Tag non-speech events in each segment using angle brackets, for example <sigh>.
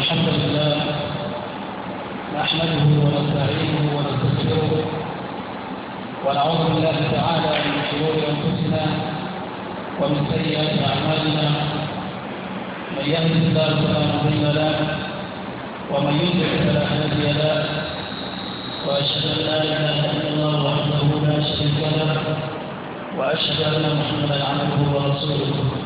الحمد لله نحمده ونستعينه ونستغفره ونعوذ بالله تعالى من شرور انفسنا ومن سيئات اعمالنا من يهد الله فلا مضل له ومن يضلل فلا هادي له واشهد ان لا اله الا الله وحده لا شريك له واشهد ان محمدا عبده ورسوله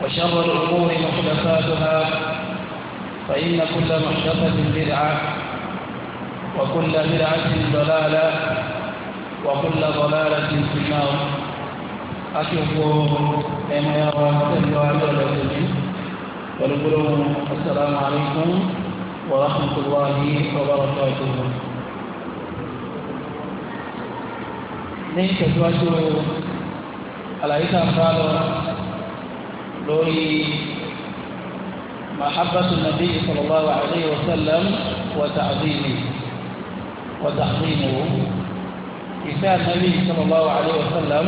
وشر الأمور محدثاتها فإن كل محدثة بدعة وكل بدعة ضلالة وكل ضلالة في النار أشكر كما يرى التجوال ونقول السلام عليكم ورحمة الله وبركاته ليس ìtẹ̀síwájú àlàyé tá lórí mahabbatu nabi sallallahu alayhi wa sallam wa ta'zimi wa ta'zimu ìfẹ́ nabi sallallahu alayhi wa sallam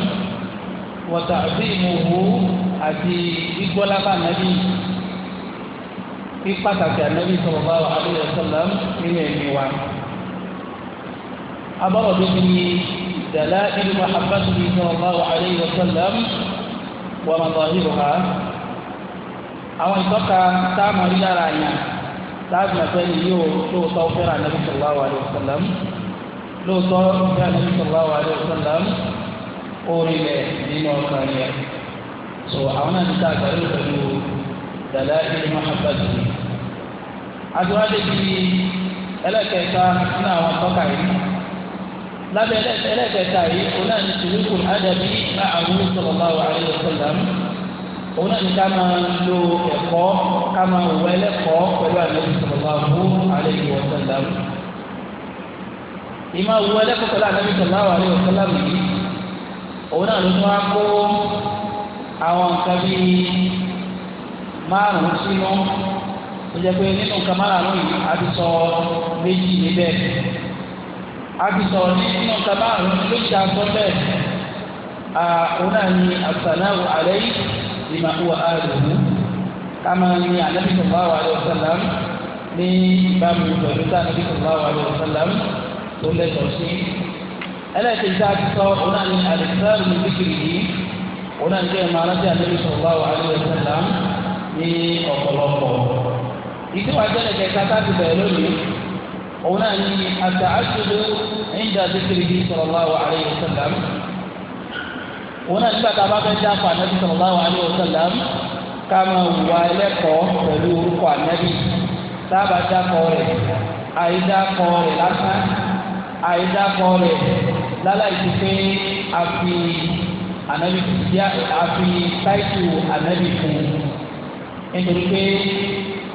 wa ta'zimuhu àti gbígbọ́lábà nabi pípàtàkì ànábì sallallahu alayhi wa sallam nínú ẹ̀mí wa. abáwọ̀dún ni dàlá ìlú mahabbatu sallallahu alayhi wa sallam wọ́n máa tọ́ yìí wá. àwọn ìtọ́ka táàmù rí lára yẹn láàbù nàfẹ́ ni yóò lóòótọ́ fẹ́ràn nàbí sallallahu alaihi wasallam lóòótọ́ fẹ́ràn nàbí sallallahu alaihi wasallam orí rẹ̀ nínú ọkàn yẹn. so àwọn náà ti ta àgbàdo pẹ̀lú dàlá ìlú mahabadi. àti wá débi ẹlẹ́kẹ̀ẹ́ta nínú àwọn ìtọ́ka yìí lábẹ́ ẹlẹ́kẹta yìí òun náà ní tìrìkù ádàbí àrùn sallallahu alaihi wasallam òun náà ní ká máa lo ẹ̀kọ́ ká máa wọ ẹlẹ́kọ́ pẹ̀lú àdàbí sallallahu alaihi wasallam. ìmọ̀ wọ ẹlẹ́kọ́ pẹ̀lú àdàbí sallallahu alaihi wasallam yìí òun náà ló tún wá kó àwọn nǹkan bíi márùn-ún sínú ó nínú nǹkan márùn yìí a abisọ̀rọ̀ ní nínú kaba àrùn ló ti àgbọ bẹ́ẹ̀ àwọn náà ní asàláwò alẹ́ yìí ní màá wọ àrùn kama ní anabi sallallahu alaihi wasallam ní ìbámu pẹ̀lú tá anabi sallallahu alaihi wasallam tó lẹ́tọ̀ọ́ sí. ẹlẹ́ẹ̀kejì tá a ti sọ òun náà ní alẹ́sàrù ní bíkìrì yìí òun náà ní kí máa rántí anabi sallallahu alaihi wasallam ní ọ̀pọ̀lọpọ̀. ìdíwájú ẹ̀kẹta tá ti bẹ̀rẹ̀ lónìí òun náà ní àtàásùdó ẹ̀yìndà zikirihi sallallahu alayhi wa sallam òun náà nígbà tá a bá fẹ́ dá fún anabi sallallahu alayhi wa sallam ká máa wà ẹlẹ́kọ̀ọ́ pẹ̀lú orúkọ anabi sábà dákọ̀ rẹ̀ àìdákọ̀ rẹ̀ lásán àìdákọ̀ rẹ̀ lálàyé ti pé a fi àfi táìtù anabi fún un nítorí pé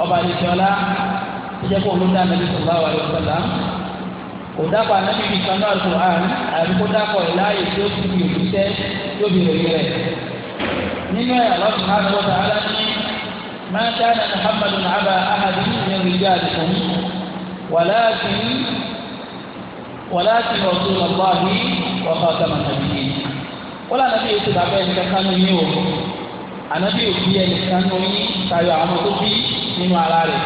ọba àdìsọ́lá jẹ́ kó ló dá anabi sallallahu alaihi wasallam kò dákọ̀ anabi bíi kan náà kò hàn àbí kó dákọ̀ ìláyè tó fi yòókù tẹ́ tó fi rèé rẹ̀ nínú ẹ̀ lọ́sùn náà ló ta ara ní máa dá ní muhammadu nàbà ahadi ní ìrìnjà àdìsàn wàláàkì wàláàkì ọ̀tún ọ̀gbọ́n wọ́n bá sábà nàbí yìí wọ́n lànà bí ètò bàbá ẹni kankan ní yìí o òbí ẹni kankan ní tayọ àwọn tó bí nínú ara rẹ̀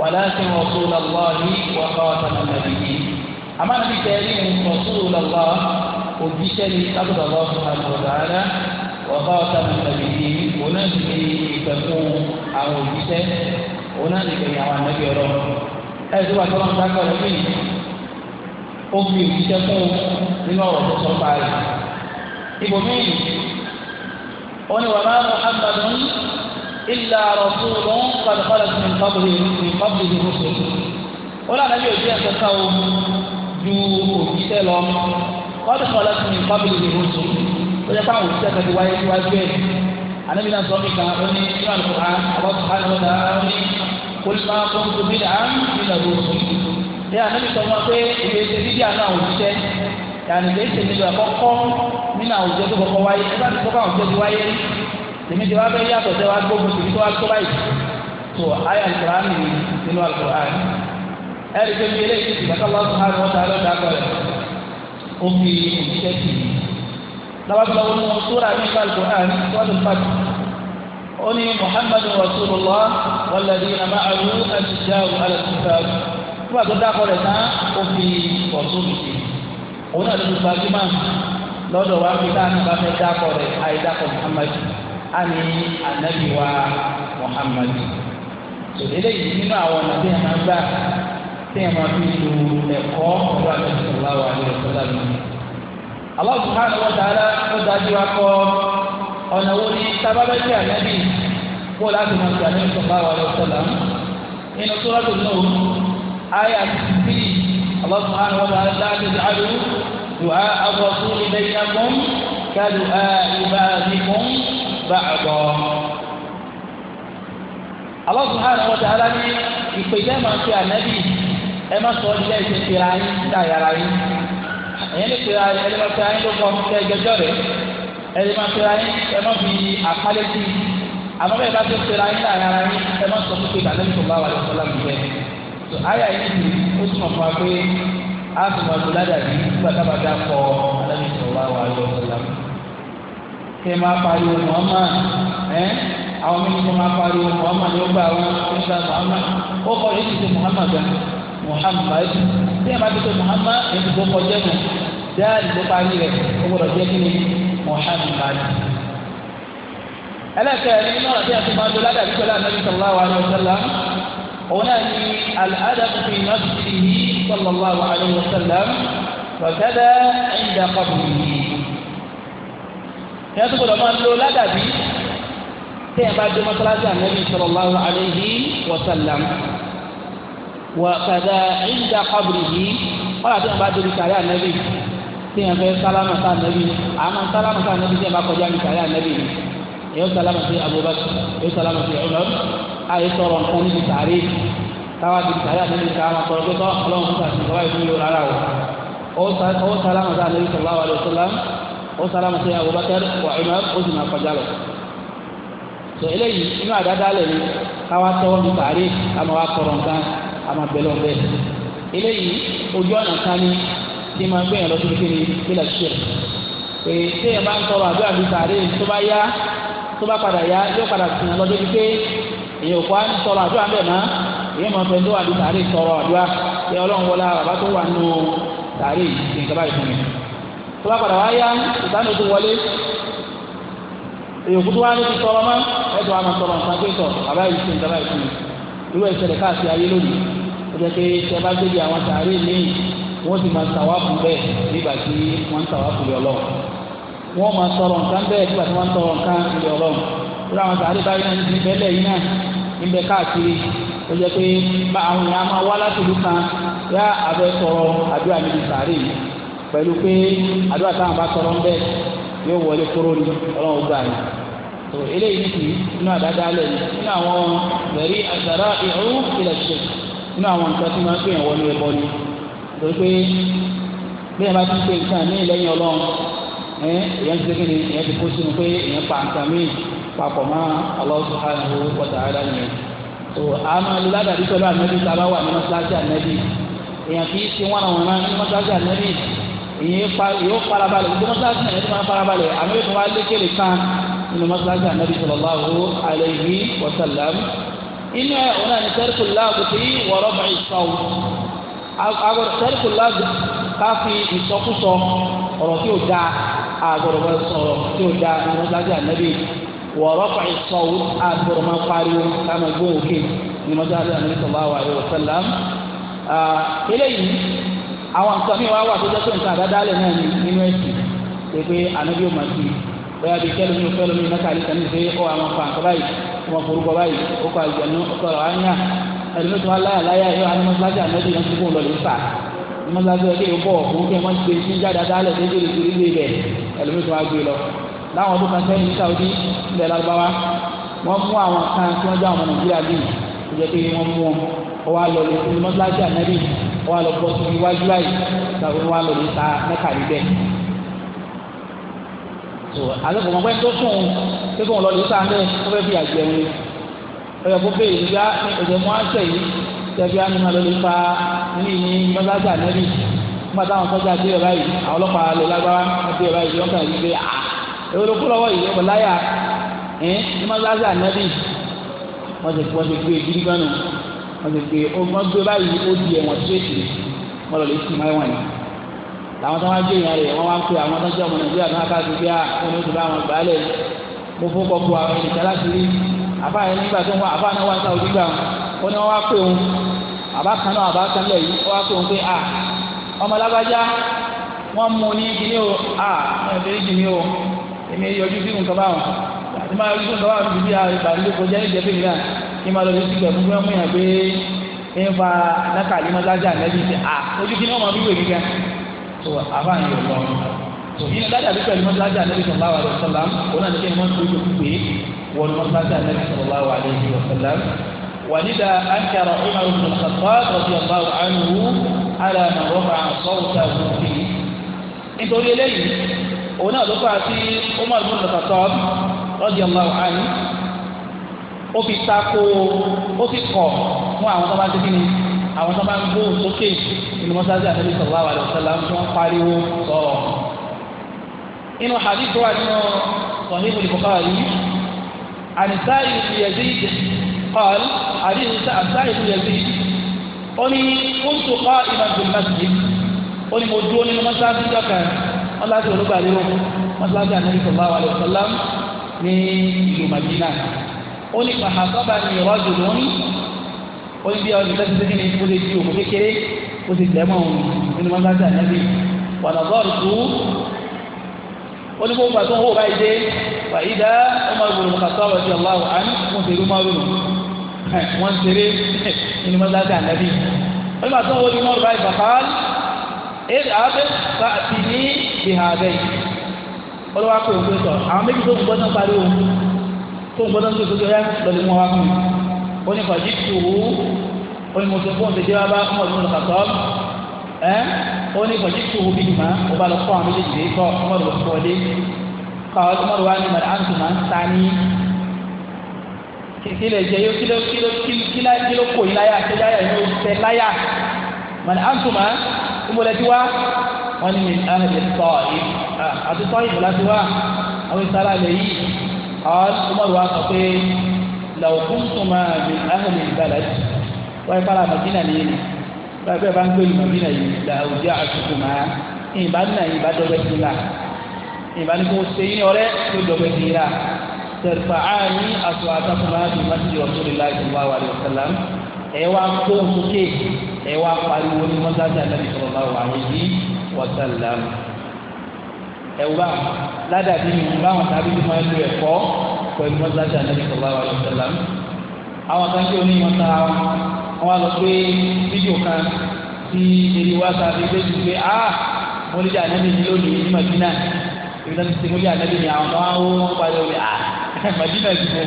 walakin rasulallahi wa khataman nabiyyin àmọ́ àti tẹ̀lé rasulullah òjíṣẹ́ ni sábàbà lọ́wọ́ fún àgbọ̀dára wa khataman nabiyyin òun náà ti di ìgbẹ̀kùn àwọn òjíṣẹ́ òun náà ti gbẹ̀yìn àwọn ànábì ọlọ́run ẹ̀ tó wà tó wọn dákọ̀ lọ́wọ́ yìí ó fi òjíṣẹ́ fún nínú ọ̀rọ̀ tó sọ báyìí ibòmíì ó ní wàhálà muhammadun ilà rọ̀fúnrún kọ̀dọ̀kọ̀dọ̀ tó ń kọ́bùrì ní kọ́bùrì rúṣù. ó lànà bí òjì ẹ̀sẹ̀ ká o ju òjíṣẹ́ lọ kọ́dọ̀kọ̀dọ̀ tó ń kọ́bùrì rúṣù. ó yẹ káwọn òjíṣẹ́ kan ti wáyé síwájú ẹ̀. ànábi náà sọ mí kan ó ní inú àlùkò á àwọn tó kánú ọ̀dà ó ní kólífà fún tóbi dà á nínú rúṣù. ẹ ànábi sọ wọn pé ìgbésẹ̀ dídí àná òjíṣẹ́ yàrá ìgbésẹ̀ nílò àkọ́kọ́ nínú àwùjọ tó kọ́kọ́ wáyé ẹ bá ti sọ tèmi ti wá fẹ́ yàtọ̀ tẹ́ wá gbógun tèmi tó wá tó báyìí tó ayé alukur'an mi nínú alukur'an ẹ̀rí tó fi eléyìí ti bàtà lọ́sùn hàn wọ́n ta lọ́sùn àgbọ̀ rẹ̀ ó fi ìṣiṣẹ́ tì í lọ́wọ́sọ̀rọ̀ wọn mú sóra mi nípa alukur'an wọ́n fàtì ó ní muhammadu rasulullah walladhina ma'ahu àtijọ́ alẹ́sìnkàn nígbà tó dákọ̀ rẹ̀ tán ó fi ọ̀tún mi sí òun náà ló ti gbajúmọ̀ lọ́dọ̀ àmì ànábì wa Muhammad tòlélẹ yìí nínú àwọn ọ̀nà tí yẹn máa gbà tí yẹn máa fi lu ẹ̀kọ́ pẹ̀lú àtẹ̀sí ọ̀làwà àlẹ́ ọ̀sọ́lá mi. Allah subhanahu wa ta'ala ó dájú akọ ọ̀nà wo ni sábàbẹ́sẹ̀ ànábì kó láti máa fi àlẹ́ ọ̀sọ́lá wa àlẹ́ ọ̀sọ́lá mi. nínú sọ́lọ́tò náà ayé àti Allah subhanahu wa ta'ala láti dàlú dùhà àbọ̀sùn ìbẹ̀yìnàkùn kádùhà ìbáàdìkùn. ba'da Allah subhanahu wa ta'ala ní ìpèjẹ́ máa fi ànábì ẹ má sọ ọdún lẹ́yìn tètè ra yín dá yàrá yín ẹ̀yẹ́ ní pé ẹni máa fi ra yín ló kọ́ kẹ́ rẹ̀ máa fi ra yín ẹ má fi àpálẹ́ sí i àmọ́ bẹ́ẹ̀ bá fi fi ra yín dá yàrá yín ẹ má sọ a sì máa nígbà dá kí ẹ máa pariwo Muhammad ẹ àwọn mímu tó máa pariwo Muhammad ló gbà wọn nígbà Muhammad ó kọ èyí ti ṣe Muhammad gan Muhammad tí ẹ máa ti ṣe Muhammad èyí ti tó kọjá nù dáàlì ló parí rẹ ó gbọdọ̀ jẹ́ kí ni Muhammad ẹlẹ́kẹ̀ẹ́rin nínú ọ̀rọ̀ tí a ti máa ń lo ládàbí pẹ̀lú Ànábì sallallahu alaihi wasallam òun náà ni al-adab fi nafsihi sallallahu alaihi wasallam wa kadha 'inda qabrihi ẹ tó gbọdọ̀ máa lo ládàbí tẹ́ ẹ bá dé mọ́sálásí ànábì sallallahu alayhi wa sallam wà kàdà inda qabrihi wọ́n àti ìyàbá dé ìkàrí ànábì tẹ́ ẹ fẹ́ sálámà sá ànábì àmọ́ sálámà sá ànábì tẹ́ ẹ bá kọjá ìkàrí ànábì ẹ sálámà sí Abubakar ẹ sálámà sí Umar àyè sọ̀rọ̀ nǹkan níbi sàárè táwa di sàárè ànábì káwọn sọ̀rọ̀ pé tọ́ ọlọ́run fún sàṣìkọ́ ó sálámà sí Abubakar wà Umar ó sì máa kọjá lọ. sọ eléyìí inú àdáda lẹ̀ ni káwá tọ́wọ́ ní tààrí àmọ́ wa kọ̀rọ̀ nǹkan àmọ́ bẹ̀lẹ̀ ọ̀bẹ. eléyìí ojú ọ̀nà kan ni tí máa gbé yẹn lọ síbi kiri bílẹ̀ ṣíẹ̀. pé téèyàn bá ń tọrọ àbí àbí tààrí tó bá yá tó bá padà yá yóò padà sìn lọ́dọ́ bíi pé èèyàn kò á ń tọrọ àdúrà bẹ́ẹ̀ mọ́ èèyàn máa fẹ́ ló wà ní tààrí tọrọ àdúrà pé ọlọ́run wọlé àràbá tó wà nù tààrí nǹkan tó bá padà wáyá ìdáná tó wọlé èyòkú tó wá ní ti tọrọ mọ́ ẹ̀dùn àmọ́ tọrọ nǹkan pé tọ̀ bàbá yìí ṣe ìjọba ìṣe irú ìṣẹ̀lẹ̀ káàkiri ayé lónìí ó jẹ́ pé tẹ bá débi àwọn sàárè míì wọ́n sì máa tàwa fún bẹ́ẹ̀ nígbà tí wọ́n ń tàwa fún ilé ọlọ́run wọ́n máa tọrọ nǹkan bẹ́ẹ̀ nígbà tí wọ́n ń tọrọ nǹkan ilé ọlọ́run irú àwọn sàárè báyìí náà ní bẹ́lẹ̀ yìí náà ń bẹ káàkiri ó jẹ́ pé àwọn èèyàn máa wá látòlú kan yá abẹ́ tọrọ àdúrà níbi sàárè yìí pẹ̀lú pé àdúrà táwọn bá tọrọ ń bẹ yóò wọlé kóró ni ọlọ́run gbà ní. tó eléyìí ti inú àdáda alẹ́ ni inú àwọn bẹ̀rí àgbàrá ìhó ilẹ̀ ṣe inú àwọn nǹkan tí wọ́n pè wọ́n ní ẹbọ ni. torí pé bẹ́ẹ̀ bá ti pè nǹkan ní ìlẹ́yìn ọlọ́run ẹ̀ ìyẹn ti sẹ́kìnì ìyẹn ti kó sínú pé ìyẹn pa nǹkan míì papọ̀ mọ́ Allah subhanahu wa ta'ala nìyẹn. tó a máa lo yóò farabalẹ̀ gbogbo mọ́sálásí náà yẹn ti máa farabalẹ̀ àmì yóò tún wá lékele kan nínú mọ́sálásí ànábi sallallahu alayhi wa sallam inú ẹ̀ ọ̀nà ni tẹ́rìkù láàbùtì wọ̀rọ̀ bá ìsọ̀wù agbọ̀dọ̀ tẹ́rìkù láàbùtì ká fi ìsọkúsọ ọ̀rọ̀ tí ó da agbọ̀dọ̀ bá sọ̀rọ̀ tí ó da nínú mọ́sálásí ànábi wọ̀rọ̀ bá ìsọ̀wù agbọ̀dọ̀ àwọn nǹkan mi wá wà tó jẹ́ pé nǹkan àdádálẹ̀ náà ni nínú ẹ̀sìn pé pé ànábì ò mà sí bóyá bíi kẹ́lẹ́ mi ò fẹ́ lómi mẹ́ta àlẹ́ sẹ́ni pé ó àwọn fa nǹkan báyìí wọn forúkọ báyìí ó kọ àjẹnú ó kọ ọ̀rọ̀ ányà ẹlòmí tó wá láyà láyà yóò àwọn mọ́sálásí ànábì náà ti kó lọ lè fà mọ́sálásí ọ̀kẹ́ yóò bọ̀ fún kí wọ́n ti ti jáde àdálẹ̀ tó dé lórí gbé lọ láwọn ọdún kan já àwọn Nàìjíríà bíi ìjẹ́ pé wọ́n mú wọn wọ́n wá lọ lè fún mọ́sálásí wọ́n á lọ bọ́ sí iwájú àyè tàbí wọ́n á lọ níta mẹ́ta níbẹ̀. tó alẹ́ kò mọ̀ pé tó sùn pé kò ń lọ níta mẹ́ tó fẹ́ fi àjẹ wọn ọyọ kó bẹ́ẹ̀ yìí bá ẹ̀jẹ̀ mọ́ àṣẹ yìí tẹ̀bí á ní lọ nípa ní ní mọ́sáàsì ànẹ́bí nígbà táwọn sọ́jà dé ọ̀rá yìí àwọn ọlọ́pàá lọ lágbára dé ọ̀rá yìí wọ́n kà yí pé à èwo lọ́wọ́ yìí ọ̀pọ̀ láyà ẹ̀ ní mọ́sáàsì ànẹ́bí wọ́n ti gbé gírígánù wọ́n ti pé wọ́n gbé báyìí ó di ẹ̀wọ̀n tíyẹ̀tì wọ́n lọ lè fi máa wọ̀nyí làwọn tó wá gbé ìyá rẹ̀ wọ́n wá ń pè àwọn tó ń jẹ́ ọmọ nàìjíríà náà káàkiri bí wọ́n ní ìdúrà àwọn ìgbàlẹ̀ mo fún kọ́kọ́ àwọn ènìyàn láti rí àbá yẹn nígbà tó ń wá àbá náà wá sáwọ́ gbígbà wọn ni wọ́n wá pè wọn àbá kan náà àbá kan lẹ̀ yìí wá pè wọn pé à ah, ọmọ lágbájá wọ́n mú ní kíní o à ah, ẹ̀ẹ́dẹ́gbẹ̀rẹ́ ní máa rí fún ìdáwà bíbí àgbàlẹ́ kọjá ìjẹ́ bẹ́ẹ̀ náà ní máa lọ sí ìgbà fún fún yàn pé ń fa nákàlí mọ́sájà ànábì ṣe à ojú kí ni wọ́n máa bí wèé gíga tó àfáàní yóò lọ tó yìí ládàá bí pẹ̀lú mọ́sájà ànábì sọ̀rọ̀ láwà lọ sọ̀lá òun náà ní kéwọn tó yóò pé wọn mọ́sájà ànábì sọ̀rọ̀ láwà sọ̀lá ولذا أنكر عمر بن رضي الله عنه على من رفع صوته فيه. أنتوا ليه؟ هنا ذكر في عمر بن الخطاب radiyallahu anhu ó fi tako ó fi kọ̀ fún àwọn tó bá ti kí ni àwọn tó bá ń gbóhùn sókè nínú mọ́sáàsì àtẹ́lẹ́ sallallahu alaihi wasallam tí wọ́n pariwo sọ̀rọ̀. inú hadith wa nínú sahih al-bukhari an sa'id ibn yazid qala hadith sa'id ibn yazid ó ní kuntu qa'iman fil masjid ó ní mo dúró nínú mọ́sáàsì jọ́kàn wọ́n láti olúgbàlérò mọ́sáàsì àtẹ́lẹ́ sallallahu alaihi wasallam ní ìlú madina ó ní pàṣẹ ní ìrọ́jò lónìí ó ní bí ọdún tẹ́tí tẹ́tí ní ìfún lè di òkú kékeré ó ti tẹ̀ mọ́ òun nínú mọ́tàdà nẹ́bí wàlá bọ́ọ̀lù tó ó ní gbogbo àti owó báyìí dé fàyídà ọmọ ìgbòho kàtó àwọn ọjọ́ ọlọ́wọ́ àní wọ́n ti rí mọ́ òun wọ́n ti rí nínú mọ́tàdà nẹ́bí ó ní gbogbo àti ní mọ́ báyìí bàbá ẹ̀ àbẹ̀ fàtìní ìhàbẹ̀ yìí olówó akọ òkú sọ àwọn méjì tó ń gbọ́dọ̀ pariwo tó ń gbọ́dọ̀ tó sókè ọ̀yá lọ́dún wọn wá fún mi ó ní kọ̀jí tùwú ó ní mo tó fóun tètè wá bá ọmọ ìlú lọ́kàtọ́ ẹ́ ó ní kọ̀jí tùwú bí jùmọ̀ ó bá lọ kọ́ àwọn méjèèjì dé kọ́ ọmọ ìlú lọ́kọ́ dé káwọn ọmọ ìlú wa ní mọ̀lẹ́ àǹtí máa ń ta ní kílẹ̀ jẹ́ yóò kílẹ̀ kílẹ̀ kílẹ̀ kílẹ̀ kò yín láyà kílẹ̀ láyà yóò fẹ́ láyà mọ̀lẹ́ àǹtí máa ń mọ̀lẹ́ wọ́n ní ahli Taif àti Taif láti wá àwọn ìsàlá lè yí àwọn Umaru wa sọ pé law kuntuma min ahli al-balad wọ́n yẹ fara Madina ní yìí wọ́n yẹ fẹ́ bá ń gbé Madina yìí la awja'tukuma ìbá nà ìbá dọ́gbẹ́ sí la ìbá ní kò sẹ́yìn ọ̀rẹ́ tó dọ́gbẹ́ sí la tẹ̀fàáyí aswatakum fi masjid rasulillahi sallallahu alaihi wasallam ẹ̀ wá kó sókè ẹ̀ wá pariwo ní mọ́sáàsì àlẹ́ wasallam ẹ̀wù bá ládàbí mi báwọn tàbí mi máa ń lo ẹ̀kọ́ pẹ̀lú mọ́sálásí ànábì sallallahu alaihi wasallam àwọn kan tí onímọ̀ ta wọn wá lọ pé fídíò kan tí eré wá ta fi dé ju pé a ah, mọ́lídé ànábì ní lónìí ah, <laughs> <laughs> ní Madina ìbí náà ti ti mọ́lídé ànábì ní àwọn máa ń wọ́n pariwo pé a Madina ti mọ́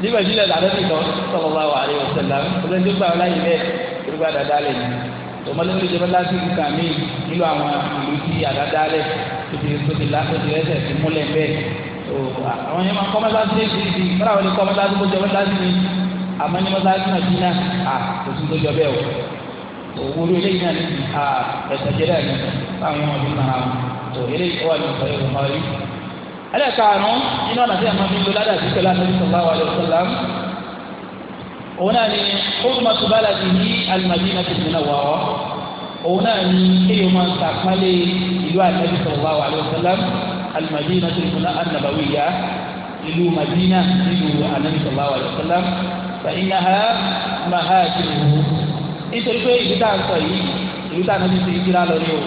ní Madina làdọ́tì kan sallallahu alaihi wasallam ọ̀sẹ̀ tó gbà wọn láyé bẹ́ẹ̀ tó gbà dáadáa lẹ́yìn tòmọlẹ́ tó jẹba láti ìlú kàmí nílò àwọn ìlú tí àdádálẹ̀ tó ti tó ti láti ti rẹ́sẹ̀ ti múlẹ̀ bẹ́ẹ̀ tó àwọn yẹn máa kọ́ mọ́sáàsì ní ti ti kọ́ra àwọn ikọ́ mọ́sáàsì tó jẹba láti ní àmọ́ ní mọ́sáàsì náà ti náà à kò sí tó jọ bẹ́ẹ̀ o òwò ló léyìn náà ní ti à ẹ̀sẹ̀ jẹ́rẹ́ ní fáwọn yẹn wọn fi mara wọn tó eléyìí wà ní ìfọyín wọn máa rí. ẹlẹ́ẹ̀karùn-ún iná nàṣẹ́ àmọ́ mi ló ládàá sí pẹ̀lú àtẹ́sí òun náà ni hurmatu baladihi al-madinati al-munawwara òun náà ni kéèyàn máa ń sàpálẹ ìlú ànábì sallallahu alaihi wasallam al-madinati an-nabawiyya ìlú madina ìlú ànábì sallallahu alaihi wasallam fa innaha mahajiruhu nítorí pé ìlú tá a sọ yìí ìlú tá a nàbí ti jíra lọ ní o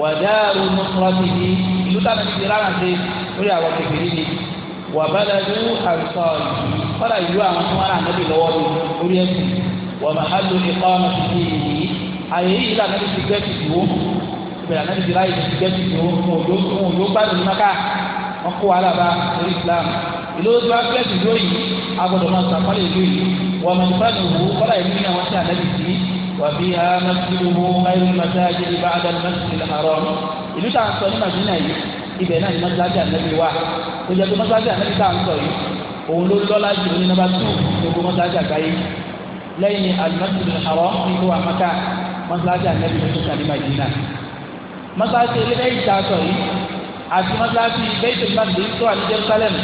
wàdà àrùn nusratihi ìlú tá a nàbí ti rárá ṣe lórí àwọn kékeré ni wà bàdàdú àrùsọ̀rì kọ́dà ìlú àwọn tí wọ́n rà níbi lọ́wọ́ mi lórí ẹ̀sìn wà má hàlù ìkọ́ ọmọ títí yìí àyè yìí là níbi ti gẹ́tì tó bẹ̀rẹ̀ níbi ti láyé ti gẹ́tì tó wọn ò yóò gbádùn maka wọn kó wàhálà bá lórí Islam ìlú tó bá gẹ́tì tó yìí agbọ́dọ̀ máa sàpálẹ̀ ìlú yìí wà má nípa nìwò kọ́dà ìlú yìí àwọn tí à وفيها مسجده غير المساجد بعد المسجد الحرام. إذا كان صلى الله ibẹ̀ náà ni mọ́sálásí ànábì wà tó jẹ́ pé mọ́sálásí ànábì tá à ń sọ yìí òun ló lọ́lá jù ní nọ́mbà tù gbogbo mọ́sálásí àgbáyé lẹ́yìn ní alimọ́sílì àrọ́ nílùú àmọ́ká mọ́sálásí ànábì tó sọ̀rọ̀ ní Madina mọ́sálásí eléyìí tá a sọ yìí àti mọ́sálásí bẹ́ẹ̀tì mọ́sálásí tó wà ní Jerusalem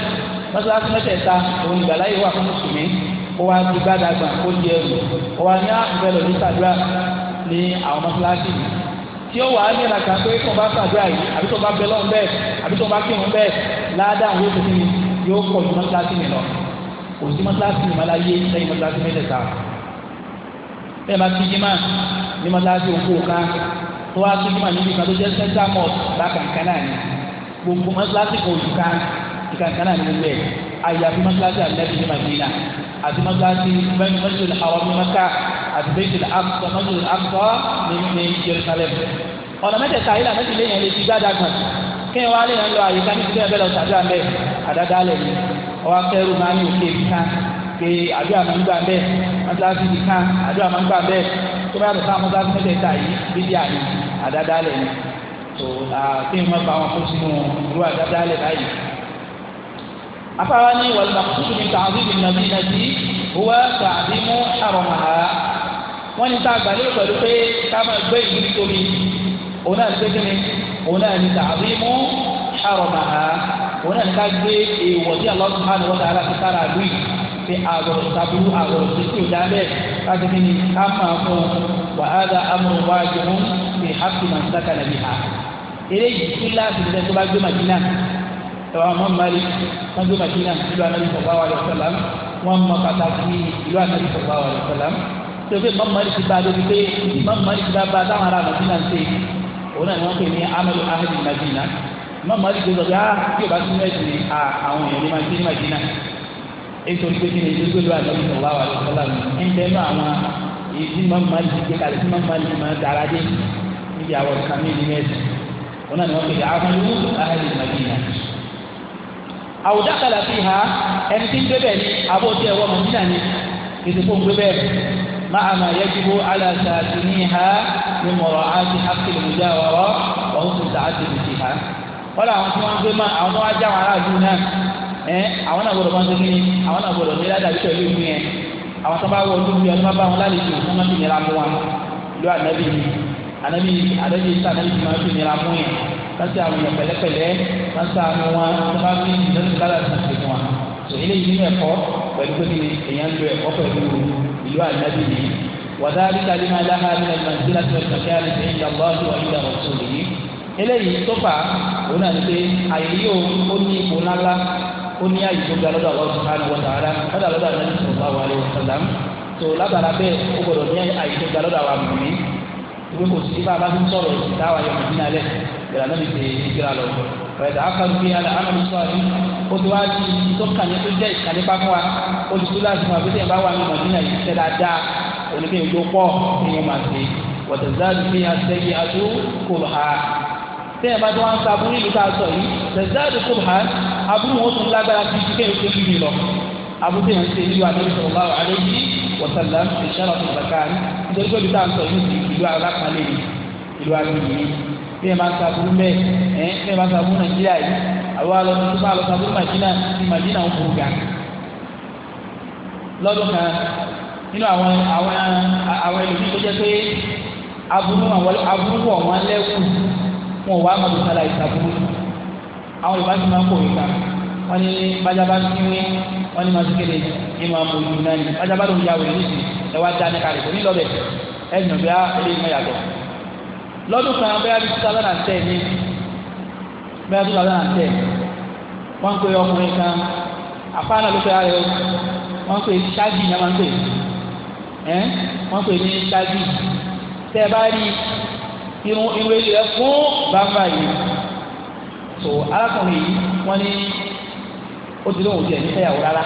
mọ́sálásí mẹ́tẹ̀ẹ̀ta òun ìgbàláyè wà fún mùsùlùmí ó wá ti gbàdàgbà ó di ẹrù ó wá ní ah, àbẹ̀lẹ̀ tí ó wà á ní ìlàkà pé tó bá ṣàdúrà yìí àbí tó bá bẹ lọ́hùn bẹ́ẹ̀ àbí tó bá kírun bẹ́ẹ̀ ládàá yóò tètè ní yóò pọ̀ ju mọ́tíláṣí mi lọ kò sí mọ́tíláṣí mi máa yé lẹ́yìn mọ́tíláṣí mẹ́tẹ̀ẹ̀ta bẹ́ẹ̀ bá ti jimá ní mọ́tíláṣí òkú kan tó wá tó jimá níbi kan tó jẹ́ central mosque bákan kan náà ni gbogbo mọ́tíláṣí kò jù kan ìkan kan náà ni gbogbo ẹ̀ àyàfi àti mọ́sáàtì mẹ́tìlì àwọn mẹ́ta àti mẹ́tìlì àkùsọ mẹ́tìlì àkùsọ ní ní Jerusalem ọ̀nà mẹ́tẹ̀ẹ̀ta yìí làmẹ́tì lẹ́yìn ẹni ti gbádà kan kéèyàn wá lè lọ àyíká ní sílẹ̀ bẹ́ẹ̀ lọ sàdúrà ń bẹ́ àdáda lẹ̀ ní ọwọ́ akẹ́rù máa ń ní òkè kan pé àdúrà máa ń gbà ń bẹ́ mọ́sáàtì ti kan àdúrà máa ń gbà ń bẹ́ tó bá yàtọ̀ sáà mọ́sáàtì mẹ́tẹ̀ẹ̀ta yìí bíbí àní àdáda lẹ̀ ní tó kéèyàn má ba àwọn kó sínú ìlú àdáda lẹ̀ báyìí afáwání wàlúmọ̀kútù ní tààzìmù nàbí nàbí wọ́n tààzìmù àrọ̀mọ̀há wọ́n ní tá a gbàlérò pẹ̀lú pé ká máa gbé ìlú tóbi òun náà gbé kíni òun náà ní tààzìmù àrọ̀mọ̀há òun náà subhanahu wa ta'ala ti sára àdúì pé àgọ̀rọ̀ taburú àgọ̀rọ̀ tó ti dá bẹ́ẹ̀ láti fi ní ká máa wa hadha amru wajibun fi haqqi sakana biha eléyìí tún láti ṣiṣẹ́ tó bá gbé màdínà ẹ̀wà mọ́mọ́lì sanju madina ìlú anabi sọ̀gbà wà lọ́sọ̀lám wọ́n mọ pàtàkì ìlú anabi sọ̀gbà wà lọ́sọ̀lám tó fi mọ́mọ́lì ti bá débi pé mọ́mọ́lì ti bá bá táwọn ará madina ń tẹ̀ òun náà ni wọ́n pè ní amadu ahadi madina mọ́mọ́lì ti sọ̀gbà tí o bá tún mẹ́sì ní àwọn èèyàn ní madina ní madina ètò ìgbésí ní ìlú ìlú anabi sọ̀gbà wà lọ́sọ̀lám ń tẹnu àwọn ìdí mọ́mọ́lì ti gbé kalẹ̀ àwùjá kàlà fi hà ẹni tí ń gbé bẹ́ẹ̀ ni àbó tí ẹ̀wọ́ mọ̀mídà ni ìdìbò ń gbé bẹ́ẹ̀ máa ma yẹ kíbo aláṣà ti ní ha ní mọ̀rọ̀ àti hakiri ìjà wọ̀rọ̀ ọ̀hún tó sàá ti ti ha. wọ́n lọ àwọn tí wọ́n ń gbé mọ́ àwọn wá já wọn aráàlú náà ẹ àwọn náà gbọdọ̀ máa ń gbé ní àwọn náà gbọdọ̀ ní ládàá bíṣọ̀ ìlú yẹn àwọn tó bá wọ ojú bí ọdún bá wọn lálejò wọn máa ń nira mú wọn lọ ànábì ànábì ànábì sànábì máa ń nira mú yẹn láti àwọn èèyàn pẹ̀lẹ́pẹ̀lẹ́ láti àwọn wọn tó bá fi ìdánwò kálá ti ṣe fún wa tó eléyìí nínú ẹ̀kọ́ pẹ̀lú pé kíni èèyàn lo ẹ̀kọ́ pẹ̀lú ìlú ànábì yìí wàdáàrí kálí máa láha nílẹ̀ nàìjíríà tó ẹ̀ka kí á lè ṣe ìyá lọ́wọ́ àti wàhíì àwọn tó lè yí eléyìí tó fà òun náà ni pé àyè yóò ó ní ipò ńláńlá ó ní àyè tó ga lọ́dọ̀ àwọn subhanahu wa ta'ala lọ́dọ̀ lọ́dọ̀ ànábì sallallahu alaihi wasallam tó lábàrá bẹ́ẹ̀ ó gbọ́dọ̀ ní àyè tó ga lọ́dọ̀ àwọn àmì ìwé kò sí bá a bá fi sọ̀rọ̀ ìsìtáwà yọ̀ ìlànà mi ti ìgbéra lọ rẹ̀dà akadumi ala amadu sọ́ọ̀rì ó ti wá di tó kàní tó jẹ́ ìkàní bá fún wa ó ti túlá sí wa pé tẹ̀yìn bá wà ní màdínà yìí tẹ̀ dáadáa oníkẹ́ ìjó pọ̀ tẹ̀yìn máa ṣe wọ̀tẹ̀záàdì fi hàn sẹ́yìn adó kòlò ha tẹ̀yìn bá tó wá ń sa aburú ìlú tá a sọ yìí tẹ̀záàdì ha aburú wọn tún lágbára fi ti kẹ́yìn tó fi mi lọ aburú tẹ̀yìn ṣe ìlú àdéhùn sọ̀rọ̀ bí ẹ máa ń sàbúrú mẹ́ẹ̀ ẹ̀ bí ẹ máa ń sàbúrú nàìjíríà yìí àwọn alọ́dún tó bá lọ sàbúrú màjínà ní màjínà ń burú ga lọ́dún kan nínú àwọn àwọn àwọn ẹlòmíì tó jẹ́ pé aburú aburú wọ̀ wọ́n lẹ́kù wọn ò wá máa bùkálà ìsàbúrú àwọn ìbá ti máa ń kọ̀wé ká wọ́n ní bájábá ń kíwé wọ́n ní máa ti kéde ní máa náà ní bájábá ló ń yàwé lọ́dún kan bẹ́ẹ̀ bí títa lọ́nà tẹ̀ ní bẹ́ẹ̀ títa lọ́nà tẹ̀ wọ́n ń pè ọkùnrin kan àfáàná ló fẹ́ rẹ̀ wọ́n ń pè ṣáàjì ní a máa ń pè ẹ́ wọ́n ń pè ní ṣáàjì tẹ́ ẹ bá rí irun irun ilé fún bàbá yìí tó arákùnrin yìí wọ́n ní ó ti lóun tẹ̀ ní fẹ́yàwó rárá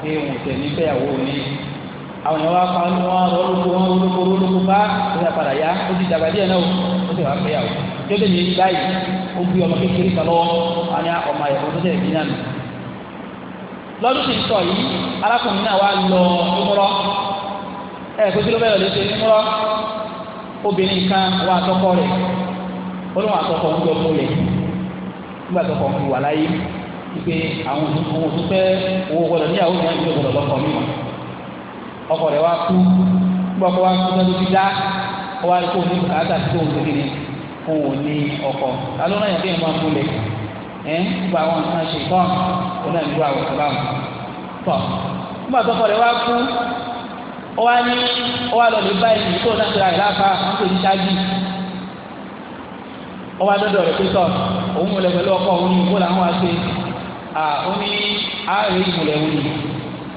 pé òun tẹ̀ ní fẹ́yàwó ní. àwọn èèyàn wá pa ọ́n wọn olùkó wọn olùkó olùkó bá ó yà padà yá ó ti dàgbà díẹ̀ náà ó ti wà pé yà ó tó lè ní ọmọ kékeré kan lọ́wọ́ wọn ọmọ ẹ̀kọ́ tó tẹ̀lé bí náà nù. lọ́dún tí ń sọ yìí náà lọ ló obìnrin kan wà olóhùn ń nígbà tó wà láyé wípé àwọn owó níyàwó ìyá ọkọ rẹ̀ wá kú gbọ́ kó wá kú tó ti dá ó ní bùkátà tí òun ti kéde kó o ní ọkọ alóra yẹn kéèyàn máa múlẹ̀ ẹ̀ gba àwọn nǹkan ṣe tán ó náà nílò àwọn ìbámu tọ̀ nígbà tó kọ rẹ̀ wá kú ó wá ní ó wá lọ lè bá ẹni tó náà ṣe ra rẹ̀ láfa àwọn tó ní ṣáájú ó wá dọ́dọ̀ rẹ̀ òun múlẹ̀ pẹ̀lú ọkọ òun ní ìwó làwọn wá ṣe à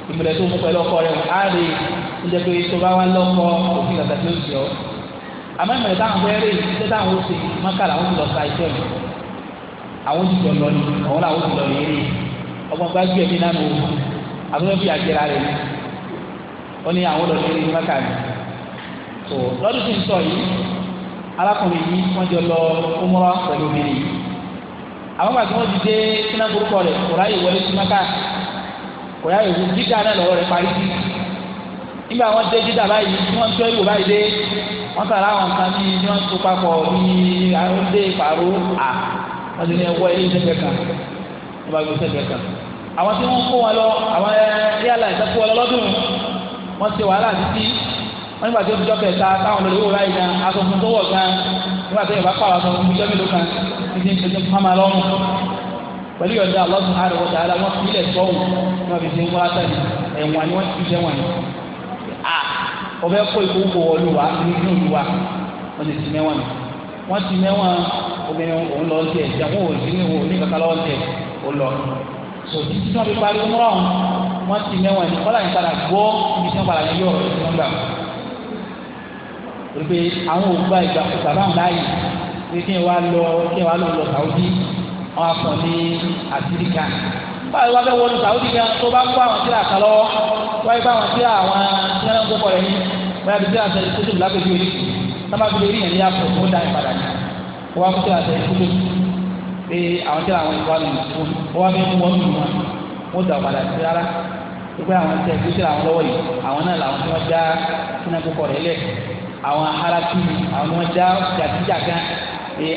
ìmùlẹ̀ tó mú pẹ̀lú ọkọ rẹ̀ á rè ń pé tó bá wá lọ́kọ òfin kàkà tí ó sì àmọ́ ìmùlẹ̀ táwọn fẹ́ rè ṣé táwọn ó ṣe mọ́kà lọ sa iṣẹ́ mi àwọn ti lọ lọ ni àwọn làwọn ti rè rè ọmọ bá ẹ̀mí náà àbúrò àjẹrà rẹ̀ wọ́n ní àwọn rè kò yá ìwé jíjà náà lọ́wọ́ rẹ̀ parí sí nígbà wọn dé jíjà báyìí tí wọn tó ìwò báyìí dé wọn kàrà àwọn nǹkan ní ní wọn tó papọ̀ ní àròdé ìpàrọ̀ à wọn ti ní ẹwọ́ ilé ìṣẹ́fẹ́ kan wọn bá gbé ìṣẹ́fẹ́ kan àwọn tí wọn kó wọn lọ àwọn yálà ìṣẹ́fẹ́ wọn lọ́dún wọn ti wàhálà títí wọn nígbà tó dúdọ́ kẹta táwọn olórí wò láyìí náà aṣọ fún tó wọ̀ gan nígbà tó yẹ pẹ̀lú yọ̀ǹda Allah subhanahu wa ta'ala wọ́n fi ilẹ̀ sọ́wọ́ wọ́n fi ṣe ń wá sẹ́yìn ẹ̀wọ̀n ni wọ́n ti ṣe wọ̀nyí. a ọbẹ̀ kó ìkókò wọlé wa nínú ìlú wa wọ́n ti ti mẹ́wọ̀n ni wọ́n ti mẹ́wọ̀n obìnrin òun lọ sí ẹ̀jẹ̀ wọn ò sí ní òun ní kankan lọ́wọ́ tẹ̀ ó lọ. sòtí tí wọ́n fi parí múra wọn wọ́n ti mẹ́wọ̀n ni kọ́lá yìí padà gbọ́ ibi tí wọ́n padà yọ ọ̀rọ̀ tí wọ́n gbà. pé àwọn òkú bá ìgbà kó bàbá àwọn láàyè pé kí n wá lọ kí n wọn á fún ní àtìríkà báyìí wọn fẹ́ wọnú sàwùdí kan tó bá kó àwọn tíra kan lọ́wọ́ wọ́n yí bá àwọn tíra àwọn tíra náà gbọ́kọ̀ rẹ̀ ní wọ́n yà bí tíra sẹ́yìn tó tóbi lápẹ́jọ́ yìí sábà fi lè rí ìyẹn ní àpò tó dá ìpadà ní wọ́n á kó tíra sẹ́yìn tó tóbi pé àwọn tíra àwọn ìwà nù wọ́n á fi mú wọn nù wọn wọ́n dà padà sí rárá pé àwọn tẹ̀ tó tíra àwọn lọ́wọ́ yìí àwọn náà làwọn tí wọ́n já tíra gbọ́kọ̀ rẹ̀ lẹ̀ àwọn arákùnrin àwọn já jàdíjà kan pé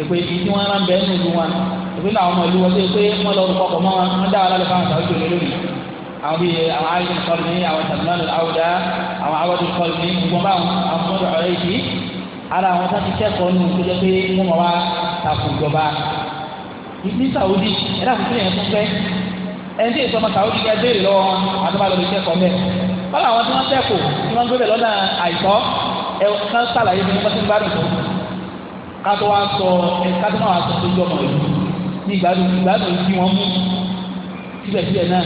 èpè ìdí wọn rán bẹ́ẹ̀ nínú wọn èpè náà àwọn ọmọ ìlú wọn tó pé wọn lọ rúkọ pọ̀ mọ́ wọn wọn dá wọn lálẹ́ fáwọn sàwọ́jọ́ lórí àwọn bíi àwọn ayélujára sọ̀rọ̀ ní àwọn sàmìlánù àwùdá àwọn awọ́dún sọ̀rọ̀ ní gbogbo àwọn àwọn ọmọdé ọ̀rẹ́ yìí ara àwọn tó ti kẹ́kọ̀ọ́ nù tó jẹ́ pé wọ́n mọ̀ wá takò ìjọba ní sàwùdí ẹ̀dá kò sílẹ̀ yẹn fún fẹ́ ẹni tí èso ọmọ sàwùdí kẹ́ kátó wá sọ ẹ kátó máa sọ tó yọmọ rẹ ní ìgbádùn ìgbádùn tí wọn mú síbẹ̀síbẹ̀ náà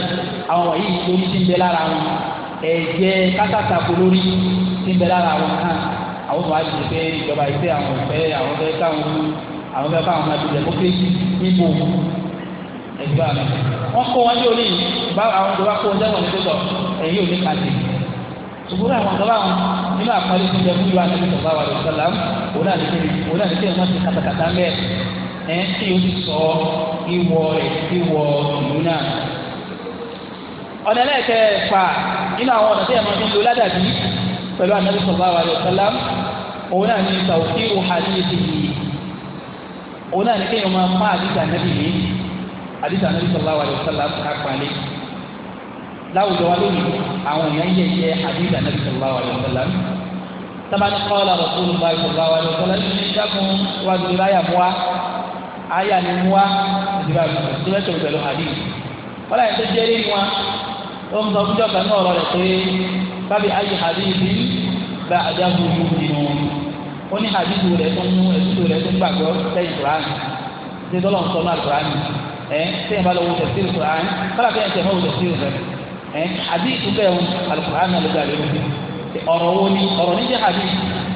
àwọn wọ̀nyí lórí ti ń bẹ lára wọn ẹ̀jẹ̀ kátàkàkò lórí ti ń bẹ lára wọn náà àwọn wàá jẹ pé ìjọba ìfẹ́ àwọn ìfẹ́ àwọn fẹ́ káwọn mú àwọn fẹ́ káwọn máa dìbò pé níbo ẹ̀jẹ̀ bá wọn. wọ́n kó wọn ní orí ìbá àwọn ìjọba kó wọn jẹ́wọ̀n ní tó tọ̀ ẹ̀yìn kàdé ṣùgbọ́n àwọn ọ̀dọ́ báwọn nínú àpárí tó jẹ fún ìwà àti ìtọ́ba wa lọ́sọ̀ làm òun náà nìkan òun náà nìkan máa ti katakata ń bẹ ẹ tí yóò ti sọ ìwọ rẹ ìwọ ìlú náà. ọ̀nà ẹlẹ́ẹ̀kẹ́ fà nínú àwọn ọ̀nà tí ẹ̀ máa ń lo ládàbí pẹ̀lú ànábì sọ̀rọ̀ wa lọ́sọ̀ làm òun náà ní tàwùkí láwùjọ wa lónìí àwọn èèyàn yẹ jẹ hadith anabi sallallahu alayhi wa sallam sábàtì kọ́lá rasulullah sallallahu alayhi wa sallam ní dákun wá ju láyà mú wa àyà ni mú wa ìdìbò àbùkù tó pẹ̀lú hadith wọ́n láyà tó jẹ́ rí wọn ó ń sọ fún jọ́ka náà rẹ̀ pé bábí ayé bá wọn ó ní ẹ àdìsí bẹ́ẹ̀ alukur'an náà ló gbà lórí wo ni ọ̀rọ̀ ní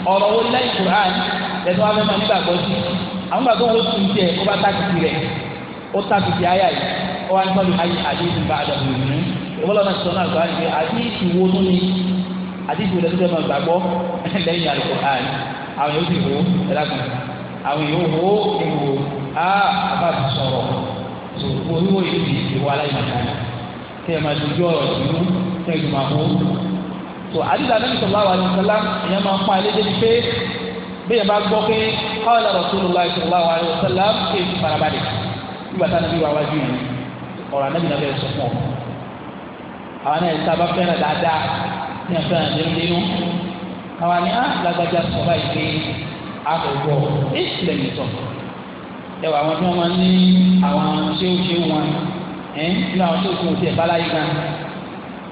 wo ni lẹ́yìn kur'an lẹ́tọ́ wa fẹ́ sí àwọn wo tún jẹ ó bá tàkìtì rẹ̀ ó tàkìtì yìí ó nípa ayé bá a náà wo tún ni máa alukur'an àwọn yóò ti wo àwọn yóò wo ìwò àbá sọ̀rọ̀ tẹ́ ẹ máa dojú ọ̀rọ̀ ìlú tẹ́ ẹ jù máa hó. tó àdìsá náà sọ̀rọ̀ àwọn àdìsọ́lá ìyẹn máa ń pa ilé débi pé bẹ́ẹ̀ bá gbọ́ pé káwọn lọ́rọ̀ tó lọ́wọ́ sallallahu alaihi wasallam kí èyí farabalẹ̀ nígbà tá nàbí wàá wájú yìí ọ̀rọ̀ anábì náà bẹ̀rẹ̀ sọ fún ọ. àwọn náà ẹ̀ka bá fẹ́ràn dáadáa ní àfẹ́ràn dénúdénú àwọn ni á ah, lágbájá sọ báyìí pé àkọ́kọ́ ẹ̀ lẹ́yìn sọ. ẹ̀wọ̀ àwọn tí wọ́n máa ń ní àwọn ṣéwúṣéwú wọn ẹ̀ nínú àwọn tó kù ti ẹ̀ báláyé gan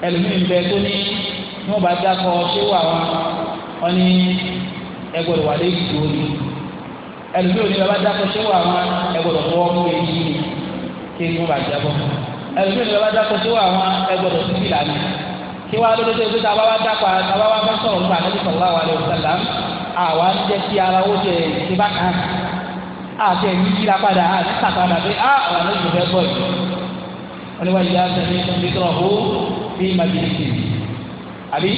ẹlòmíín bẹ tó ní ní wọn bá dákọ ṣé wà wọn wọn ní ẹgbọdọ wà lẹ́yìn tó ní ẹlòmíín òní bá dákọ ṣé wà wọn ẹgbọdọ fọwọ́ mú èyí ni kí ni wọn bá jábọ ẹlòmíín òní bá dákọ ṣé wà wọn ẹgbọdọ sí ìlànà kí wọn lọ́dọ̀ tó ṣe tábà wá dákọ tábà wá bá sọ̀rọ̀ nípa àti sọ̀rọ̀ àwọn àlẹ́ òṣèlú àwa ń jẹ́ kí ara ó jẹ ìṣe bá kàn án àti ẹ̀yìn wọ́n ní wá ìyá sẹ́mi tó ń bí tọ́ ó bí màjèlìsì àbí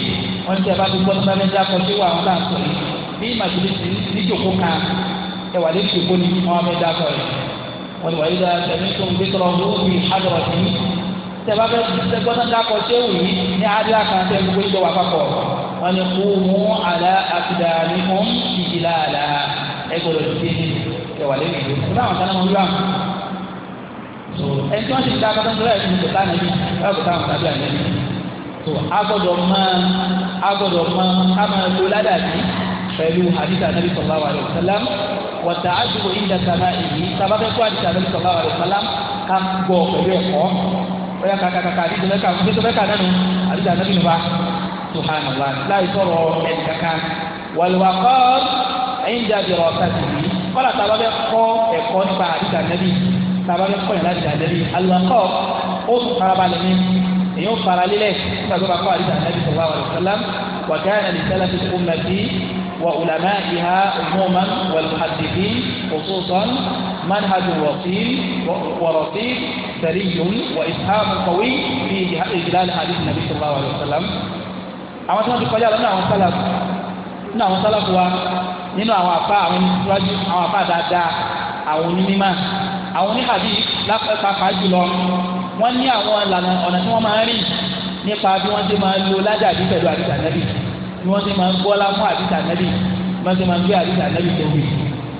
wọ́n ti àbá gbogbo tó bá fẹ́ dákọ̀ sí wà wọn láàtọ̀ yìí bí màjèlìsì níjòkó kan ẹ wà lè jòkó ní wọn fẹ́ dákọ̀ yìí wọ́n ní wá ìyá sẹ́mi tó ń bí tọ́ sí tẹ̀bá fẹ́ gbọ́ tó dákọ̀ sí ewu yìí ní adé àkàntẹ́ gbogbo ìjọba àpapọ̀ wọ́n ní kó mú àlá àkùdàní fún ìjìlá àlá ẹgbẹ̀rún ti ní ẹ̀wà lẹ́yìn ìlú so ẹni tí wọ́n ti ń ta akọ́tọ́ nítorí ẹ̀sìn kò tá nàbí ẹ̀ kò tá àwọn tàbí àná so agbọ́dọ̀ mọ̀ agbọ́dọ̀ mọ̀ káma lo ládàbí pẹ̀lú hadith anabi sallallahu alayhi wa sallam wàtà àdúgbò ìjà sábà èyí sábà fẹ́ kó hadith anabi sallallahu alayhi wa sallam ká gbọ́ pẹ̀lú ẹ̀kọ́ ọ̀yà kàkàkàkà àdìsọ mẹ́ka àdìsọ mẹ́ka nánu àdìsọ anabi nìba subhanallah láì sọ̀rọ̀ ẹ̀ǹkàkà wàlúwàkọ́ ẹ̀ǹjà bìrọ̀ ọ̀sà tìbí kọ́lá sábà fẹ́ kọ́ ẹ̀kọ́ nípa hadith anabi tàbá bẹ kọ́ yẹn láti ànábì alùpàkọ́ ó farabalẹ̀ mi èyí ó fara lílẹ̀ nígbà tó bá kọ́ àdìsí ànábì sallallahu alaihi wasallam wa kana li salafi ummati wa ulamaiha umuman wal muhaddithin khususan منهج وصيل ورصيد سري وإسهام قوي في إجلال حديث النبي صلى الله عليه وسلم àwọn tí wọn ti ti lọ nínú àwọn sálàfù nínú wa nínú àwọn àfa àwọn àfa dáadáa àwọn onímímà àwọn oníhàbí lápapà jùlọ wọ́n ní àwọn ìlànà ọ̀nà tí wọ́n máa ń rìn nípa bí wọ́n ti máa ń lo ládàbí pẹ̀lú àdìsá nẹ́bì bí wọ́n ti máa ń bọ́lá fún àdìsá nẹ́bì bí wọ́n ti máa ń gbé àdìsá nẹ́bì tóbi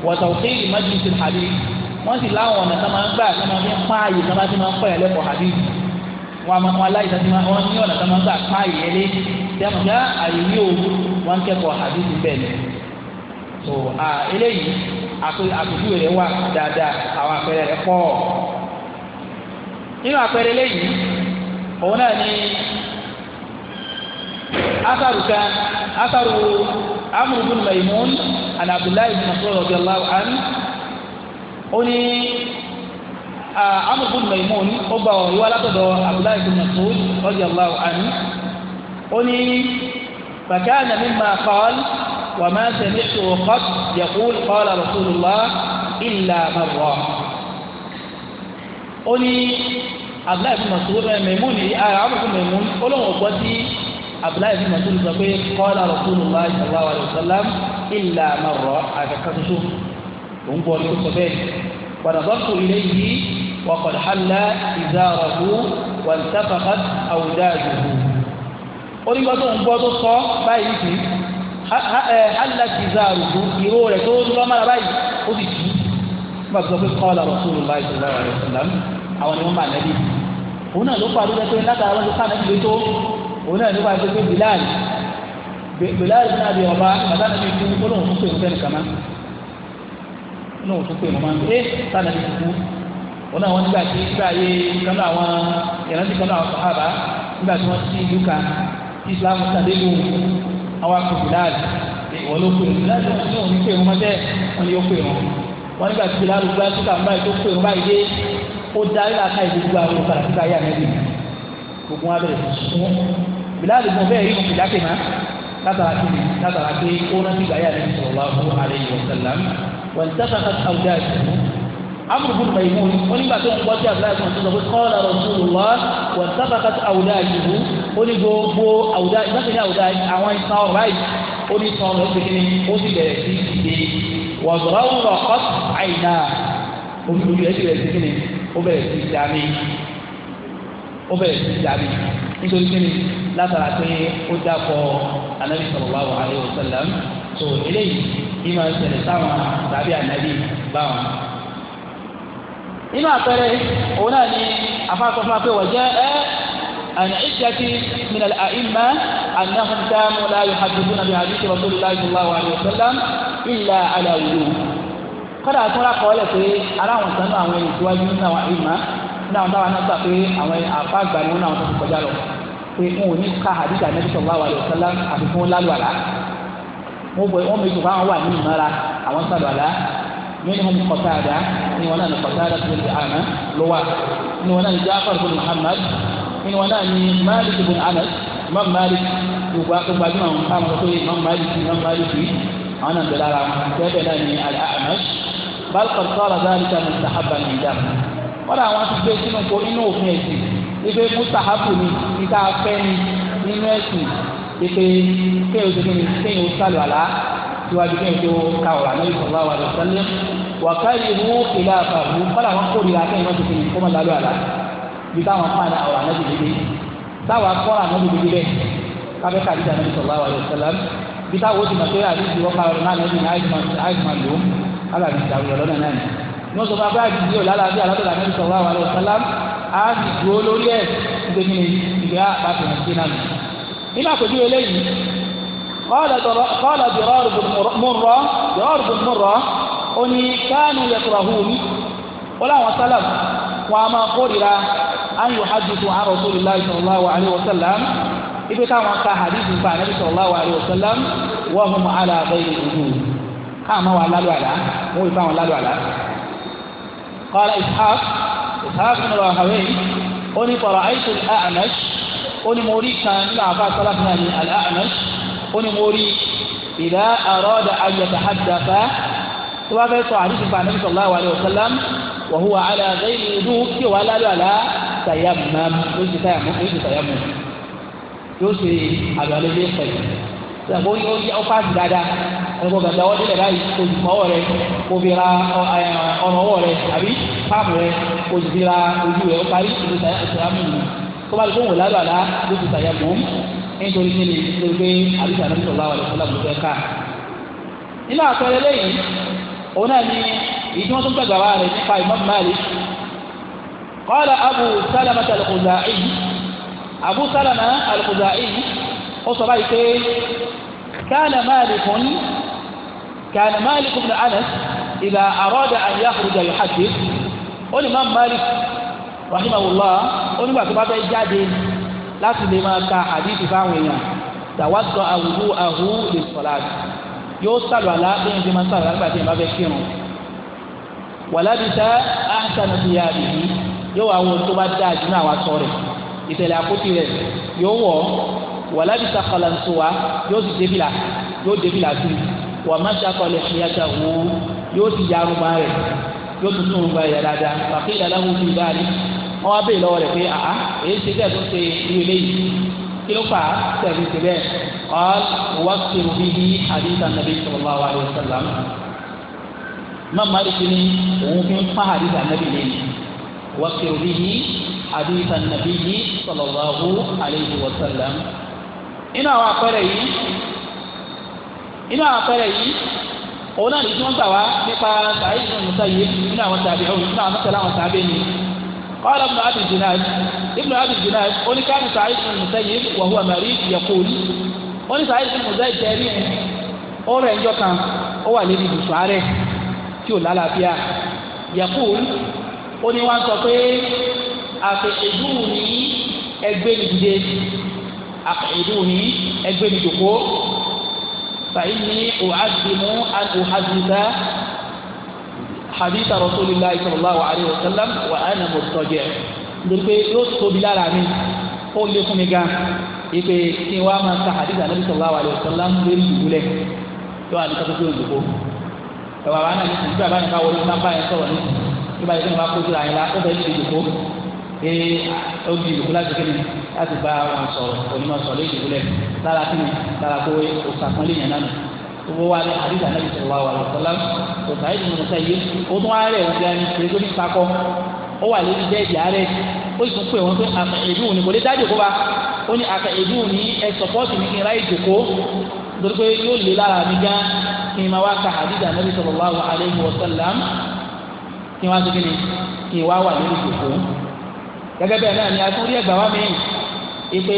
wọ́tọ̀ òkè ìmọ̀jì ti hàbí wọ́n sì láwọn ọ̀nà tó máa ń gbà tó máa fi ń pààyè tó máa ti máa ń pọ̀ ẹ̀lẹ́kọ̀ọ́ hàbí wọn àmọ́ wọn aláìsá ti máa wọ́n ní ọ̀nà tó máa ń gbà pààyè ẹlé tẹ́mọ̀gá àyè yóò wọ́n kẹ́kọ̀ọ́ hàbí ti bẹ̀rẹ̀ àtòkù rẹ̀ wà dáadáa àwọn àpẹẹrẹ rẹ̀ pọ̀ nínú àpẹẹrẹ lẹ́yìn òun náà ni asaru kan asaru amru bin maimun an abdullahi bin mas'ud radiyallahu anhu ó ní amru bin maimun ó gba ọ̀rọ̀ wá látọ̀dọ̀ abdullahi bin mas'ud radiyallahu anhu ó ní bàkánà mimma qala. وما سمعته قط يقول قال رسول الله إلا مرة ó ní abdullahi bin masoud eh, mẹmún ni arabu ah, mẹmún olóhùn ọgbọ tí abdullahi bin masoud sọ pé qala rasulullah sallallahu alayhi wa sallam illa marra àkàkàtúntò òun gbọ́ ní sọ bẹ́ẹ̀ wàdàbọ̀tò ilé yìí wà qad halla izarahu wà ntafaqat awdajuhu. onígbà tó ń gbọ́ tó sọ báyìí nìyí alágbèzá àrùkù ìró rẹ̀ tó lọ́ mára báyìí ó sì tù nígbà tó sọ pé kọ́ọ̀lá rọ̀sùlù báyìí tó lọ́wọ́ rẹ̀ sọ̀lá àwọn ni wọ́n bá nẹ́bí òun náà ló pa àdúgbò pé látara wọn ti ká nẹ́bí tó òun náà ló pa àdúgbò pé Bilal Bilal ní àbí ọba bàtà nẹ́bí tó ń gbọ́dọ̀ fún pé òun fẹ́ẹ́ nìkan náà náà wọ́n tún pè wọ́n máa ń gbé sáànà ní kúkú wọn náà wọ́n nígbà tí nígbà yé kánú àwọn ìrántí àwọn akókò láàlì ìwọ ló pè wọn láti wọn ní òní pè wọn mọ́tẹ́ wọn ni ó pè wọn wọn nígbà tí Bilal gba síkà ń báyìí tó pè wọn báyìí dé ó darí làákà ìdúgbò àwọn òkàlà síkà yà mẹ́bí gbogbo wọn abẹ́rẹ́ sùn Bilal gbọ́n bẹ́ẹ̀ rí òkè dákẹ́ náà látara kí látara pé ó rántí gbà yà sọ̀rọ̀ wá fún alẹ́ ìwọ̀sálàm wọ́n ti amúlùkù mẹ̀mú ó nígbà tó ń gbọ́ sí abdullahi kan tó sọ pé kọ́ọ̀lá rasulullah wà sábàkàtà àwùdá ìlú ó ní gbogbo àwùdá ìgbàsẹ̀ ní àwùdá àwọn ìsan ọ̀rá yìí ó ní san ọ̀rọ̀ pé kíni ó sì bẹ̀rẹ̀ sí ìdè wà zọ̀rọ̀ wọ̀ kọ́t àìná ojú ẹ̀ sì bẹ̀rẹ̀ sí kíni ó bẹ̀rẹ̀ sí ìdámi ó bẹ̀rẹ̀ sí ìdámi nítorí kíni látara pé ó dàpọ̀ anabi sallallahu alaihi wasallam so eléyìí ìmọ̀ ìṣẹ̀lẹ̀ nínú àpẹẹrẹ òun náà ni afáfọfá pé wọ́n jẹ́ ẹ́ àná ìṣẹ́tì min al-a'imma annahum kanu la yuhaddithuna bi hadithi rasulillahi sallallahu alayhi wa sallam illa ala wujuh kọ́dà àtúnrà kọ́ lẹ̀ pé aláwọn sanu àwọn ẹni ìtúwájú nínú àwọn àìmá nínú àwọn táwọn náà gbà pé àwọn àfa àgbà ni wọn náà tó ti kọjá lọ pé n ò ní ká hadith anabi sallallahu alayhi wa sallam àfi fún lálùwàlá wọn méjì fún àwọn wà ní منهم قتادة من ونان قتادة بن دعامة لواء من ونان جعفر بن محمد من ونان مالك بن أنس إمام مالك يقول بعد ما قام إمام مالك إمام مالك أنا بلارا تابعني الأعمش بل قد صار ذلك مستحبا عندهم ولا أنا تبقى سنو إنه في نفسي ife mustahabu ni nta fẹ́ ni nínú ẹ̀sìn ife kéwòn tuntun ni kéwòn síwájú kí n tó ka ọ̀rọ̀ àná ìfọ̀lá wa lọ sẹ́lẹ̀ wà ká ìlú ìlà àfààbù kọ́lá wọn kó nira kí wọ́n ti fi kó máa lálọ́ àlá bí táwọn fáànà ọ̀rọ̀ àná ti dédé táwọn kọ́ra àná ti dédé bẹ́ẹ̀ káfẹ́ kàdí àná ìfọ̀lá wa lọ sẹ́lẹ̀ bí táwọn ti màtó yà lóṣù wọ́n kàrọ̀ náà lọ́dún àìsàn lò alábi ìdàrúyọ̀ lọ́dún náà قال در... قال درار بن مرة درار بن مرة أني كانوا يكرهون ولا وسلم وما قرر أن يحدثوا عن رسول الله صلى الله عليه وسلم إذا كان وقع حديث عن النبي صلى الله عليه وسلم وهم على غير وجود كما هو الله على مو يفهم الله على قال إسحاق إسحاق بن راهوي أني فرأيت الأعمش أني موريكا من عفاء صلاة الأعمش ó ní mo rí ìdá àrọ́dà àjọta àdàfà tó bá fẹ́ sọ àdúgbò fún anabi sallallahu alayhi wa sallam wa huwa ala ghayri ìlú kí wàá lálẹ́ àlá tayammam ló ti tayammam ló ti tayammam yóò ṣe àgbàlẹ́ bí pẹ̀lú sàgbó yóò yá ọ́ fáàsì dáadáa ẹ̀kọ́ gàdá wọ́n délẹ̀ báyìí kò sì mọ́wọ́ rẹ kò fi ra rẹ àbí páàpù rẹ kò sì ojú rẹ ó parí ìlú tayammam nítorí kí ni nítorí pé àdìsá náà sọ̀rọ̀ àwọn àdìsá làbùkù fẹ́ ká. nínú àpẹẹrẹ lẹ́yìn òun náà ni èyí tí wọ́n tún gbàgbà wá rẹ̀ nípa Imam Malik qala Abu Salama al-Khuzai Abu Salama al-Khuzai ó sọ báyìí pé kana Malikun kana Malik ibn Anas idha arada an yakhruja yuhaddith ó ní Imam Malik rahimahullah ó nígbà tó bá fẹ́ jáde láti lè máa ka àdìsí fáwọn èèyàn tàwátọ̀ àwùjọ àhú lè sọ̀lá yóò sàlù bẹ́ẹ̀ ni máa sàlù àgbà tí ẹ̀ bá fẹ́ kírun wàlábìsá àǹtàmì ti yá àbìyí yóò wá wọn tó bá dáa jù náà wá sọ rẹ̀ ìtẹ̀lẹ̀ àkótì rẹ̀ yóò wọ̀ wàlábìsá kọlànsówà yóò sì débìlà yóò débìlà sí wà má sàkọlẹ̀ ìyàtà wò yóò sì yarùbá rẹ̀ yóò tuntun rúbá wọ́n wá bèè lọ́wọ́ rẹ̀ pé àá èyí ṣe kí ẹ̀sùn ṣe irú eléyìí kí ló fà á tẹ̀lé ṣe bẹ́ẹ̀ ọ̀hún wá ṣe omi ní àdìsá nàbí sallallahu alaihi wasallam mọ́mọ́ àdìsí ni òun fi ń pa àdìsá nàbí lẹ́yìn wá ṣe omi ní àdìsá nàbí sallallahu alaihi wasallam. inú àwọn àpẹẹrẹ yìí inú àwọn àpẹẹrẹ yìí òun náà ní tí gbà wá nípa sàáyé ìṣòro قال ابن أبي الجناد ابن أبي الجناد قل كان سعيد بن المسيب وهو مريض يقول قل سعيد بن المسيب تاريخ ọ̀rọ̀ ẹjọ́ kan ó wà lórí ibùsùn ààrẹ tí ò lálàáfíà yaqul ó ní wọ́n sọ pé àfẹ̀ẹ́dùn ní ẹgbẹ́ mi dìde àfẹ̀ẹ́dùn ní ẹgbẹ́ mi jòkó fàyín ní òhàzìmú àti òhàzìmá hadith rasulillah sallallahu alayhi wa sallam wa ana murtaji' nítorí pé yóò tóbi lára mi ó lé fún mi gan ipe kí n wá máa ka hadith anabi sallallahu alayhi wa sallam lórí ìwúlẹ̀ yóò wà ní kátó tó ìdìbò ẹ̀wà wa náà ní sùn bí abáyọ̀ ká wọlé ní bá yẹn sọ̀rọ̀ ní nígbà tí wọ́n bá kó síra yẹn la ó bẹ̀ ti ìdìbò ee ó di ìdìbò láti kéde láti bá wọn sọ̀rọ̀ onímọ̀ sọ̀rọ̀ ìdìbò lẹ̀ lára kí ni lára kó o sàpọ́nlé yẹn náà owó wa ní àdìsá nàbì sallallahu alaihi yìí tún ara pèrè ó wà lórí ó sì tún pè pé àkà kò lè dájò kó ó ní àkà ẹ kí n pé yóò lè lára mi gan kí n máa ka àdìsá nàbì sallallahu alaihi wasallam kí wọ́n á kí n wá a tún rí ẹgbàá wa mi ìpè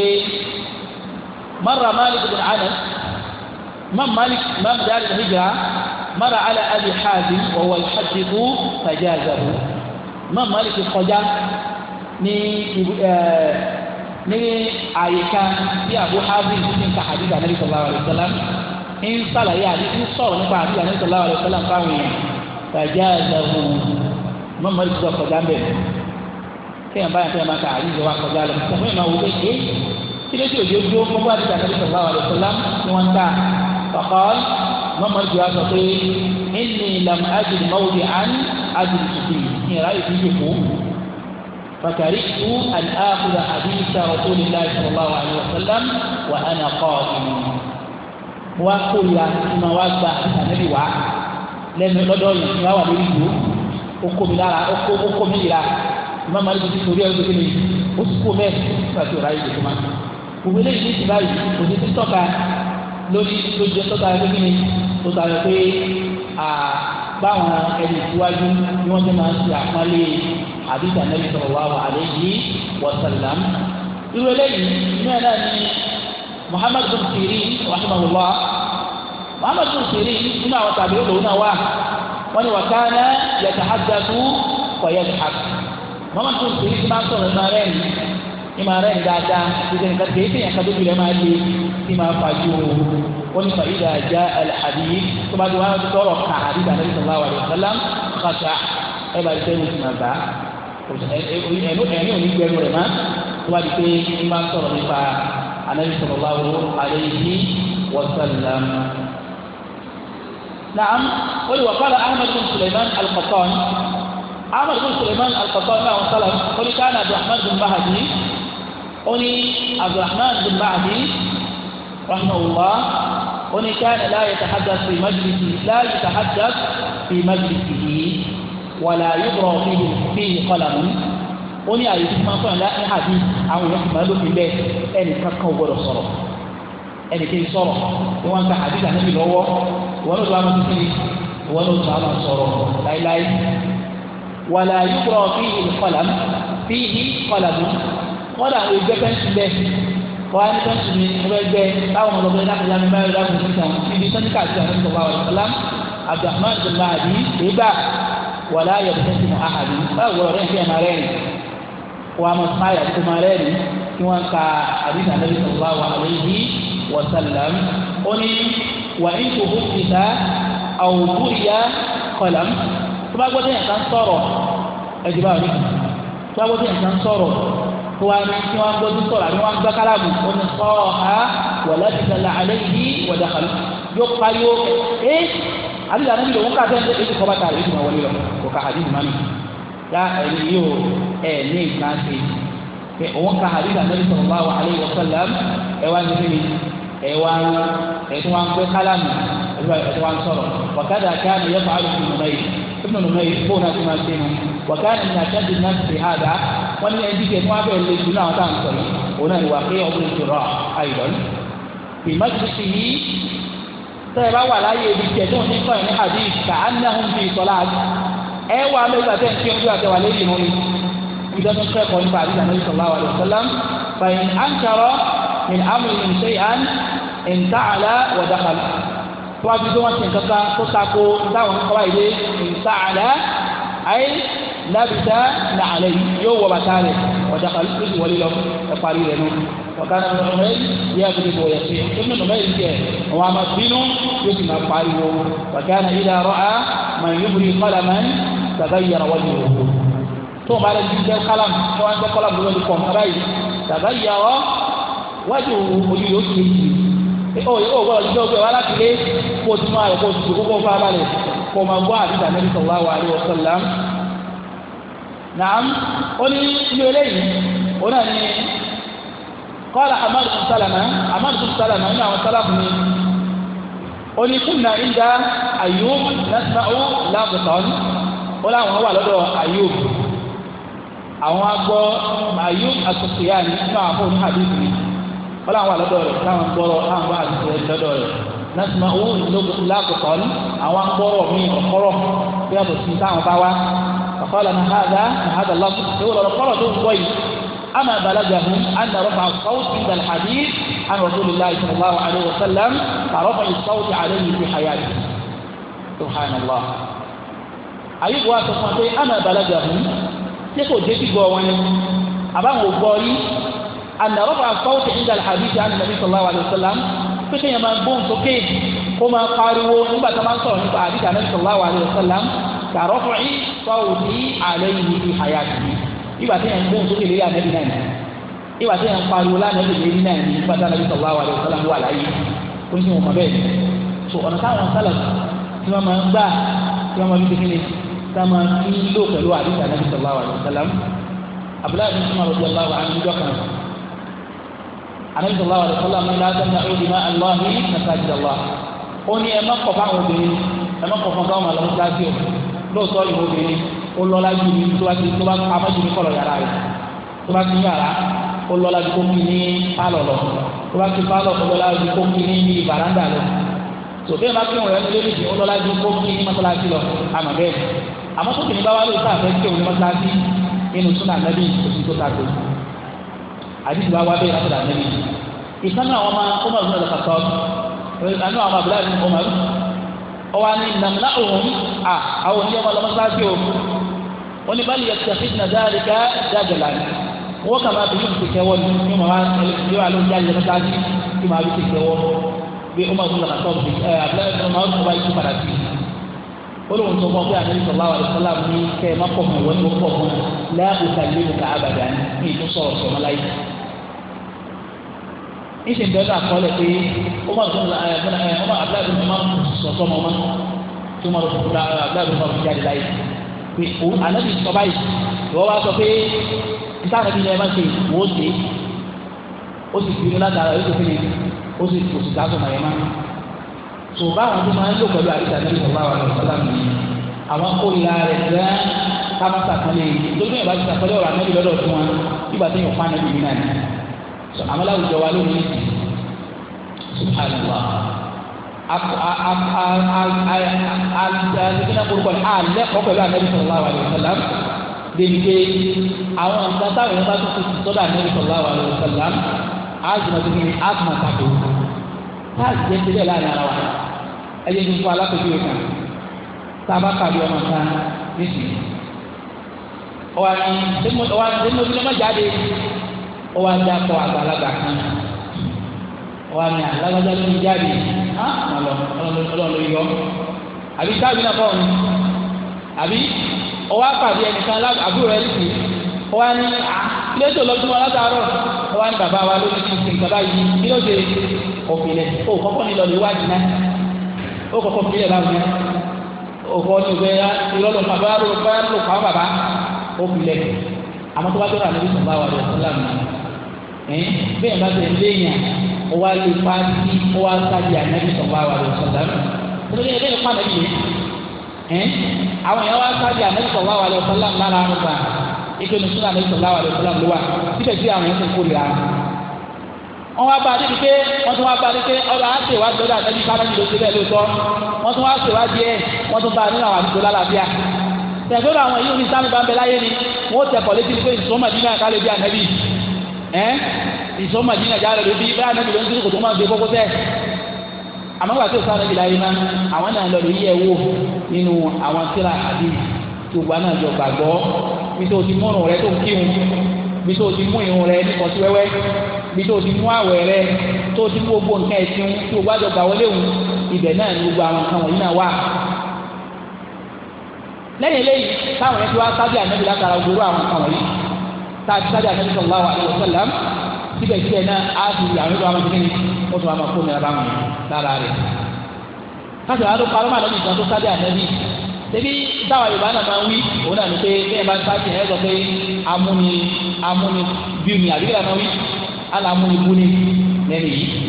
marra imam malik imam dari hijra mara ala abi hadim wa wal hadidu tajazabu imam malik kọjá ní ẹ eh, ní àyíká bí abu hadim ní nka hadith anabi sallallahu alayhi wa sallam ń sàlàyé hadith ń sọ̀rọ̀ nípa hadith anabi sallallahu alayhi wa sallam fáwọn yẹn tajazabu imam malik sọ kọjá mbẹ kéèyàn báyà kéèyàn máa ka hadith wa kọjá lọ sọfún ìmọ̀ wọlé ké kí ló dé òjò dúró fún bá hadith anabi sallallahu alayhi wa sallam ni wọ́n ń ta. فقال ماما الجواب قيل إني لم أجد موضعا أجلس فيه إن رأيت يجيبه فكرهت أن آخذ حديث رسول الله صلى الله عليه وسلم وأنا قائم وأقول يا إما وأتبع النبي وعا لأن لدوي ما هو مريد أقوم لا أقوم لا ما مريد في سوريا وبكني أسكو مه فكرهت كمان ومن يجي تبعي وجدت lórí lójú tọ́ta ẹgbẹ́ kí ni tọ́ta rẹ̀ pé báwọn ẹni ìwájú ni wọ́n ti máa ń ṣe àpọ́nlé àdìsá nẹ́bí sọ̀rọ̀ wá wà àlejì wọ́sàlám. irú eléyìí inú ẹ̀ náà ni Muhammad bin Sirin rahimahullah Muhammad bin Sirin nínú àwọn tàbí olóhùn náà wà wọ́n ní wàkánná yàtàhádàtú fọyẹ́dàhàk. Muhammad bin Sirin ti máa ń sọ̀rọ̀ ìmọ̀ rẹ̀ ní ìmọ̀ rẹ̀ ní dáadáa ìdíje nǹkan kéèké yẹn kájú tí máa fàájú òun ó ní fàyídà já alhadi tó bá ti wá tọrọ ká àdìgbà nàbí sọlá wà lóṣù sálám kàṣà ẹ bá ti sẹ́yìn òsì màgbà ẹ̀mí òní gbẹrù rẹ̀ má tó bá di pé ń bá sọ̀rọ̀ nípa anabi sọlá wà alayhi wa sallam. نعم قل وقال احمد بن سليمان القطان احمد بن سليمان القطان له سلف قل كان عبد الرحمن بن مهدي قل عبد الرحمن بن rahmanulah oníkàní láàyè tàhádà sí májèlìsì láàyè tàhádà sí májèlìsì yìí wàlà yóò fi fi kọlàmù ó ní àyè tí máa fún àlá ní àbí àwọn èèyàn tìmọ̀ lófin bẹ́ẹ̀ ẹnì kankan ò gbọdọ̀ sọ̀rọ̀ ẹnì kejì sọ̀rọ̀ ni wọ́n ń ka àbí ìdáná mi lọ́wọ́ ìwọ́n ló tó àwọn tuntun ni ìwọ́n ló tó àwọn sọ̀rọ̀ láíláí wàlà yóò fi kọlàmù fi kọlàmù kọ́dà wọ́n á ní sọ́ọ̀tì mi ẹgbẹ́ báwọn ọlọ́gbẹ́ dákun lámì báyọ̀ dákun nìkan ibi sọ́ọ̀tì àti àwọn ìṣọ̀kọ̀ àwọn ìṣọ̀lá abdulrahman abdullahi ìgbà wàlá yẹ̀dùsẹ́sì mọ́ àhàbí báwo ọ̀rẹ́ ń fi ẹ̀ma rẹ̀ ni wọ́n á mọ̀ sáyà tó máa rẹ̀ ni kí wọ́n ka àdìsá nàbí sọ̀rọ̀ àwọn àlejì wọ́sàlám ó ní wà ní kòkó kìtà àwòkú ìyá kọlám tó bá gbọ́dọ̀ tí wọ́n tí wọ́n gbọ́ sísọ̀rọ̀ àbí wọ́n gbọ́ kálámù ó ní kọ́ ọ̀há wọ̀lá ti sẹlẹ̀ alẹ́ yìí wọ̀dà kàlù yóò pariwo ẹ́ àbí làwọn ìlú òun káfẹ́ ẹ́ ti kọ́ba tààrí ìdùnnà wọlé lọ kò ká àdìsí mami yá ẹni yóò ẹ̀ ní ìgbà ṣe pé òun ká àdìsí àmẹ́rì sọ̀rọ̀ bá wà alẹ́ ìwọ̀sálàm ẹ̀ wá ní ẹ wá ẹ tó wá ń gbé kálámù ẹ tó wá ń sọ̀rọ̀ wàkàdà káàmù yẹ fàálù fún mi báyìí ibùdó mi báyìí fún mi àti máa ṣe mu wàkàdà mi àti àti náà ti hàdá wọn ní ẹni dídì ẹ tó wá bẹ̀rẹ̀ lè dùn àwọn táwọn òun náà wà pé ọkùnrin jùlọ àìlọ́ ìmọ̀tìsí yìí tẹ́ bá wà láyé ibi tẹ̀ tó ń ní sọ̀rọ̀ ní àdìs kà á náà ń fi ìsọ̀lá ẹ wà lóògbà tẹ̀ ń fi ọjọ́ àtẹwà lé ìjọ tó kẹ́kọ̀ọ́ nípa àdúgbò àná ìṣọ̀lá wa lọ́sọ́lám fàyìn àǹkàrọ̀ ní àmúlò ní ṣe àn ìǹtà àlá wọ̀dàkàlà tó wá bí tó wọ́n ti nǹkan kan tó tako táwọn kọ́ báyìí dé ìǹtà àlá ayé lábìtá nà àlẹ́ yìí yóò wọ bàtà rẹ̀ wọ̀dàkàlà tó ti wọlé lọ ẹ̀ parí rẹ̀ nù ọ̀kadà ọ̀rẹ́ yíyá tó ti bọ̀ yẹ tó ma lẹ ní bẹ kálámù tó wá ń bẹ kálámù lórí kọ ọmọ báyìí tàbá yà ọ wájú ojú yóò tún èyí ó ó wọlé ọjọ́ ọgbẹ wa láti lé kó o tún máa rẹ kó o tún kókó fún abalẹ kó o máa gbọ́ àdìgbà Nabi sallallahu alaihi naam ó ní ilé eléyìí ó náà amadu sálàmà amadu sálàmà ní àwọn sálàmù ni ó ní kúnnà ìdá Ayub nasma'u lábùtàn ó láwọn wà lọ́dọ̀ Ayub àwọn agbọ́ mayu asòkìyà ní inú àwọn fún hadith mi wọ́n làwọn àlọ́dọ̀ rẹ̀ táwọn gbọ́rọ̀ táwọn bá àti rẹ̀ lọ́dọ̀ rẹ̀ nasuma owó lákòókò ní àwọn agbọ́rọ̀ mi ọ̀kọ́rọ̀ bí wọ́n sì táwọn bá wá ọ̀kọ́lá ní hàdá ní hàdá lọ́kùn tó wọ́n tó ń gbọ́ yìí أما بلغهم أن رفع الصوت عند الحديث عن رسول الله صلى الله عليه وسلم فرفع الصوت عليه في حياته سبحان الله أيوة واتفقوا أما بلغهم ṣé kò dé gbígbọ́ wọn ni àbáwọn ò gbọ́ rí àdàrọ́fà fáwọn ìdàl àbíjà ànàbí sallallahu alaihi wasallam pé kéèyàn máa gbóhùn sókè kó máa pariwo nígbà tó máa ń sọ̀rọ̀ nípa àbíjà ànàbí sallallahu alaihi wasallam kàrọ́fà yìí fáwọn ní àlẹ́ yìí ní àyà kìí ìgbà tí yẹn gbóhùn sókè lórí ànàbí náà ìgbà tí yẹn pariwo lánàbí lórí náà ní nígbà tí ànàbí sallallahu alaihi wasallam wà láyé ó ní wọn bẹ́ẹ̀ so ọ̀nà táwọn sálà tí wọ́n máa ń gbà tí wọ́n máa ń sáma ń lò pẹ̀lú àdìsá nàbí sallallahu alaihi wasallam abúlé àti sùnmọ́ àbújá aláwọ̀ àmì ìjọ kan ànábì sallallahu alaihi wasallam ní láti ní ọdún náà aláwọ̀ ní masajid Allah ó ní ẹ má kọ̀ fáwọn obìnrin ẹ má kọ̀ fún káwọn àlọ́ sáájú lóòótọ́ ìwọ obìnrin ó lọ́lá ju ní tó bá ti tó bá pamọ́ ju ní kọ̀lọ̀ yàrá rẹ̀ tó bá ti yàrá ó lọ́lá ju kó kí ní pálọ̀ lọ tó bá ti pálọ̀ ó lọ́lá ju kó kí ní ní ìbàràǹdà lọ tòbí ẹ má kí wọn rẹ ní lórí ìdí ó lọ́lá ju kó kí ní mọ́tàlá àmọ́ tó kìíní bá wà lóò sáà fẹ́ kí òun mọ́sáàsì nínú súnà nàbí òsì tó ta tó àdìsí wa wá bẹ́ẹ̀ látọ̀dà nàbí ìsánú àwọn ọmọ ọmọ ọdún ọdún kàtọ́ àánú àwọn abúlé àdìsí ọmọ ọdún ọwọ́ ni nàmúlá òun à àwọn oníyẹ ọmọ mọ́sáàsì o wọ́n ní báyìí yẹtù àfi nà dáadé ká dáadé lánà wọ́n kà máa bìyànjú ti kẹwọ́ ni yóò máa yóò máa lóun jáde mọ́sáàsì yóò máa bí ti kẹwọ́ bí ọmọ ọdún kàtọ́ àbúlé ọmọ ọdún ọba yìí padà sí i olóhùn tó fún ọ pé àná ìsọlá wa lọsọlá mi kẹ ẹ má pọ fún ìwọ́n tó pọ̀ fún un láàbùkà lébù ká abàdà ní ìtú sọ̀rọ̀ sọ̀rọ̀ láyé. ìṣe ìbẹ̀rẹ̀ àkọọ́lẹ̀ pé ó má dùn ẹ̀ ọmọ abúládùn má sọ̀tọ̀ mọ́ mọ́ tí wọ́n lọ fún abúládùn má jáde láyé. pé òun àná ti sọ báyìí ìwọ́n wá sọ pé ìtàn àti ìyẹn má ṣe wò ó ṣe ó sì fi inú látara ó sì fi tó báwọn tó máa ń lò pẹ̀lú àdìsá ní ìwọ̀n báwọn lọ sọ́dà mi àwọn kórìíra rẹ̀ gán káwọn sàkọlẹ̀ nítorí ìbá ti sàkọlẹ̀ ọ̀rọ̀ anábì lọ́dọ̀ fún wọn nígbà tó yàn fún anábì mi náà ni àwọn láwùjọ wa lónìí subhanallah alẹ́kọ̀ọ́ pẹ̀lú anábì sallallahu alaihi wasallam dèbìkẹ́ àwọn nǹkan táwọn yẹn bá tó kùtù sọ́dọ̀ anábì sallallahu alaihi wasallam àjùmọ̀ tó kiri àjùmọ̀ tàbí táàjì jẹ́ sílẹ̀ láàrin ara wa ẹyẹ ní fún alákòókò yóò kàn tá a bá kàwé ọmọ kan níbi ọwọ àti ọwọ àti ẹni obìnrin má jáde ọwọ àti akọ àgbàlagbà kan ọwọ àmì àgbàlagbà ló ń jáde ọlọ́ọ̀lọ́ yọ àbí táàbí náà bọ̀ ọ́n àbí ọwọ àpàdé ẹnìkan àbúrò ẹ̀ sì ọwọ àni lẹ́tò lọ́dún ọlọ́tàárọ̀ ọwọ àni bàbá wa ló ti fi nǹkan báyìí kí ló dé òfin rẹ̀ ó nílò lè wá ó kọ́kọ́ fi ilẹ̀ báwọn yẹn òkò ní ìgbẹ́ ìrọ̀lọ́ bàbá ló bá lò pa bàbá ó fi lẹ̀ àmọ́ tó bá tó rà níbi tó bá wà lọ sí lànà ẹ̀ẹ́n bẹ́ẹ̀ bá tẹ̀ léèyàn ó wá lè pa sí ó wá sábì ànábì tó bá wà lọ sí lànà tó lè lè pa nàbì yẹn ẹ̀ẹ́n àwọn èèyàn wá sábì ànábì tó bá wà lọ sí lànà lára àrùn ìpinnu sí ànábì tó bá wà lọ sí lànà ló wọ́n wá bá a débi pé wọ́n tún wá bá a débi pé ọba á ṣèwà lọ́dọ̀ àtẹ́bí sábà nílò síbẹ̀ lóòótọ́ wọ́n tún wá ṣèwà díẹ̀ wọ́n tún bá a nínú àwọn àdúgbò lálàáfíà tẹ̀síọ́dọ̀ àwọn yìí ní sámi bá ń bẹ láyé ni wọ́n tẹ̀kọ̀ létí pé ìṣó màdínà kálẹ̀ bí ànábì ẹ́ ìṣó màdínà já rẹ̀ lóbi bá ànábì ló ń tún kò tó máa ń gbé kókó tẹ̀ àmọ́ wà tó sá ànábì láyé má àwọn náà lọ lóyè wò nínú àwọn tíra àbí tùgbà náà jọ gbàgbọ́ bí tó ti mú irun rẹ tó ń kírun bí tó ti mú irun rẹ nípa bí tó ti mú àwẹ̀ rẹ tó ti mú gbogbo nǹkan ẹ̀sìn tí o gbàdọ̀ gbà wọlé òun ibẹ̀ náà ni gbogbo àwọn nǹkan wọ̀nyí náà wà. lẹ́yìn eléyìí táwọn yẹn ti wá sábẹ́ ànábì látara gbogbo àwọn nǹkan wọ̀nyí táàbí sábẹ́ ànábì sallallahu alaihi wasallam síbẹ̀síbẹ̀ náà á fi àwọn ìlú àwọn ìdílé wọ́n tún wá máa kó mi ara wọn lára rẹ̀. káṣí wàá tó parọ́ máa lọ́dún ìtàn tó sábẹ́ ànábì tẹbi táwa yorùbá náà máa ń wí òun náà ní pé bẹ́ẹ̀ bá ń sáàtì ẹ̀ sọ pé amúni amúni bíi mi àbí bẹ́ẹ̀ máa ń wí alamu ibu ni lẹ́nu yìí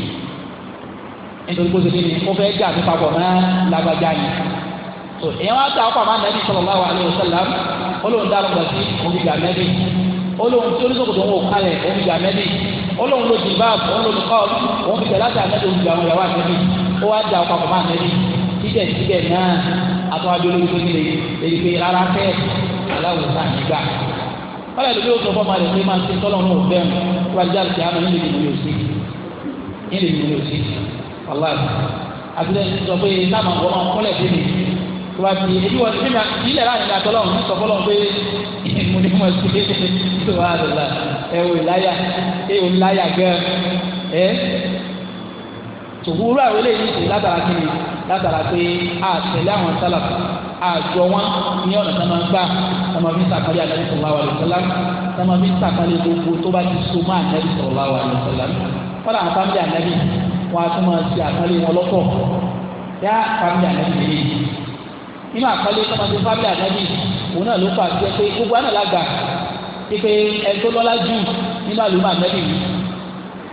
nítorí kó sèké ni ó fẹ́ jà mí papọ̀ mọ́ lágbájá ni tó èèyàn wá ta ọkọ̀ àmà nàbí sallallahu alaihi wasallam olóhùn dá lọ́gbà sí omijà mẹ́bí olóhùn tí oníṣòkòtò ń wò kálẹ̀ omijà mẹ́bí olóhùn ló jìbá olóhùn kọ́ òun fi tẹ̀lé àti àmẹ́bí omijà àwọn ìyàwó àmẹ́bí ó wá da ọkọ̀ àmà nàbí síbẹ̀ síbẹ̀ náà àtọ́wájú olóhùn tó nílé èyí pé rárá fẹ́ aláwòsàn nígbà wọ́n lẹ́nu bí ó sọ fún ọmọ máa ń ṣe tọ́lọ̀ náà bẹ́ẹ̀ mu kí wàá jáde àmọ́ ní lèmi lè ṣe ní lèmi lè ṣe wàláì àbílẹ̀ sọ pé láàmú àwọn ọmọ kọ́lẹ̀ bí mi kí wàá fi èyí wọ́n mímà ìlẹ̀ láàrin àtọ́ lọ́run sọ fọ́lọ́ pé <laughs> mo ní mo ṣe é ṣe wò láyà ẹ wò láyà gẹ́ ẹ tòwúrú àwọn eléyìí ti látara kí ni látara pé àtẹlẹ àwọn sálàfù àjọ wọn ní ọ̀nà tí wọ́n gbà tí wọ́n fi ń sàkálẹ̀ ànábì sallallahu alaihi wasallam tí wọ́n fi ń sàkálẹ̀ gbogbo tó bá ti so mọ́ ànábì sallallahu alaihi wasallam kọ́lá àwọn fámìlì ànábì wọn a tún máa ti àkálẹ̀ wọn lọ́tọ̀ yá fámìlì ànábì lè inú àkálẹ̀ sọ́mọdé fámìlì ànábì òun náà ló fà á pé gbogbo àná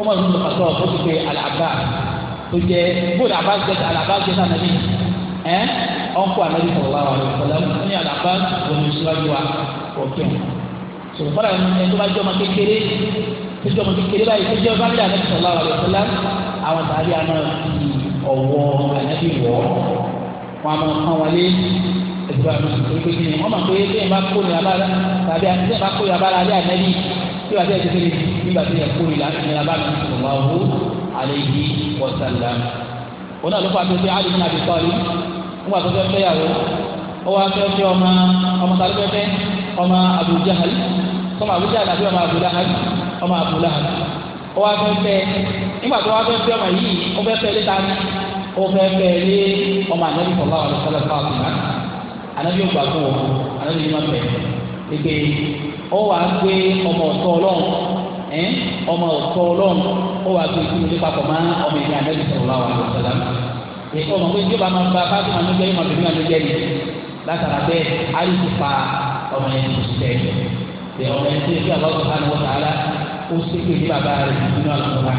ọmọ ìlú ló pàṣọ ó ti pe alaba tó jẹ bóòlù alaba jẹ alaba jẹ sànàbí ẹ ọkọ anabi sọ̀rọ̀ wa wà lọsọlá ní alaba lọmọ ìṣíwájú wa ọkẹ sọ̀rọ̀ fọlá ẹni tó bá jẹ ọmọ kékeré tó jẹ ọmọ kékeré báyìí tó jẹ ọmọ bábílẹ anabi sọ̀rọ̀ wa wà lọsọlá àwọn tàbí àná ti ọwọ́ anabi wọ wọn a kán wọlé ẹgbẹ́ àwọn ìṣòro kékeré wọn máa pé bí ẹ bá kó ní abala tàbí àti bí ẹ bá kó ní abala alẹ anabi tí wàá tẹ̀sí kiri nígbà tí yẹ kó ìlà ìlà bá mi sallallahu alayhi wa sallam. òun náà ló fà tó pé Ali bin Abi Talib nígbà tó fẹ́ fẹ́yàwó ó wá fẹ́ fẹ́ ọmọ ọmọ tàbí fẹ́ fẹ́ ọmọ Abu Jahal ọmọ Abu Jahal àbí ọmọ Abu Lahab ọmọ Abu Lahab ó wá fẹ́ fẹ́ nígbà tó wá fẹ́ fẹ́ ọmọ yìí ó fẹ́ fẹ́ létà ní ó fẹ́ fẹ́ lé ọmọ anabi sallallahu alayhi wa sallam fún wa anabi ó gbà fún wọn anabi yìí má fẹ́ ó wà á gbé ọmọ ọ̀tọ̀ ọlọ́run ẹ̀ ọmọ ọ̀tọ̀ ọlọ́run ó wà á gbé ìdílé ní papọ̀ máa ọmọ ìdílé ànábì sọ̀rọ̀ láwà lọ́sọ̀lá èyí ọmọ pé ìjọba máa ń ba bá fún ànújẹ́ ìmọ̀ bìbí ànújẹ́ ni látara bẹ́ẹ̀ àyùkú pa ọmọ ẹni ti tẹ̀ ẹ̀ ọmọ ẹni tó ti àbá ọ̀tọ̀ àná wọ́tà ara ó sì pé ní bàbá rẹ̀ nínú àlùkòrá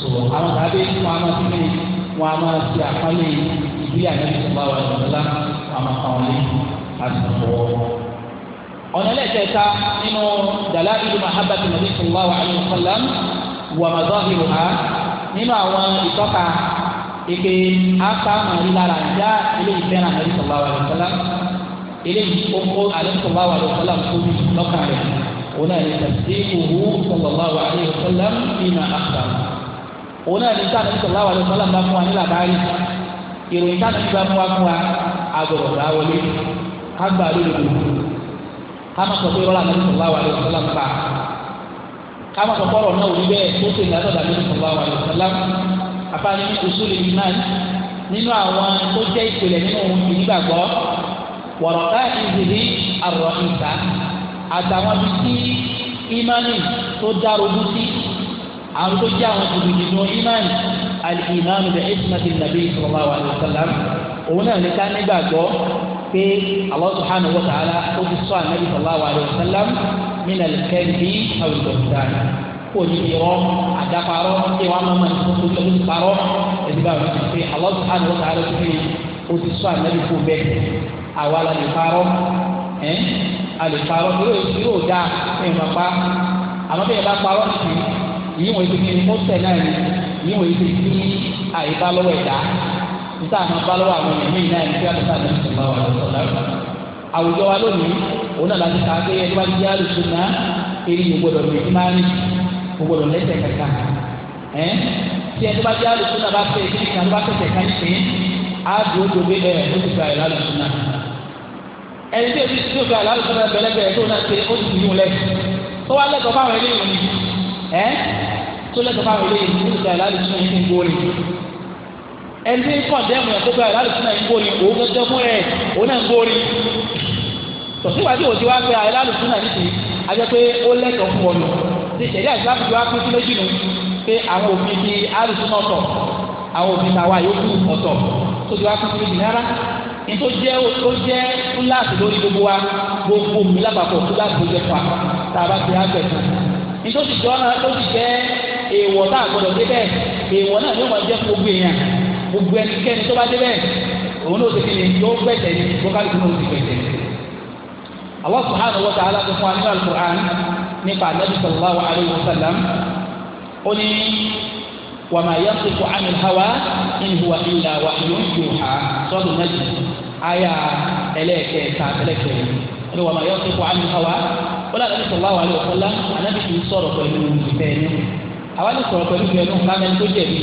so àwọn tàbí wọn a máa fi mí wọn a máa fi àpálẹ̀ ìdílé ànábì sọ̀rọ̀ láwà lọ́sọ̀lá àmọ́ àwọn ilé àti àbọ̀wọ̀ ọ̀nà ẹlẹ́kẹ̀ẹ́ta nínú dala'ilu mahabbati nabi sallallahu alayhi wa sallam wa madahiruha nínú àwọn ìtọ́ka ìpè apá màrí lára ìjà eléyìí fẹ́ràn nabi sallallahu alayhi wa sallam eléyìí ó kó alẹ́ sallallahu alayhi wa sallam tóbi lọ́kàn rẹ̀ ona ni tasdiquhu sallallahu alayhi wa sallam fima akhbar ona ni sani sallallahu alayhi wa sallam bá fún wa ní labari ìròyìn sani bá fún wa fún wa agbọ̀dọ̀ kama sọ pé rọlá nàbí sọlá wàlẹ ọsọlá ń bá kama sọ kọrọ náà òní bẹ́ẹ̀ tó ṣe ìdájọ́ nàbí sọlá wàlẹ ọsọlá àfààní usuli iman nínú àwọn tó jẹ ìpìlẹ̀ nínú ìgbàgbọ́ wọrọká ìzìlí àrọ ìta àtàwọn bíi tí imani tó dárogún sí àwọn tó jẹ àwọn tòbí nínú imani alìmánu bẹ ẹsìmàtì nàbí sọlá wàlẹ ọsọlá òun náà ní ká nígbàgbọ́ pé Allah subhanahu wa ta'ala ó ti sọ ànábì sallallahu alayhi wa sallam min al-kadhibi aw al-buhtan kò ní irọ́ àdàparọ́ kí wọ́n máa máa tó tó tó parọ́ ẹ̀dí bá wọn ti pé Allah subhanahu wa ta'ala ti pé ó ti sọ ànábì fún bẹ́ẹ̀ àwa la lè parọ́ ẹ́ a lè parọ́ irú irú dáa ẹ̀ máa pa àmọ́ bẹ́ẹ̀ bá parọ́ sí yíwọ̀n ìdíkì mọ́tẹ̀ náà ni yíwọ̀n ìdíkì àyíká lọ́wọ́ ẹ̀dá níta àwọn balùwà àwọn èèyàn mí náà nígbà tó sáà lẹ́sìn bá wà lọ́sọ̀lá àwùjọ wa lónìí òun náà láti ta pé ẹni bá jẹ́ àlùsùn náà eré yìí gbọdọ̀ lè ti máa ń kó gbọdọ̀ lẹ́sẹ̀ kẹta ẹ́ tí ẹni bá jẹ́ àlùsùn náà bá fẹ́ kí nìkan bá fẹ́ kẹta ní pín á dùn ó dùn bí ẹ ó ti gba ẹ̀ lálùsùn náà ẹni tí èyí tí gba ẹ̀ lálùsùn náà bẹ̀rẹ̀ ẹni kọ̀ndẹ́mù ẹ̀ tó gba ìlànà ìsúná ń gbórí òun gẹ́gẹ́ fún ẹ̀ òun náà ń gbórí tọ̀síwá tí òtí wá pé ìlànà ìsúná nìkì ajẹ́ pé ó lẹ́tọ̀ fún ọ lọ ti ṣẹ̀dá ìsìlámù tí wá pín sí méjì nù pé àwọn òfin ti àrùsúná ọ̀tọ̀ àwọn òfin tàwa yòókù ọ̀tọ̀ tó ti wá pín sí méjì rárá ní tó jẹ́ ó jẹ́ fúláàsì lórí gbogbo wa gbogbo mi lápapọ̀ fúláàsì ló jẹ́ fún wa tá a bá ti á bẹ̀ tán ní tó ti jọ́ náà tó ti jẹ́ èèwọ̀ tá a gbọ́dọ̀ débẹ̀ èèwọ̀ náà ló máa jẹ́ fún gbogbo èèyàn gbogbo ẹnikẹ́ni tó bá dé bẹ́ẹ̀ òun náà ti fi lè yọ gbẹ̀tẹ̀ ní bókàlùkù náà ti gbẹ̀tẹ̀ ní. Allah subhanahu wa ta'ala fún wa nínú al-Qur'an nípa anabi sallallahu alayhi wa sallam ó ní wa ma yantiqu anil hawa in huwa illa wahyun yuha sọ́dún méjì àyà ẹlẹ́ẹ̀kẹta ẹlẹ́ẹ̀kẹrin ó ní wa ma yantiqu anil hawa ó ní anabi sallallahu alayhi wa sallam sọ̀rọ̀ pẹ̀lú ìfẹ́ ẹni àwọn àti sọ̀rọ̀ pẹ̀lú ìfẹ́ ẹni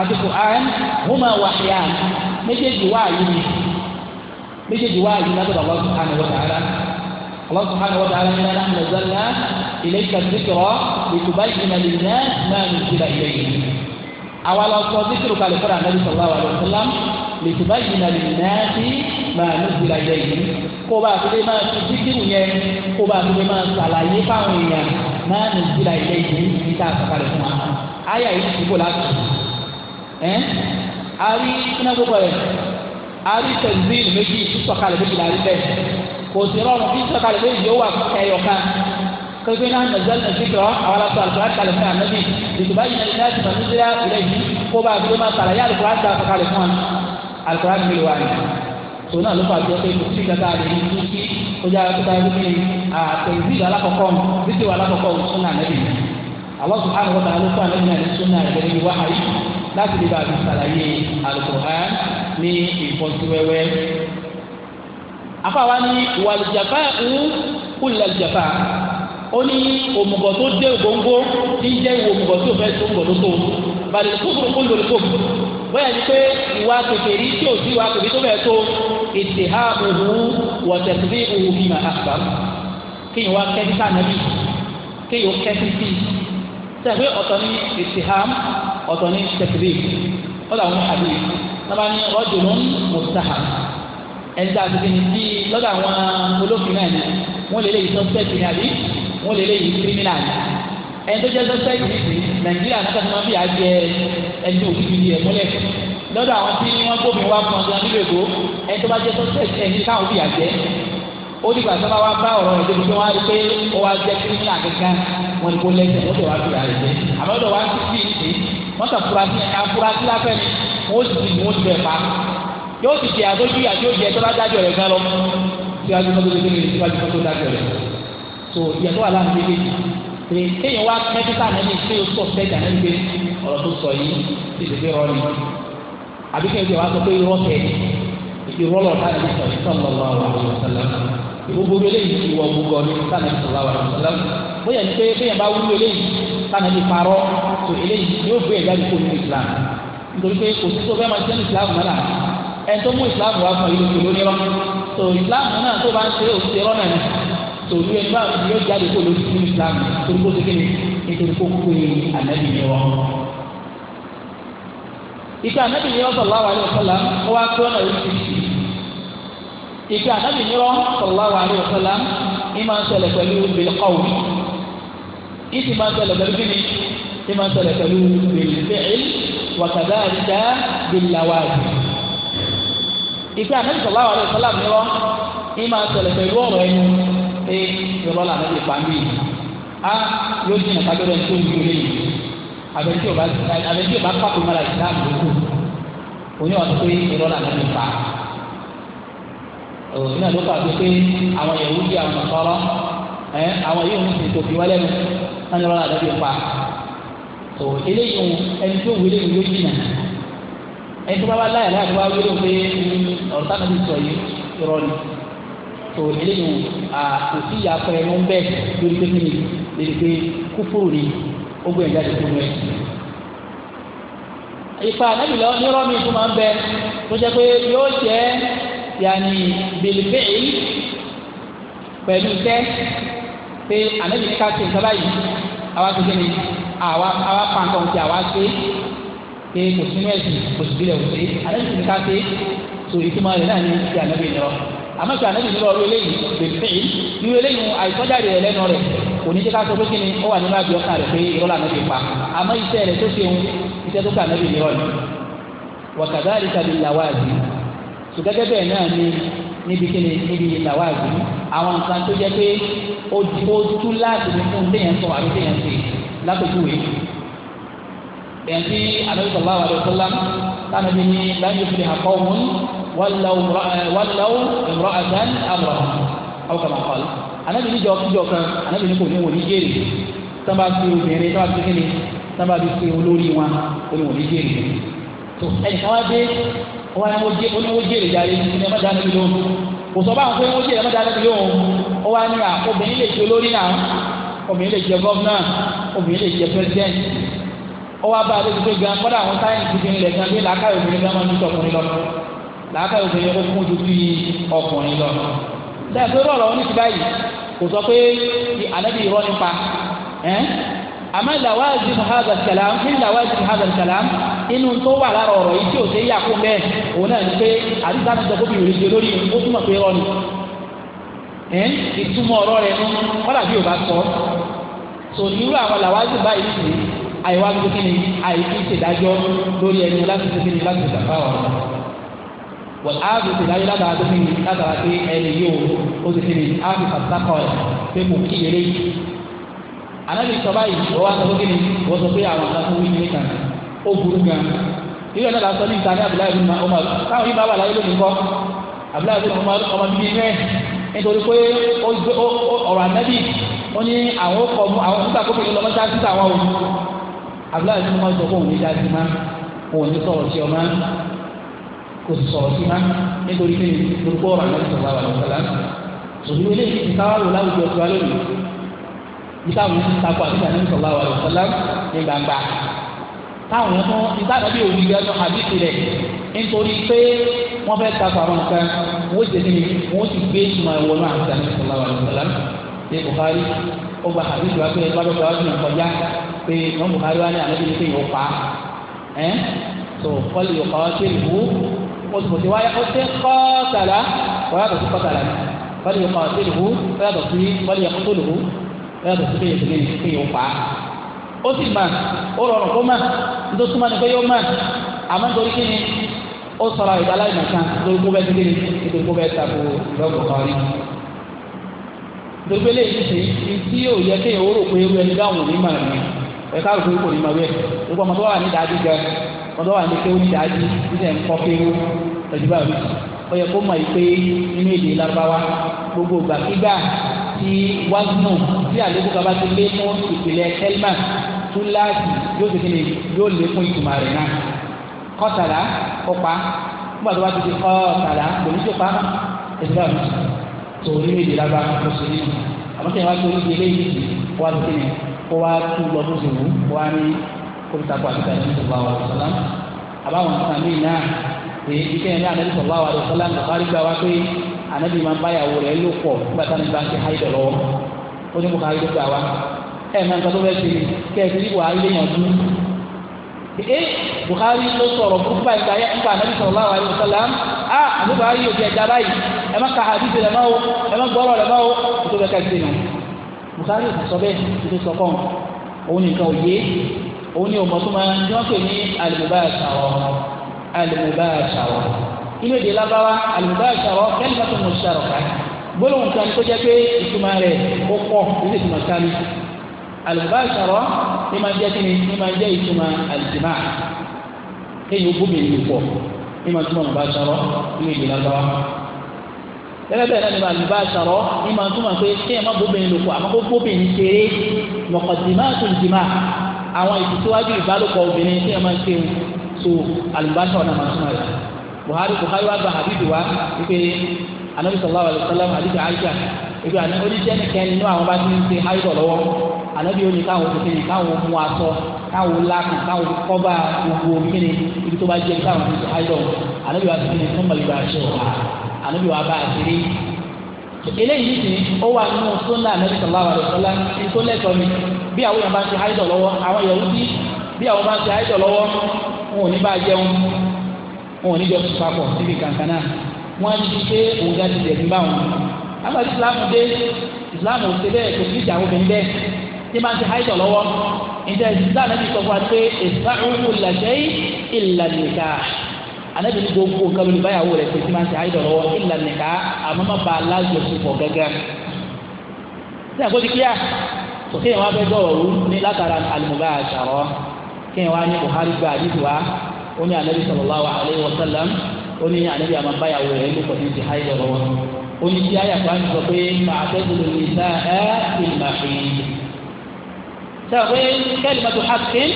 àti Qur'an huma wahyan méjèèjì wá àyè ni méjèèjì wá àyè látọ̀dọ̀ Allah subhanahu wa ta'ala Allah subhanahu wa ta'ala inna nahnu nazzalna ilayka dhikra litubayyina lin-nas ma nuzzila ilayhim àwa lọ sọ zikiru kalẹ̀ fún anabi sallallahu alayhi wa sallam litubayyina lin-nas ma nuzzila ilayhim kó bá fi lè máa fi zikiru yẹn kó bá fi máa sàlàyé fáwọn èèyàn ma nuzzila ilayhim ní ká sàkàlẹ̀ fún wa. ayé àyè ti kó láti ẹ́ eh? àrí kínágbókọ̀ rẹ̀ àrí tẹ̀síìlì méjì sísọ̀kalẹ̀ méjì láàrí bẹ́ẹ̀ kò sí rọrùn kí sísọ̀kalẹ̀ méjì yóò wà ẹ̀yọ̀kan kékeré náà nàzẹ́ nàzíkọ̀ àwọn aláṣọ àlùkò àkàlẹ̀ fún ànábì ìtùbá yìí nàzíkọ̀ àti nàzíkọ̀ ìrẹ̀ yìí kó bá àgbélé máa sàlàyé àlùkò àti àkàlẹ̀ fún àlùkò àti mélòó wa ni tò náà ló fà jọ pé kò sí gàdá àlè yìí tó kí ó jẹ́ àkókò àgbélé àtẹ̀yìn bí ìlú alákọ̀ọ́kọ́ bí ti wà sún Allah subhanahu wa ta'ala fún alẹ́ náà ní súnà rẹ̀ ní wáhàyí láti lè bá a fi sàlàyé Al-Qur'an ní ìfọ́síwẹ́wẹ́. afáwa ní wàlùjàfà ń kúlẹ̀ jàfà ó ní òmùgọ̀ tó dé ògóńgó tí ń jẹ́ ìwò òmùgọ̀ tó fẹ́ tó ń gọ̀ lóko balẹ̀ kókòrò kó lórí kó bóyá ni pé ìwà kékeré tí ò sí ìwà kékeré tó fẹ́ tó ìtìhámuhu wọ̀tẹ̀síbí òhun bímọ àgbà kéèyàn wá kẹ́sí sànàbí kéèyàn kẹ́sí sí i sẹ́gbẹ́ ọ̀tọ̀ ní ìtìhám ọ̀tọ̀ ní tẹ̀síbí lọ́dọ̀ àwọn àbí lọ́ba ní rọ́jòló ń mùsàhà ẹni tá a ti fi ní bí lọ́dọ̀ àwọn olófin náà ni wọ́n lè léyìí sọ́sẹ́ẹ̀tì ní àbí wọ́n lè léyìí kírímínà ni ẹni jẹ́ sọ́sẹ́ẹ̀tì ní nàìjíríà náà tẹ̀sán máa ń àjẹ ẹni òkúti yẹ múlẹ̀ lọ́dọ̀ àwọn tí wọ́n gbómi wá fún ọ ó ní gbàtà bá wá bá ọ̀rọ̀ rẹ̀ débi tó wá rí pé ó wá jẹ́ kírísítà kankan wọn ni kó lẹ́sẹ̀ ó sì wá fìyà rẹ̀ jẹ́ àmọ́ ọ̀dọ̀ wá sí sí ìsè wọ́n sọ furasí ẹ̀ka furasí láfẹ́ ni wọ́n sì ti mú oṣù bẹ̀ pa yóò sì jẹ àdójú àti oúnjẹ tó bá dájọ́ rẹ̀ gan lọ síwájú mọ́tò tó kékeré síwájú mọ́tò dájọ́ rẹ̀ so ìyàtọ̀ wà láàrin méjèèjì pé kéèyàn wá mẹ́tíkà nẹ́ni pé o sọ sẹ́jà nẹ́ni pé ọ̀rọ̀ tó sọ yìí ti tètè rọ ni àbí kéèyàn wá gbogbo eléyìí ti wọ gbogbo ọdún sáà nàbí sọlá wà lọsọlá bóyá ní pé bóyá bá wúlò eléyìí sáà nàbí parọ́ tó eléyìí yóò gbé ẹ̀dá ní kóòtù islam nítorí pé kò sí tó máa ṣe ní islam náà ẹ̀ tó mú islam wá fún ìlú ìlú nírọ́ tó islam náà tó bá ń ṣe òṣìṣẹ́ ẹ̀rọ ni tó ní ẹgbẹ́ àwọn yóò jáde kó lóṣù ní islam torí kó ti kéde nítorí kó kú ànábì ni wọn. ìgbà ànábì ni wọn sọ ìpè ànábì nírọ́ sallallahu alaihi wasallam ní máa ń ṣẹlẹ̀ pẹ̀lú bilqawl ìsì máa ń ṣẹlẹ̀ pẹ̀lú kíni ìsì máa ń ṣẹlẹ̀ pẹ̀lú bilfi'l wa kadhalika billawazim ìpè ànábì sallallahu alaihi wasallam nírọ́ ní máa ń ṣẹlẹ̀ pẹ̀lú ọ̀rọ̀ ẹnu pé ìrọ́ làwọn ti pa mí a yóò dín nàka lórí tó ń gbélé òun náà ló fà pé pé àwọn yẹ̀wò di àwọn ọ̀sọ́rọ́ ẹ àwọn yóò ní tòkì wálé mi wọn ni wọn lọ àdàbí pa tó eléyìí ẹni tó wílé mi yóò jìnnà ẹni tó bá wá láyà láyà tó bá wílé pé ọ̀rọ̀ táwọn ti sọ yìí irọ́ ni tó eléyìí kò sí ìyàpọ̀ ẹnu ń bẹ̀ lórí pé kíni lórí pé kúfúrú ni ó gbé ẹ̀dá tó mú ẹ. ìfà anábìlẹ̀ onírọ́ mi tó máa ń bẹ yanni bilifẹ̀ẹ́ pẹ̀lú tẹ́ pé anabi ká ṣe nǹkan báyìí àwa tó kéde àwa àwa pa nǹkan ti àwa ṣe pé kò sínú ẹ̀sìn kò sì bílẹ̀ òṣèré anabi ti ká ṣe tó ìtumọ̀ rẹ̀ náà ní ti anabi lọ àmọ́ sọ anabi lọ ọ̀rọ̀ eléyìí bilifẹ̀ẹ́ irú eléyìí àìsọ́jáde rẹ̀ lẹ́nu rẹ̀ kò ní jẹ́ ká sọ pé kí ni ó wà nínú àbí ọkàn rẹ̀ pé irọ́ lànà ti pa àmọ́ iṣẹ́ rẹ̀ tó ṣe ń iṣẹ́ tó kà anabi lọ́ọ̀ sùgẹ́gẹ́ bẹ́ẹ̀ náà ni níbi kí ni níbi ìtàwáàzù àwọn nǹkan tó jẹ́ pé ó tú láti ní fún téèyàn sọ àbí téèyàn sè lápẹ̀júwe èèyàn tí Ànábì sallallahu alaihi wasallam tánàbí ní lan yufliha qawmun wallaw imra'atan abraham aw kama qala Ànábì ní jọ kíjọ kan Ànábì ní kò ní wòlí jèrè sábà fi obìnrin sábà fi kíni sábà fi olórí wọn kò ní wòlí jèrè tó ẹnì kan wá dé wọn ni wọn jẹ wọn ni wọn jẹ ìjàre ní ẹmọ dáná mi lóhùn kò sọ báwọn pé wọn jẹ ẹmọ dáná mi lóhùn ó wá ní obìnrin lè jẹ olórí náà obìnrin lè jẹ gọvnà obìnrin lè jẹ pẹrẹsidẹnt ó wá bá adébí pé gan kọ́dà àwọn sáyẹ̀nsì ti ń lẹ̀ gan bí làákàyè obìnrin gan máa ń tọ́ ọkùnrin lọ làákàyè obìnrin ó kún ju bí ọkùnrin lọ lẹ́yìn pé rọ̀rọ̀ wọn ní ti báyìí kò sọ pé ànábì irọ́ nípa ẹ́ àmọ́ ìlàwọ́ àti ìfọ̀hádà inú tó wà lára ọ̀rọ̀ yìí tí ò ṣeé yà fún bẹ́ẹ̀ òun náà ni pé àdìsá náà sọ gómìnà ìrètí olórí ó túmọ̀ pé rọ ni ìtumọ̀ ọ̀rọ̀ rẹ̀ nú kọ́dà bí ò bá sọ tò nírú àwọn làwájú báyìí nìyí àìwá gbogbo kí ni àìfi ìṣèdájọ́ lórí ẹni láti ṣe kí ni láti ṣàfà ọ̀rọ̀ wọ́n á fi ìṣèdájọ́ látara tó kí ni látara pé ẹni yóò ó ti kí ni á fi fàtàkọ̀ ẹ̀ pé kò kí eré yìí anábì sọ báyìí wọ́n wá sọ pé kí ni wọ́n sọ pé àwọn kan tó wí ní ìtàn ó burú gan irú ẹ̀ náà lásán ní ìtàn ní abdullahi bin umar káwọn yìí bá wà láyé lónìí kọ́ abdullahi bin umar ọmọ bíbí mẹ́ẹ̀ nítorí pé ọ̀rọ̀ ànábì ó ní àwọn ọkọ̀ mu àwọn nígbà kó kékeré lọ́mọdé àti àwọn òun abdullahi bin umar sọ pé òun ní dájú má òun ní sọ̀rọ̀ sí ọmọ kò sì sọ̀rọ̀ sí má nítorí pé lórúkọ ọ̀rọ̀ ànábì sọ̀rọ̀ àwọn ọ̀sán sòtú eléyìí ti ká wà lò láwùjọ tiwa lónìí ìtàwọn ti takò àti ìtàn táwọn yẹn fún ìtàdàbí òní gẹ́gẹ́ àbíkì rẹ̀ nítorí pé wọ́n fẹ́ ta fàrọ̀ nǹkan wọ́n ti ní wọ́n ti gbé ìmọ̀ ìwọ̀nù àǹtà ní sọ̀làwà ìsọ̀làm ṣe Buhari ó gba àbíkì wa pé bàbá bàbá fi kọjá pé wọ́n Buhari wa ní àlejò ní pé yóò pa ẹ́ tó kọ́lì yóò pa wá sí ìlú ó ti fòtí wáyà ó ti kọ́tàlá wáyà tó ti kọ́tàlá kọ́lì yóò pa wá sí ìlú wáyà tó ti kọ́lì yóò pa ó sì mà ó rọrùn kó mà nítorí súnmọ́ ni pé yóò àmọ́ nítorí kí ni ó sọ̀rọ̀ ìgbà láì kan nítorí kó bẹ́ẹ̀ nítorí kó bẹ́ẹ̀ tako kan rí. nítorí pé léyìí ti ṣe tí yóò yẹ rò pé ẹni dáhùn ní pé kò ní wà ní tí wagnu tí àlékún kan bá ti lé fún ìpìlẹ̀ kẹlímà túláàsì yóò ti kíni yóò lé fún ìtumọ̀ rẹ̀ náà kọ́tàlá kópa nígbà tó bá ti di kọ́tàlá lòun tó pa ẹ̀sìn náà tó ní méjì lába lọ́sọ̀rọ̀ yìí àmọ́ sẹ́yìn wá tó ní ilé yìí wá ti kíni kó wá tún lọ fún ìwú wá ní kó ní takò àti tàbí àwọn ọ̀sán àbáwọn sàmì náà èyí ti kẹ́yìn ní anabi sọ̀rọ̀ àwọn àdìsọ́ láti bàbárí gba wá pé anabi máa ń báyàwó rẹ̀ ló pọ̀ nígbà táwọn ìgbà ń ti háyìdọ̀ lọ́wọ́ ó ní bùkárí ló gbà wá ẹ̀ máa ń sọ bẹ́ẹ̀ ti kẹ́ẹ̀tì ní wàá lé yàn dún. ee bùkárí ló sọ̀rọ̀ nípa ìgbà yẹn nípa anabi sọ̀rọ̀ àwọn àdìsọ́ lám a àti bùkárí yóò fi ẹja báyìí ẹ má ka hadith rẹ̀ máa wo ẹ má gbọ́rọ̀ rẹ̀ máa wo ètò bẹ́ẹ̀ kẹ́ẹ̀tì nù. bùkárí ò sọ bẹ́ẹ̀ al-mubashara inú èdè lábáwá al-mubashara kalimatu musharaka gbólóhùn kan tó jẹ́ pé ìtumọ̀ rẹ̀ ó pọ̀ ilé ìtumọ̀ sáré al-mubashara ní máa jẹ́ kíni ní máa jẹ́ ìtumọ̀ al-jima' kéèyàn gbómi ìlú pọ̀ ní máa túmọ̀ mubashara inú èdè lábáwá gẹ́gẹ́ bẹ́ẹ̀ náà ni bàbá sọ̀rọ̀ ní màá túmọ̀ pé kí ẹ̀ má bóbìnrin lò pọ̀ àmọ́ kó bóbìnrin kéré mọ̀kàndínláàtò àwọn ìtìsíwájú ìbálòpọ̀ obìnrin kí ẹ̀ má so alùbáṣà ọ̀nà máa súnmọ́ rẹ̀ buhari buhari wa gba hadith wa wípé anabi sallallahu alayhi wa sallam hadith aisha wípé oníṣẹ́ni kẹ́ni nínú àwọn bá ti ń ṣe haidọ̀ lọ́wọ́ anabi oní káwọn òfin ní káwọn mú aṣọ káwọn lákùn káwọn kọ́ba gbogbo kíni ibi tó bá jẹ káwọn ti ṣe haidọ̀ anabi wa ti fi ní fún malibu aṣọ anabi wa bá a ti rí eléyìí ti ó wà nínú sunna anabi sallallahu alayhi wa sallam ní tó lẹ́tọ̀ọ́ mi bí àwọn yàrá bá ń ṣe haidọ̀ lọ́wọ́ àwọn yahudi bí àwọn bá ń ṣe haidọ̀ lọ́wọ́ wọn ò ní bá jẹun wọn ò ní jọ sùn papọ̀ níbi kankan náà wọn ti pé òun ga ti dẹ̀bi bá wọn. àgbà tí ìsìlámù dé ìsìlámù ò ṣe bẹ́ẹ̀ kò sí ìjà obìnrin bẹ́ẹ̀ tí máa ń ti háìtọ̀ lọ́wọ́ ìjà ìsìlámù náà ti sọ fún wa pé ìsìlámù kò làṣẹ ìlà nìka anabi ní gbogbo nǹkan lórí báyàwó rẹ̀ pé tí máa ń ti háìtọ̀ lọ́wọ́ ìlà nìka àmọ́ má ba alájọsọpọ̀ gẹ́gẹ́ sí àgbódì kíá kò sí ìwà bẹ́ẹ̀ dọ̀rọ̀ ní látara àlùmọ́bá àṣàrọ̀ kéèyàn wá ní buhari gba àdìsí wa ó ní anabi sallallahu alayhi wa sallam ó ní anabi àmà báyàwó rẹ̀ ní kò ní ti háyé lọ́wọ́ wọn ó ní kí ayà kan sọ pé fàtẹ́sílẹ̀ ní sá ẹ́ ìlà fìyí. sọ pé kalimatu haqqin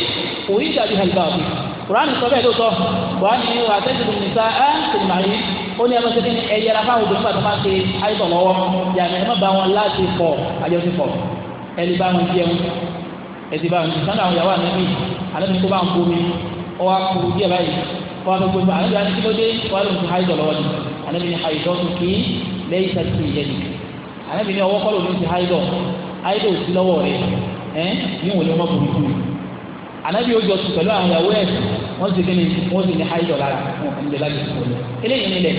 òyìn dàbí halibaabi kuraani sọ bẹ́ẹ̀ lóòótọ́ buhari ní fàtẹ́sílẹ̀ ní sá ẹ́ ìlà fìyí ó ní ẹgbẹ́ sẹ́kẹ́ ní ẹ̀yẹ ara fáwọn obìnrin pàtó máa ń ṣe àìsàn yàrá ẹ̀ má bá wọn láti pọ̀ àjọṣepọ̀ ẹ̀ ẹtì bá sanu àwọn ìyàwó anabi anabi tó bá ń bomi ọwọ akuru díẹ̀ báyìí ọwọ akuru bomi anabi anabi tó dé ọwọ anabi tó haidọ lọ́wọ́ ni anabi ni haidọ tó kí lẹ́yìn sá ti yẹ ni anabi ni ọwọ kọlọ lóun ti haidọ haidọ ò sí lọ́wọ́ rẹ̀ ẹ ní wòlé ọmọ bomi kú anabi yóò jọ sùn pẹ̀lú àwọn ìyàwó ẹ wọn sì kéde wọn sì ní haidọ lára wọn kàn lè lágbèsè wọn eléyìí nílẹ̀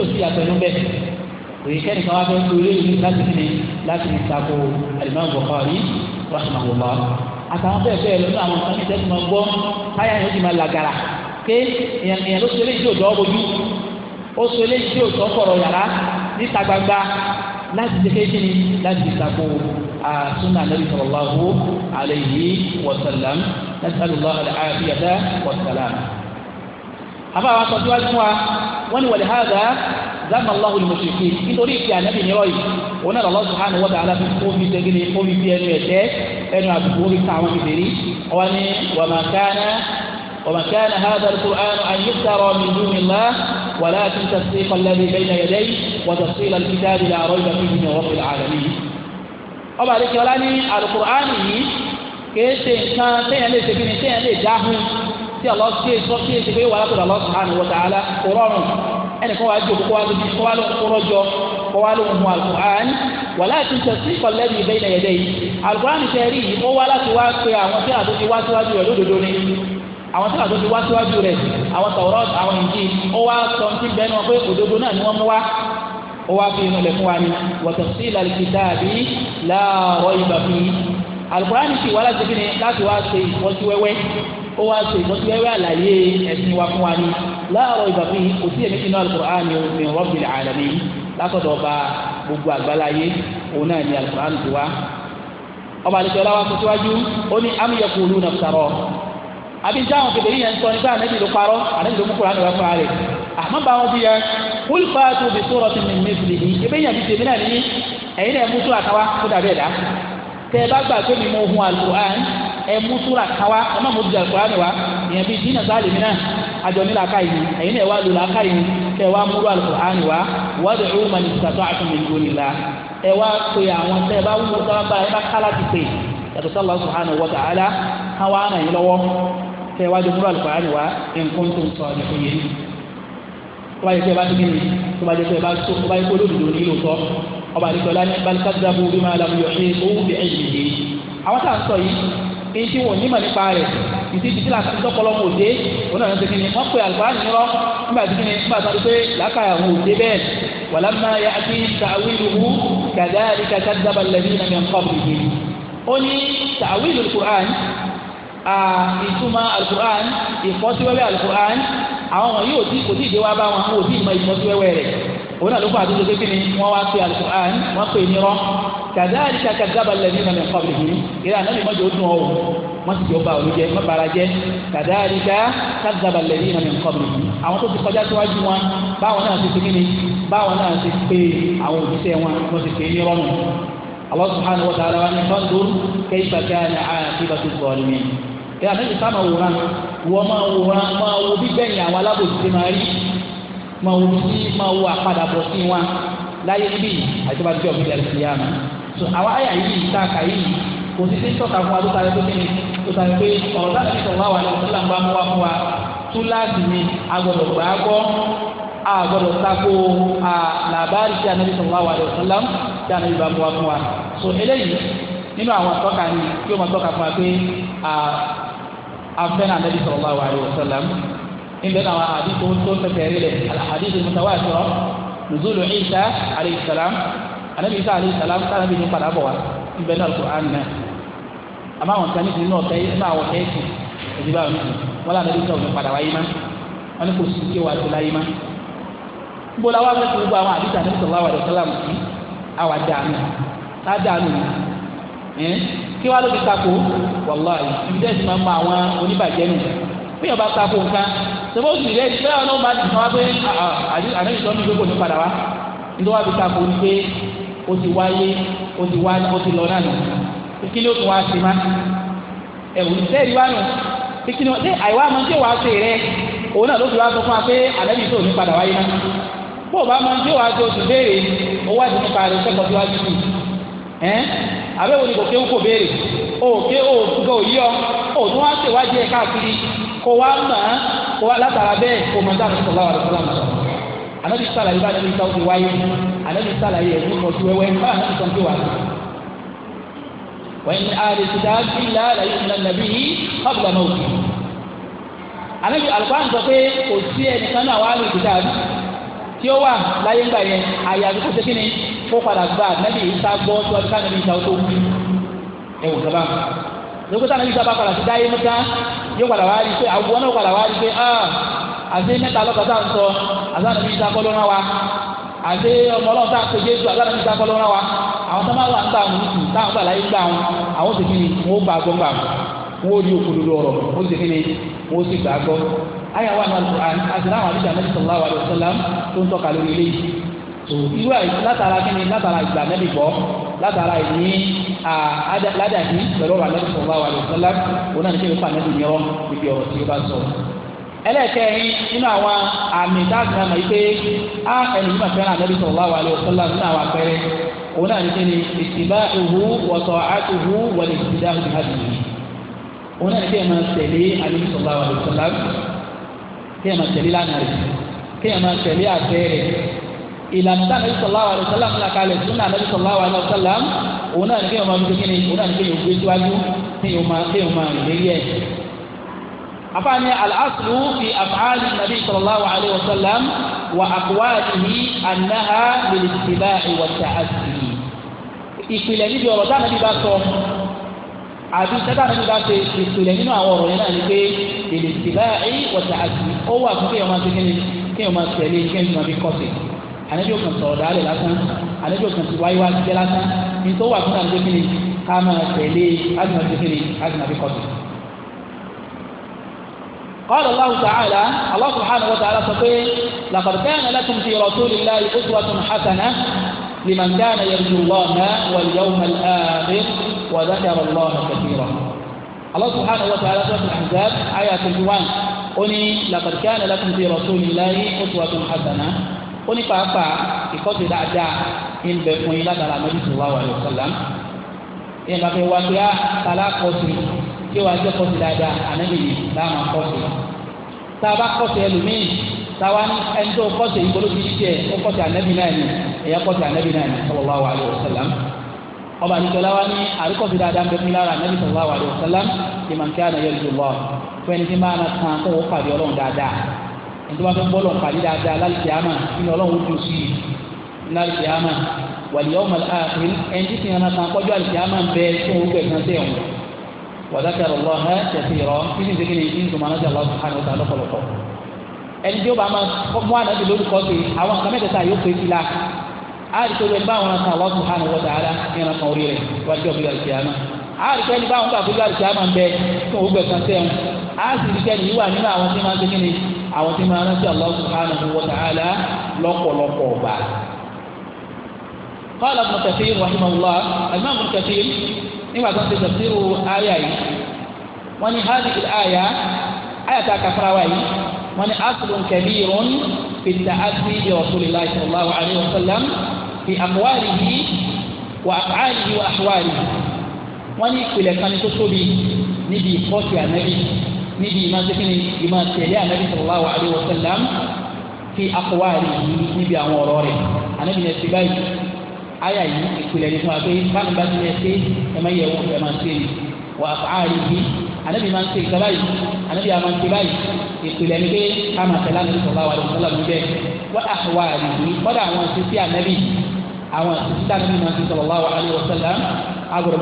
o sì yà pẹ̀lú bẹ́ẹ̀ wá fẹ́ torí èyí láti fi láti fi sako alimami Bukhari rahmanulah àtàwọn bẹ́ẹ̀ bẹ́ẹ̀ lọ ní àwọn nǹkan ní ìtẹ́sí máa gbọ́ táyà yẹn ó sì máa làgàrà ké èèyàn ló ṣe léyìí tí ò dọ́ bojú ó ṣe léyìí tí ò sọ kọ̀rọ̀ yàrá níta gbangba láti ṣe kéjì ni láti ṣàkó sunna nabi sallallahu alayhi wa sallam nasalullah al-afiyata àbáwá sọ síwájú wa wọ́n ní wàlíhàdà ذم الله المشركين إن ريت يا نبي نوي ونرى الله سبحانه وتعالى في قوم تجني قوم بيني وجه أنا أقول تعالوا بدري وأنا وما كان وما كان هذا القرآن أن يذكر من دون الله ولكن تصديق الذي بين يديه وتفصيل الكتاب لا ريب فيه من رب العالمين أما لك ولاني القرآن كيف كان سين ليس كين سين ليس جاهم سي الله الله سبحانه وتعالى قرآن ẹnìkan wàá jókòó kó wá lóbi kó wá lóhun kórọ́jọ kó wá lóhun mu alukur'an wàlá àti sọ̀tì kọ̀lẹ́bì bẹ́yìn ẹ̀yẹ́dẹ́ yìí alukur'an tẹ́ rí ó wá láti wá pé àwọn tí àtó ti wá síwájú rẹ̀ lódodo ni àwọn tí àtó ti wá síwájú rẹ̀ àwọn tọ̀rọ̀ àwọn ìdí ó wá sọ ní bẹ́ẹ̀ náà pé òdodo náà ni wọ́n mú wá ó wá fi ìrìnlẹ̀ fún wa ni wọ̀tọ̀sí làlìkìtàbí láàárọ̀ ìbàbí alukur'an ti wá láti fi ni láti wá ṣe ìfọ́síwẹ́wẹ́ ó wá ṣe ìmọ̀síwẹ́wẹ́ àlàyé ẹ̀sìn wa fún wa ní láàárọ̀ ìbàfin kò sí èmi inú alukur'an ni mi ò rọ́bìlì àlàmì látọ̀dọ̀ ọba gbogbo àgbáláyé òun náà ni alukur'an ti wá. ọba àlejò ọláwa tó síwájú ó ní amúyẹ̀kù olú nà sàrọ̀ àbí táwọn kèbèrè yẹn ń sọ nípa ànábì ló parọ́ ànábì ló mú kúrò ànábì fún ààrẹ àmọ́ wọn bí yẹn kúlù fáàtù bí sọ̀rọ̀ ti mi ní ìfìlì yìí ebí yẹn ti tèmi náà ní ẹ̀yin náà mú tó àkáwá tó dàbí ẹ̀dá tẹ ẹ bá gbà pé mi mú ohun àlùkò ààrẹ ẹ mú súrà káwá ẹ má mú ti alukurani wa ìyẹn bíi dínà sáà lèmi náà àjọ nílà ká yìí ẹ̀yin náà wà lò láká yìí kẹ wá múrú alukurani wa wàdí ọ̀húnmá ní sàtọ́ àtúnmí lónìlá ẹ wá pé àwọn tẹ ẹ bá wú sábà bá ẹ bá kálá ti pè yàtọ̀ sálà subhanahu wa ta'ala káwá náà yín lọ́wọ́ kẹ wá jọ alukurani wa nǹkan tó ń sọ àdìkú yìí tó bá yẹ kó bá tó kíni tó bá yẹ kó bá tó bá yẹ kó olódodo ní ìlú tọ́ ọba àdìgbọ́lá ní balikadabu bí máa lamu yọ̀ èyí tí wọn ò ní mọ̀ nípa rẹ̀ ìdí ìdí là ń tọ́kọlọ́ wọn ò dé wọn náà ń ṣe kíni wọ́n pe àlùbáàdì nírọ́ nígbà tí kíni nígbà tó pé làákàyà wọn ò dé bẹ́ẹ̀ wàlámà yà á ti ta'wiluhu kadhalika kadhaba alladhina min qablihi ó ní ta'wil alukur'an ìtumọ̀ alukur'an ìfọ́síwẹ́wẹ́ alukur'an àwọn wọn yóò ti kò tí ì dé bá wọn kò tí ì mọ ìfọ́síwẹ́wẹ́ rẹ̀ òun àlùkò àdúgbò pé kíni wọ́n wá pé alukur'an wọ́n pè ní rọ́ kàdáàlìkà kàdáàbà lẹ́nu ìmọ̀ ní kọ́bìlì yìí ìrẹ́ ànábì mọ́jọ́ dùn ọ́ wọ́n ti jọ bá òun jẹ wọ́n bara jẹ kàdáàlìkà kàdáàbà lẹ́nu ìmọ̀ ní kọ́bìlì yìí àwọn tó ti kọjá síwájú wọn báwọn náà ti ti kíni báwọn náà ti pé àwọn òṣìṣẹ́ wọn wọ́n ti pè é ní rọ́nù Allah subhanahu wa ta'ala wa ni fandur kayfa kana aqibatu zalimin ìrẹ́ ànábì sáà máa wòran wọ́n máa wòran máa wo bí bẹ́yìn àwọn alábòsí ti máa rí máa wo sí máa wo àpadàbọ̀ sí wọn láyé bí àti bá jọ̀ọ́ bíi àti yàrá so àwọn àyà yìí tá a kà yìí kò sí sí tọ́ka fún wa tó tàbí tó kéde tó tàbí pé ọ̀rọ̀ láti sọ̀rọ̀ wà lọ́wọ́ tó làǹbá mú wa fún wa túláàsì ni agbọ̀dọ̀ gbà á gbọ́ agbọ̀dọ̀ sako làbárí tí anabi sallallahu alaihi wasallam tí anabi bá mú wa fún wa so eléyìí nínú àwọn tọ́ka ni yóò máa tọ́ka fún wa pé afẹ́ náà anabi sallallahu alaihi wasallam níbẹ̀ náà wà hadith tó tó fẹsẹ̀ rí lẹ̀ alahadith mutawatir nuzulu Isa alayhi salam anabi Isa alayhi salam sára bí ní padà bọ̀ wá níbẹ̀ náà Al-Qur'an náà àmọ́ àwọn kan níbi náà tẹ́yẹ náà wọ̀ tẹ́yẹ kì èdè bá wọn wọn lànà ìgbà òní padà wáyé má wọn ni kò sí ike wà tó láyé má gbọ́dọ̀ àwọn akẹ́kọ̀ọ́ gbogbo àwọn àdìsá níbi sọ̀rọ̀ àwọn àdìsá làwọn kì àwọn àdàánù àdàánù ni kí wàá lóbi kakó wàlláhi ibi dẹ́sí máa ń mọ àwọn oníbàjẹ́ nù bí yẹn bá ta kó nǹkan sọfọ oṣù rẹ ṣé àwọn náà bá ti sọ wá pé àlejò tó ní gbogbo ní padà wá nítorí wá fi ta kó ní pé o ti wáyé o ti wá o ti lọ náà nù kí ni o tún wá sí ma ẹ̀wù sẹ́ẹ̀dì wá nù kí ni o ṣé àìwá máa ń ṣe wàá ṣe rẹ òun náà ló fi wá sọ fún wa pé àlejò tó ní padà wáyé náà bó o bá máa ń ṣe wàá ṣe oṣù béèrè owó àti nípa rẹ sẹ́kọ̀ọ́ wá sí i ẹ́ abẹ́wò ni kò kéwù kò béèrè wá kò wá mà á kò wá látara bẹ́ẹ̀ kò mọ̀ dáhùn sọ̀rọ̀ àwọn ọ̀rọ̀ sọ̀rọ̀ anabi sàlàyé bá anabi sáwọ́ ti wáyé anabi sàlàyé ẹ̀ ní mọ̀tò wẹ́wẹ́ bá anabi sọ̀rọ̀ ti wà ní. wọ́n ní ààrẹ ti dá bí láàlàyé ìlànà nàbí ọ̀bùdà náà òkè. anabi alukóhán sọ pé kò sí ẹnìkan náà wàá lè dìdá tí ó wà láyé ńgbà yẹn àyà àti kóso kí kó padà gbà anabi ìta gbọ́ tó ọdún ká lókòtà na ìjọba bakala sí dáyé mọ́tá yóò padà wá rí pé àwùjọ náà padà wá rí pé ah àti mẹ́ta lọ́kọ̀tà asa na àzánàbí ìta kọ́ lọ́nà wa àti ọmọ ọlọ́ọ̀tà pé jésù àzánàbí ìta kọ́ lọ́nà wa àwọn tó máa wà ń gbà wọn nìkú táwọn gbà mo gbà wọn àwọn sì kíni wọn ó gbà gbọ́ gbà wọn ó rí òkòdodo ọ̀rọ̀ wọn sì kíni wọn ó sì gbà gbọ́ àyàwó àwọn àti láwọn àdúgbò àmẹ́sì irú àyè látara kíni látara ìgbà nẹ́bí gbọ́ látara ìní ládàbí pẹ̀lú ọ̀rọ̀ alẹ́ sọ̀rọ̀ àwọn àlọ́ sọ́lá òun náà ní kéde fún àlẹ́ ìyọ́ ibi ọ̀rọ̀ tí ó bá sọ. ẹlẹ́ẹ̀kẹ́rin nínú àwọn àmì táàgì náà yìí pé á ẹni yìí máa fẹ́ràn àlẹ́ sọ̀rọ̀ àwọn àlọ́ sọ́lá nínú àwọn àpẹẹrẹ òun náà ní kéde ìtìbá ihu wọ̀tọ̀ àtìhu wọlé ìtìdá òun náà ní kéde máa tẹ̀lé àlẹ́ sọ̀rọ̀ àwọn àlọ́ sọ́lá kéèyàn máa tẹ̀lé lánàá rẹ̀ kéèyàn máa tẹ̀lé àtẹ rẹ̀ ìlànà tá ànábì sallallahu alaihi wasallam là kalẹ̀ tó nà ànábì sallallahu alaihi wasallam òun náà ní kéèyàn máa fi kéèyàn òun náà ní kéèyàn gbé síwájú kéèyàn máa kéèyàn máa lérí ẹ̀. afaani al-aslu fi af'ali nabi sallallahu alaihi wasallam wa aqwalihi annaha lil-ittiba'i wa ta'assi. ìpìlẹ̀ níbi ọ̀rọ̀ tá ànábì bá sọ àbí sẹ́dá nínú bá ṣe ìpìlẹ̀ nínú àwọn ọ̀rọ̀ yẹn náà ni pé lil-ittiba'i wa ta'assi ó wà fún kéèyàn máa ṣe kéèyàn máa tẹ̀lé kéèyàn máa fi kọ́sẹ̀. àlejò kan sọ̀rọ̀ dálẹ̀ lásán àlejò kan ti wáyé wá jẹ́ lásán ní tó wà fún àlejò kìíní ká máa tẹ̀lé àjùmọ̀tò kìíní àjùmọ̀tò kọ̀tù. قال الله تعالى الله سبحانه وتعالى فقيل لقد كان لكم في رسول الله أسوة حسنة لمن كان يرجو الله واليوم الآخر وذكر الله كثيرا الله سبحانه وتعالى في الأحزاب آية 1 قل لقد كان لكم في رسول الله أسوة حسنة ó ní pàápàá ìkọ́sí dáadáa ń bẹ fún yín látara àmọ́ ìṣòro wa wàlúù sọ̀lá ní ìgbà pé wá pé á ah, tala kọ́sí kí wàá jẹ́ kọ́sí dáadáa ànábì yìí láàmú kọ́sí tá a bá kọ́sí ẹlòmíì táwa ní ẹni tó kọ́sí ìgbóló ti ṣe ó kọ́sí ànábì náà ni ẹ̀yà kọ́sí ànábì náà ni sọ̀lá wàlúù sọ̀lá ọba àdìsọ́lá wa ní àríkọ́sí dáadáa ń bẹ fún lára ànábì sọ̀lá wàlúù nítorí wọn fẹ́ bọ́ lọ́n pàdé dáadáa lálùkì àmà nínú ọlọ́run tó sí i lálùkì àmà wàlíyà ọmọ ààfin ẹni tí ìyànà kan kọjú àlùkì àmà ń bẹ tó ń gbẹ̀sán sẹ́wọ̀n wàdákàrọ̀ lọ hẹ́ tẹ̀sí rọ kí ni ìdíkìnnì ìdí ìtumọ̀ náà ti àlọ́ sùhánù ọ̀tà lọ́pọ̀lọpọ̀ ẹni tí ó bá máa mú ànábì lórúkọ sí àwọn nǹkan mẹ́tẹ̀ẹ̀ta yóò pé sí la àárító bẹ bá àwọn kan lọ́sùn hàn wọ́n dáadáa ìran kan orí rẹ̀ wájú ọ̀gbìn àlùkìyàmá àárító ẹni bá àwọn gbàgbé àlùkìyàmá ń bẹ fún òwúgbẹ̀ kan sẹ́wọ̀n àárító ẹni wà nínú àwọn tí máa ń segin ni àwọn tí máa rántí Allah subhanahu wa ta'ala lọ́pọ̀lọpọ̀ ọ̀gbà. قال ابن كثير رحمه الله الإمام ابن كثير nígbà tó ń ṣe tafsiru àyà yìí wọ́n ní hadhihi al-aya àyà tá a kà fara wa wọ́n ní aslun kabirun fi ta'addi bi rasulillahi sallallahu alayhi wa sallam fi aqwalihi wa af'alihi wa ahwalihi wọ́n ní ìpìlẹ̀ kan tó tóbi níbi ìkọ́sí ànábì níbi ìmọ̀ sẹ́kìnì ìmọ̀ tẹ̀lé anabi sallallahu alayhi wa sallam fi akọwari yìí níbi àwọn ọ̀rọ̀ rẹ̀ anabi yẹn ti báyìí aya yìí ìpìlẹ̀ ní fún wa pé báyìí bá ti yẹ ṣe ẹ máa yẹ wọn ẹ máa ṣe ni wà á fàárì yìí anabi máa ń ṣe ìta báyìí anabi yà ń ṣe báyìí ìpìlẹ̀ ní pé a tẹ̀lé anabi sallallahu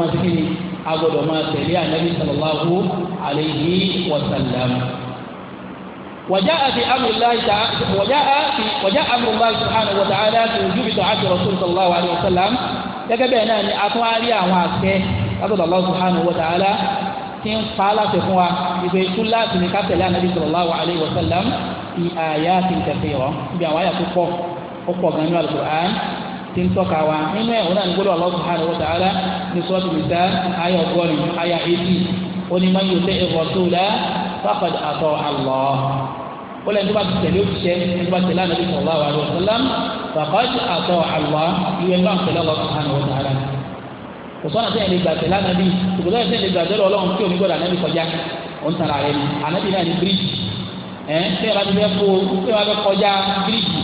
alayhi wa a gbọ́dọ̀ máa tẹ̀lé anabi sallallahu alayhi wa sallam. وجاء في امر الله تعالى وجاء في وجاء امر الله سبحانه وتعالى في وجوب طاعه رسول صلى الله عليه وسلم gẹ́gẹ́ bẹ́ẹ̀ náà ni a tún á rí àwọn àṣẹ látọ̀dọ̀ Allah subhanahu wa ta'ala tí ń fa aláṣẹ fún wa ìgbé tún láti ní ká tẹ̀lé anabi sallallahu alayhi wa sallam fi àyà ti ń tẹ̀sí rọ ibi àwọn àyà tó pọ̀ ó pọ̀ gan ní alukur'an tí ń tọ́ka wa nínú ẹ̀ náà ní gbọ́dọ̀ Allah subhanahu wa ta'ala ní sọ́ọ̀tù nìta ayé ọgọ́rin ayé eighty ó ní man yuti'i rasula faqad ata Allah ó lẹ́yìn tó bá ti tẹ̀lé òṣìṣẹ́ ẹni tó bá tẹ̀lé ànábì sallallahu alaihi wasallam faqad ata Allah ìwé ńlá tẹ̀lé Allah subhanahu wa ta'ala òsọ́nà sẹ́yìn lè gbà tẹ̀lé ànábì òsọ́nà sẹ́yìn lè gbà tẹ̀lé ọlọ́run tí òní gbọ́dọ̀ ànábì kọjá òun tara rẹ̀ ni ànábì náà ní bíríìjì ẹ̀ ń tẹ́ ẹ bá ti fẹ́ fo tẹ́ ẹ bá fẹ́ kọjá bíríìjì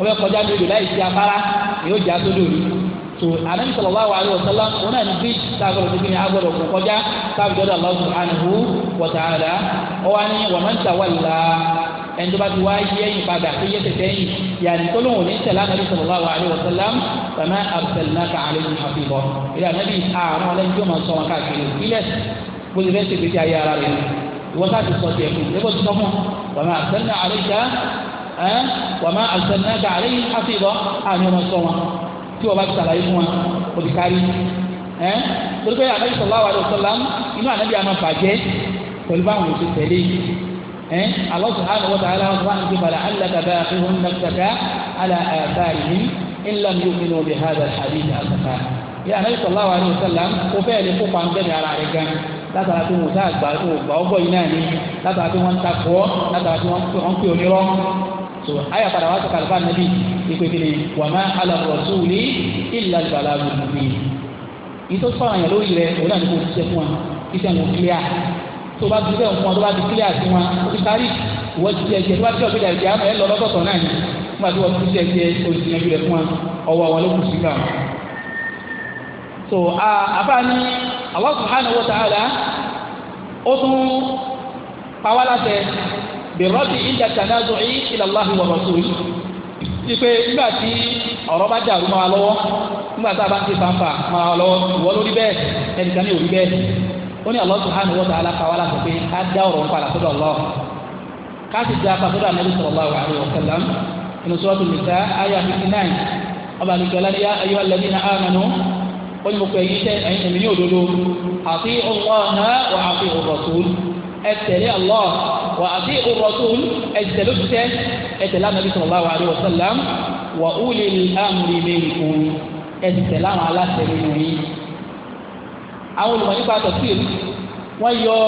wọ́n fẹ́ kọjá lódò láì sí afárá yóò já sódò rí tó Ànábì sallallahu alaihi wasallam wọn náà ní bí sáfọlọ tó kéde agbọ́dọ̀ kó kọjá sáfì dọdọ Allah subhanahu wa ta'ala ọwọ ni wa man tawalla ẹni tó bá ti wá yí ẹ̀yìn padà tó yẹ tẹtẹ yìí yàrá tó lóun ní tẹlẹ Ànábì sallallahu alaihi wasallam fama arsalnaka alaihim hafiza ìlà Ànábì àrùn ọlẹ́ni tó máa sọ káàkiri ilẹ̀ bó ti ṣe pété ayé ara rẹ̀ wọ́n ká ti sọ tiẹ̀ fún un ẹ ẹ́ wà má àlùsẹ̀nẹ́gà àlẹ́ yìí á fi bọ́ àmì ọmọ sọ wọn tí wọ́n bá ti sàlàyé fún wa òbí kárí ẹ́ torí pé ànábì sallallahu alaihi wasallam inú ànábì àmọ́ bàjẹ́ pẹ̀lú báwọn ò ti tẹ̀lé ẹ́ Allah subhanahu wa ta'ala wọn wá ń gbé balẹ̀ alákàbẹ́ àfihàn nàkàkà àlà àbáyé ńlá mi ò nínú bí hàdà hadith àtàkà yà ànábì sallallahu alaihi wasallam kó bẹ́ẹ̀ ni kó pa ń bẹ́ẹ̀ ara rẹ̀ gan látara pé wọn ò tá àgbà wọn gbà ọgbọ yìí náà ni látara pé wọn ń takọ látara pé wọn ń pè onírọ́ so àyà padà wá sọ̀kalẹ̀ fún anabi ìpè kele wà má alàbọ̀sù ní ìlà ìbàlá gbogbo yìí ìtò fún àwọn yàrá òyìnbẹ òun náà ní kò ṣiṣẹ́ fún wa iṣẹ́ wọn kílíà tó bá dúpẹ́ fún wọn tó bá o kílíà sí wọn ó ti parí ìwọ ti jẹ jẹ tó bá jẹ òbí dàgbé àmọ́ ẹ lọ lọ́tọ̀ọ̀tọ̀ náà ni nígbà tí wọn ti jẹ jẹ olùsìnyẹjú rẹ fún wa o àwọn ló kù sí ká so àbá ni Allah subhanahu wa ta'ala ó tún pa wá bẹ̀rọ̀dì ìjà tànàzọ̀ yìí ila Allahi wa rasuli ti pé nígbà tí ọ̀rọ̀ bá dàrú máa lọ́wọ́ nígbà tá a bá ń ti fanfa máa lọ ìwọ lórí bẹ́ẹ̀ ẹnìkan ní òrí bẹ́ẹ̀ ó ní Allah subhanahu wa ta'ala káwá láti pé ká dá ọ̀rọ̀ ń padà Allah ká sì dá pàṣẹdọ̀ àmẹ́lí sallallahu alaihi wa sallam inú suratul nisa àyà ọba ó wa àti ar-rasul ẹ̀jẹ̀ ló ti tẹ́ ẹ̀jẹ̀ lánàá bí sallallahu alaihi wasallam wa ulil amri minkum ẹ̀jẹ̀ láwọn aláṣẹ nínú yìí. àwọn olùmọ̀ nípa àtọ̀sí èlú wọ́n yọ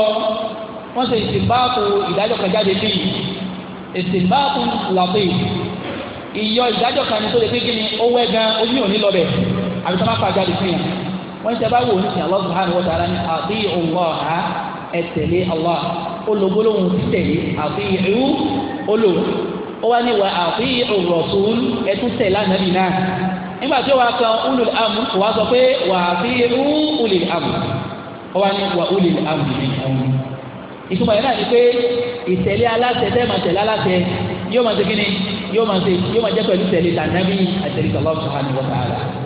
wọ́n ṣe ìsìnbáàkù ìdájọ́ kan jáde bíi ìsìnbáàkù làbẹ́ ìyọ ìdájọ́ kan tó lè kékeré ó wẹ́ gan omi ò ní àbí tó má fà jáde fún yàn wọ́n ṣe bá wò ó ní sìn Allah subhanahu wa ní àbí òun wọ̀ ọ́ ẹ tẹ̀lé Allah olùgbòlóhùn tẹ̀lé àfihàn olò ó wá ní wa àfihàn rasul ẹ tún tẹ̀lé ànábì náà nígbà tí ó wá kan ulul amr kò wá sọ pé wa àfihàn ulil amr ó wá ní wa ulil amr nìyẹn ìtumọ̀ yẹn náà ni pé ìtẹ̀lé aláṣẹ tẹ́ máa tẹ̀lé aláṣẹ yóò máa ṣe kíni yóò máa ṣe yóò máa jẹ́ pẹ̀lú tẹ̀lé tànàbí àtẹ̀lé tọ́lọ́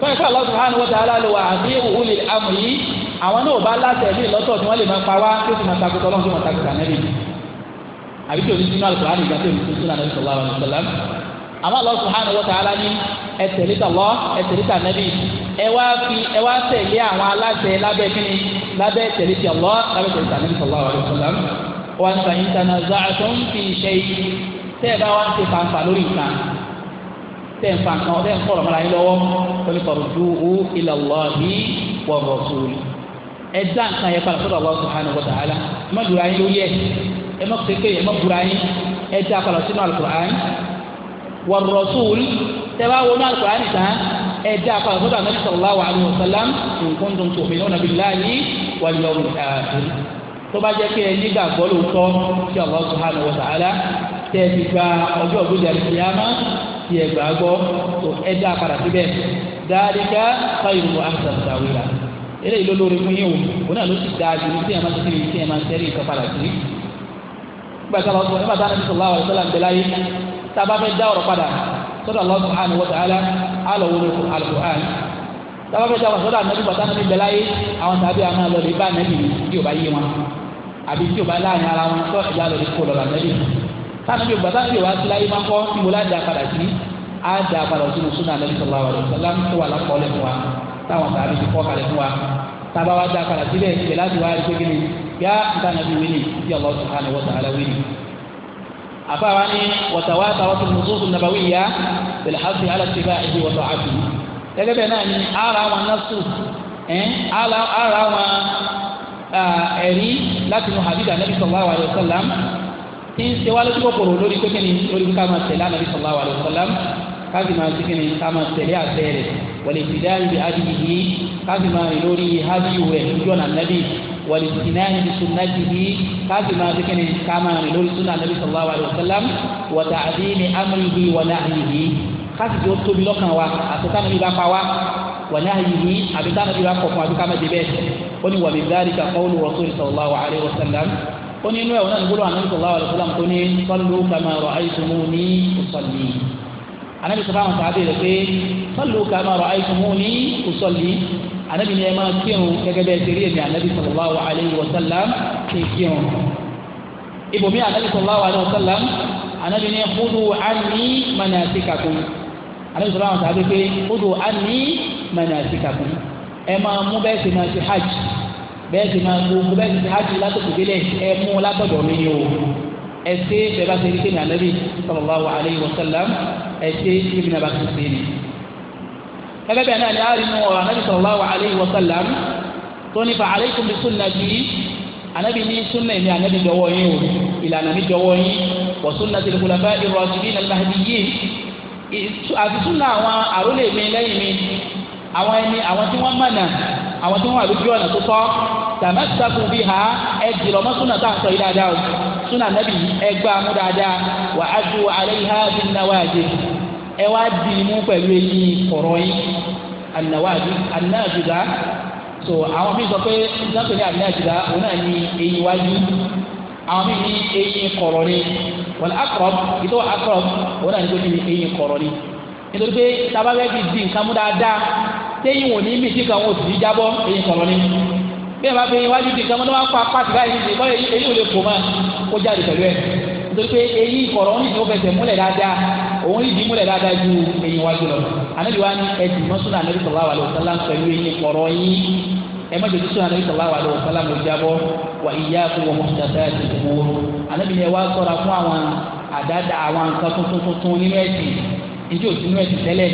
tọ́yìn fún Allah subhanahu wa ta'ala lè wà àti òwúlì amù yìí àwọn náà bá láti ẹ̀mí lọ́tọ̀ tí wọ́n lè máa pa wá tí ó sì máa takùtọ̀ lọ́wọ́ tí wọ́n takùtà nẹ́bí àbí tí òní sínú àlùkò àná tí òní sínú àlùkò Allah subhanahu wa ta'ala ní ẹ̀tẹ̀lítà lọ ẹ̀tẹ̀lítà nẹ́bí ẹ wá ẹ wá tẹ̀lé àwọn aláṣẹ lábẹ́ lábẹ́ tẹ̀ǹfà kan ọ̀tẹ̀ ń kọ̀rọ̀ mọ́ra yín lọ́wọ́ wọ́n kọ̀rọ̀ ju hu ila Allahi wa rasuli ẹ dá nǹkan yẹn padà sọ́dọ̀ Allah subhanahu wa ta'ala ẹ má dùrọ̀ ayé lórí ẹ̀ ẹ má kéke ẹ má bùrọ̀ ayé ẹ dá padà sínú al-Qur'an wa rasuli tẹ́ bá wọnú al-Qur'an nìkan ẹdí akọ̀lọ́sọ́dọ̀ ẹ nígbà gbọ́ lóòótọ́ sí Allah subhanahu tí ẹ gbà gbọ́ tó ẹ dá padà síbẹ̀ dáadéka káyọ̀ ló àṣà ìdáwé la eléyìí ló lórí fún yín o òun náà ló ti dáa ju ní tí ẹ máa ti kiri tí ẹ máa tẹ́rì ìtọ́ padà sí. nígbà tí a bá sọ nígbà tí a ní sọlá wà sọlá ń bẹ tá a bá fẹ́ dá ọ̀rọ̀ padà sọ́dọ̀ Allah subhanahu wa ta'ala alọ̀wọ́lò al-Qur'an tá a bá fẹ́ dá ọ̀rọ̀ sọ́dọ̀ ànábì bàtà tí ò bá sọ táwọn ẹbí bàtà tí o wá sí láyé máa kọ́ ibo la dà padà sí á dà padà sínú súnà nàbí sallallahu alaihi wasallam tó wà lápọ̀lẹ̀ fún wa táwọn tàbí ti kọ́ kalẹ̀ fún wa tábà wá dà padà sílẹ̀ ìbẹ̀ láti wá ẹgbẹ́ gẹ́gẹ́ yá nǹkan nàbí wíní bí Allah subhanahu wa ta'ala wíní. àfa wa ni wàtàwá tàwọn tó nùsùn nàbàwí yá pẹ̀lú hasi alàtìbá ẹbí wọ́tọ̀ àbí. gẹ́gẹ́ bẹ́ẹ̀ náà ni ara wọn nasu ara wọn ẹ̀rí látinú hadith anabi sallallahu alaihi wasallam tí ń ṣe wá lójú kòkòrò lórí pé kíni lórí ká máa tẹ̀lé ànábì sallallahu alaihi wasallam káfí máa ti kíni ká máa tẹ̀lé àṣẹ rẹ̀ wọlé ìdáyìí bí adìyí káfí máa rìn lórí hádìyí rẹ̀ lójú ọ̀nà ànábì wọlé ìdáyìí bí sunnatihi káfí máa ti kíni ká máa rìn lórí sunna ànábì sallallahu alaihi wasallam wọ̀tà àdínì amrihi wọlé àyìhí káfí tó tóbi lọ́kàn wa àtẹ̀tàn ìbá pa ó ní inú ẹ̀ wọn náà ní gbólóhùn anabi sallallahu alaihi wasallam tó ní sallu kama ra'aytumuni usalli anabi sọ fáwọn sàábì rẹ̀ pé sallu kama ra'aytumuni usalli anabi ni ẹ máa kírun gẹ́gẹ́ bẹ́ẹ̀ ṣe rí èmi anabi sallallahu alaihi wasallam ṣe kírun ibòmí anabi sallallahu alaihi wasallam bẹ́ẹ̀ ti máa gbogbo bẹ́ẹ̀ ti hajj látòkò délẹ̀ ẹ mú látọ̀dọ̀ mi o ẹ ṣe bẹ́ẹ̀ bá ṣe rí kéènì anabi sallallahu alayhi wa sallam ẹ ṣe kéènì náà bá ṣe ṣe ni. ẹgbẹ́ bẹ́ẹ̀ náà ni a rí nu ọ̀rọ̀ anabi sallallahu alayhi wa sallam tó ní fa alaykum bi sunnati ní sunna mi anabi dọwọ́ yín o ìlànà mi dọwọ́ yín wa sunna àwọn àrólè mi lẹ́yìn mi àwọn àwọn tí wọ́n wà lójú ọ̀nà tó tọ́ tàmẹ́sàkù bí ha ẹ jìrọ̀ mọ́ súnà tá à ń sọ yìí dáadáa o súnà nàbì ẹ gbá mú dáadáa wà á ju àlẹ́ yìí ha bí nàwáàjì ẹ wá di mú pẹ̀lú eyín kọ̀rọ̀ yìí ànàwáàjì ànàjùdá so àwọn míì sọ pé ìdáǹtò ní ànàjùdá òun náà ní eyín wájú àwọn míì ní eyín kọ̀rọ̀ ni wọ́n akọ̀rọ̀ ìtọ́ akọ̀rọ̀ òun náà ní eyín kọ̀rọ̀ ni nítorí pé tábàbẹ́ téyìn wò ní mí tí kan wọn ò sì jábọ́ èyí sọ̀rọ̀ ni bí ẹ bá fi iwájú di kan mọ́ tó bá kọ́ apá àtìgbà yìí bọ́ èyí ò lè fò máa kó jáde pẹ̀lú ẹ̀ nítorí pé èyí ìkọ̀rọ̀ ń dìbò fẹsẹ̀ múlẹ̀ dáadáa òun ìdí múlẹ̀ dáadáa ju èyí wájú lọ anabi wa ni ẹtì mọ́sùnà anabi sallallahu alaihi wasallam pẹ̀lú èyí ìkọ̀rọ̀ yín ẹ má jòjú sùnà anabi sallallahu alaihi wasallam ló jábọ́ wà ìyá fún wọn mọ́tàtà ti wó anabi ni ẹ wá ṣọ́ra fún àwọn àdáda àwọn nǹkan tuntun tuntun nínú ẹ̀sìn ìjọ òsínú ẹ̀sìn tẹ́lẹ̀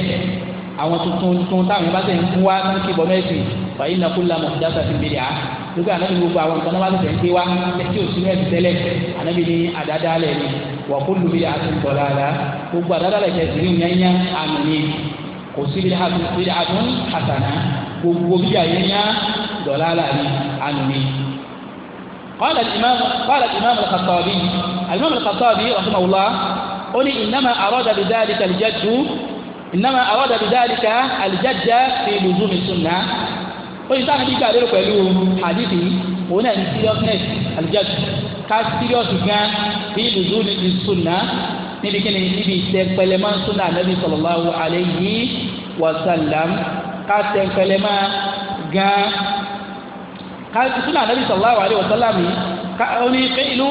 àwọn tuntun tuntun táwọn yẹn bá tẹ̀ ń kú wá ní kíbọ̀ mẹ́sì fa inna kulla muhdathatin bid'ah lókè ànábi gbogbo àwọn nǹkan náà bá tẹ̀ ń gbé wá tí o sinú ẹ̀sìn tẹ́lẹ̀ ànábi ní àdádálẹ̀ ni a kullu bid'atin dalalah gbogbo àdádálẹ̀ tẹ̀sí ní yányá àmì ni kò sí bid'atun hasana gbogbo bí àyányá dalalah ni àmì ni. قال الإمام قال الإمام الخطابي الإمام الخطابي رحمه الله قل إنما أراد بذلك الجد ìnáma àwọn dàbí dáadìka àlìjájá fi lùzú mi sunna ó yìí sáà nígbà lérò pẹ̀lú àdìdì òun náà ní seriousness àlìjájá ká serious gan fi lùzú mi sunna níbi kí ni níbi ìtẹ̀pẹ̀lẹ̀ máa ń sunna ànábì sallallahu alayhi wa sallam ká tẹ̀pẹ̀lẹ̀ máa gan ká sunna ànábì sallallahu alayhi wa sallam yìí ká ó ní fẹ́ ìlú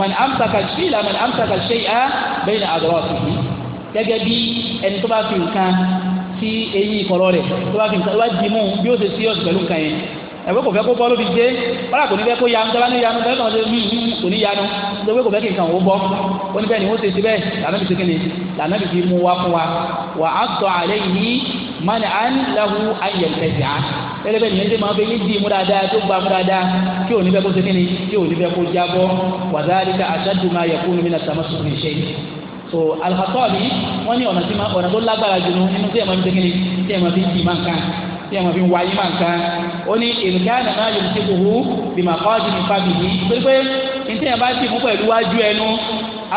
man amsaka shay'a man amsaka shay'a bayna adrasihi gẹ́gẹ́ bí ẹni tó bá fi nǹkan sí eyín ìkọ̀rọ̀ rẹ̀ tó bá fi nǹkan tó bá dì mú bí ó ṣe sí ọ̀sùn pẹ̀lú nǹkan yẹn ẹ̀wẹ́ kò fẹ́ kó bọ́ ló fi dé wọ́n kò ní fẹ́ kó yanu tó bá ní yanu tẹ́lẹ̀ náà ṣe mí mí kò ní yanu nítorí kò fẹ́ kí nǹkan ò bọ́ ó ní bẹ́ẹ̀ ni ó ṣe síbẹ̀ lànà bìí síkìnì lànà bìí mú wá fún wa wà á sọ àlẹ́ yìí mani à ń lahu ayẹ̀ tẹ̀síà tẹ́lẹ̀ bẹ́ẹ̀ nìyẹn máa fẹ́ yín dì mú dáadáa tó gba mú dáadáa kí ò ní fẹ́ kó síkìnì kí ò ní fẹ́ kó jábọ́ wàdálíkà àṣàdùmá yẹ so alhatọ́ọ̀bì wọ́n ní ọ̀nà tí ma ọ̀nà tó lágbára jù nínú tí ẹ̀ máa fi tẹ́kẹ́lẹ́ tí ẹ̀ máa fi kì í máa nǹkan tí ẹ̀ máa fi wá yí máa nǹkan ó ní èròjà nàná yóò ti kò hú bìmọ̀ kọ́ọ̀dì ní fábìlì pé pé ní tí ẹ̀ bá ti mú pẹ̀lú wájú ẹnu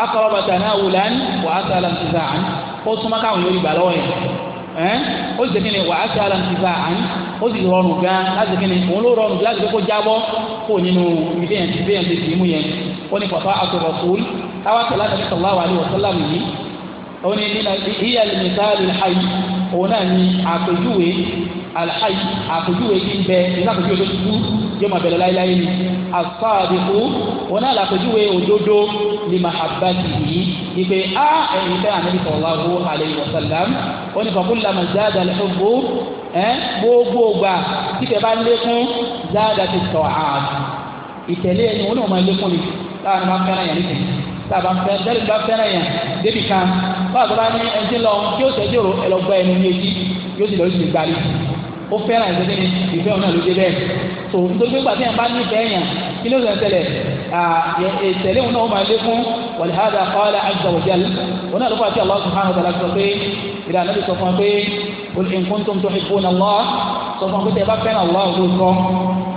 akọrọbata náà wulan wà á sàlám ti zà án ó súnmọ́ káwọn yóò gbà lọ́wọ́ yẹn ẹ́n ó sì sèkéne wà á sàlám ti zà án ó sì rọrùn gan láti sèkéne òun ló rọrùn láti sèkéne kó jábọ́ kó nínú ibi yẹn ti bẹ́ẹ̀ ti mú yẹn ó ní pàpà àtọ̀rọ̀ fún káwá tẹ̀lé àti sallallahu alaihi wasallam yìí ó ní nínú ìyá al-mithal al-hayy òun náà ní àpèjúwe al-hayy àpèjúwe tí ń bẹ nínú àpèjúwe tó ti kú yóò máa bẹ̀rẹ̀ ni as-sadiqu òun náà làpèjúwe òdodo li mahabbatihi ìpè á ẹ̀yìn fẹ́ ànábì sallallahu alaihi zada al-hubbu ẹ gbogbo gbà títẹ̀ bá ń zada ti sọ̀ ààbò ìtẹ̀lé ẹni wọn náà máa lékún ni láàrin máa fẹ́ràn yẹn nìkan tàbá fẹ́ tẹ́lẹ̀ bá fẹ́ràn yẹn débi kan báwo tó bá ní ẹni tí lọ kí ó sẹ́jọ́ ro ẹlọgbọ́ ẹni ní etí yóò sì lọ sí ìgbàlè ó fẹ́ràn ìfẹ́ ní ìfẹ́ òun náà ló dé bẹ́ẹ̀ tó nítorí pé gbàtí yẹn bá nífẹ̀ẹ́ yẹn kí ló sọ tẹ́lẹ̀ ìtẹ̀lé òun náà ó máa lé fún wàlíhàdà kọ́lá àgbà òjàl òun náà ló fà قل إن كنتم تحبون الله سوف نقول تبقى الله ذكر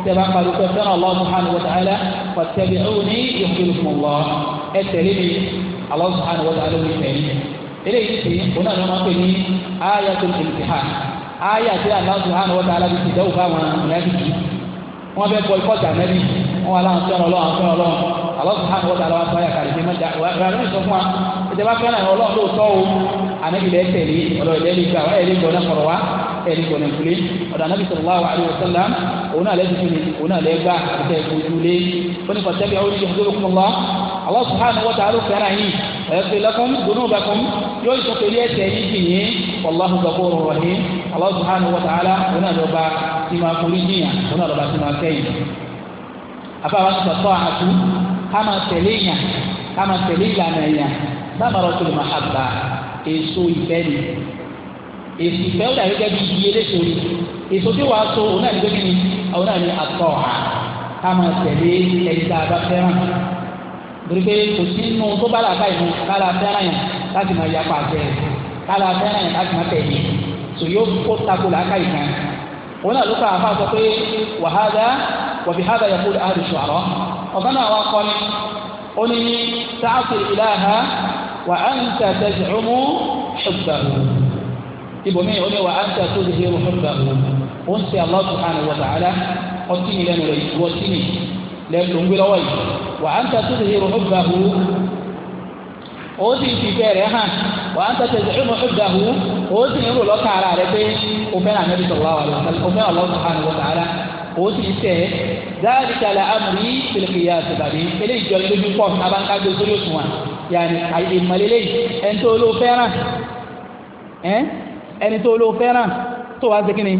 تبقى ذكر الله سبحانه وتعالى فاتبعوني يحببكم الله اتريني الله سبحانه وتعالى يتريني إليه في هنا نقول آية الامتحان آية الله سبحانه وتعالى بتدوها ونبيه wọn bẹ bọ ikọ jàmẹbi wọn wà láwọn fẹ́ràn Ọlọ́run fẹ́ràn Ọlọ́run Allah subhanahu wa ta'ala wa sọ ayà kàlẹ ṣe mẹ́ta wà á rẹ sọ fún wa ìjọba fẹ́ràn ọlọ́run lóòótọ́ o ànábì lẹ́ tẹ̀lé ọ̀dọ̀ ìlẹ́ lè gbà ẹ̀ lè gbọ́ náà kọ̀rọ̀ wá ẹ̀ lè gbọ́ náà kulé ọ̀dọ̀ ànábì sallallahu alaihi wasallam òun náà lẹ́sìn fún mi òun náà lẹ́ gbà àtẹ ojú lé ó ní pàtẹ́bí àwọn oníṣẹ́ tó lókun lọ Allah subhanahu wa ta'ala fẹ́ràn yìí ẹ̀fẹ́ lakum dhunubakum yóò sọ pé ẹsẹ̀ yìí jì yín wallahu ghafurur rahim Allah subhanahu wa ta'ala òun náà lọ́ba tí máa forí jìyàn òun náà lọ́ba tí máa kẹ́yìn. àbáwá ti sọ̀tọ́ àtú ká máa tẹ̀lé yàn ká máa tẹ̀lé ìlànà yàn samaratul mahabba èso ìfẹ́ ni èso ìfẹ́ ó dàbí gẹ́gẹ́ bí iye léṣo ni èso tí wàá so òun náà ní gbẹ́gbẹ́ ni òun náà ní atọ́ ha ká máa tẹ̀lé ẹni tá a bá fẹ́ràn torí pé kò sí inú tó bá làákà ìlú kára fẹ́ràn yẹn láti máa yapa àtẹ kára fẹ́ràn yẹn láti máa tẹ̀lé tò yóò kó tako làákà ìkan òun náà ló kọ́ àfa sọ pé wàhálà wàbí hàdà yẹ kó àdùsù àrọ́ ọ̀gá náà wá kọ́ ni ó ní ní sáà wà á ń ta tẹ̀sí ọmú ṣùgbà o ibòmí ó ní wà á ń ta tó tẹ̀sí ọmú ṣùgbà o ó ń ṣe Allah subhanahu wa ta'ala ọtí mi lẹ́nu rẹ̀ ìwọ tí mi lẹ́nu ń gbé lọ́wọ́ yìí wà á ń ta tó tẹ̀sí ọmú ṣùgbà o ó sì fi bẹ́ẹ̀rẹ̀ hàn wà á ń ta tẹ̀sí ọmú ṣùgbà o ó sì ń rò lọ́kàn rẹ̀ pé o fẹ́ràn Ànábì sallallahu alaihi wa sallam o fẹ́ràn Allah subhanahu wa ta'ala o ti tẹ dáadìkàlà amúrí tìlìkìyà àtìbàbí eléyìí yàní ìmọ̀lélẹ́ yìí ẹni tó ló fẹ́ràn ẹni tó ló fẹ́ràn tó wá sí kíni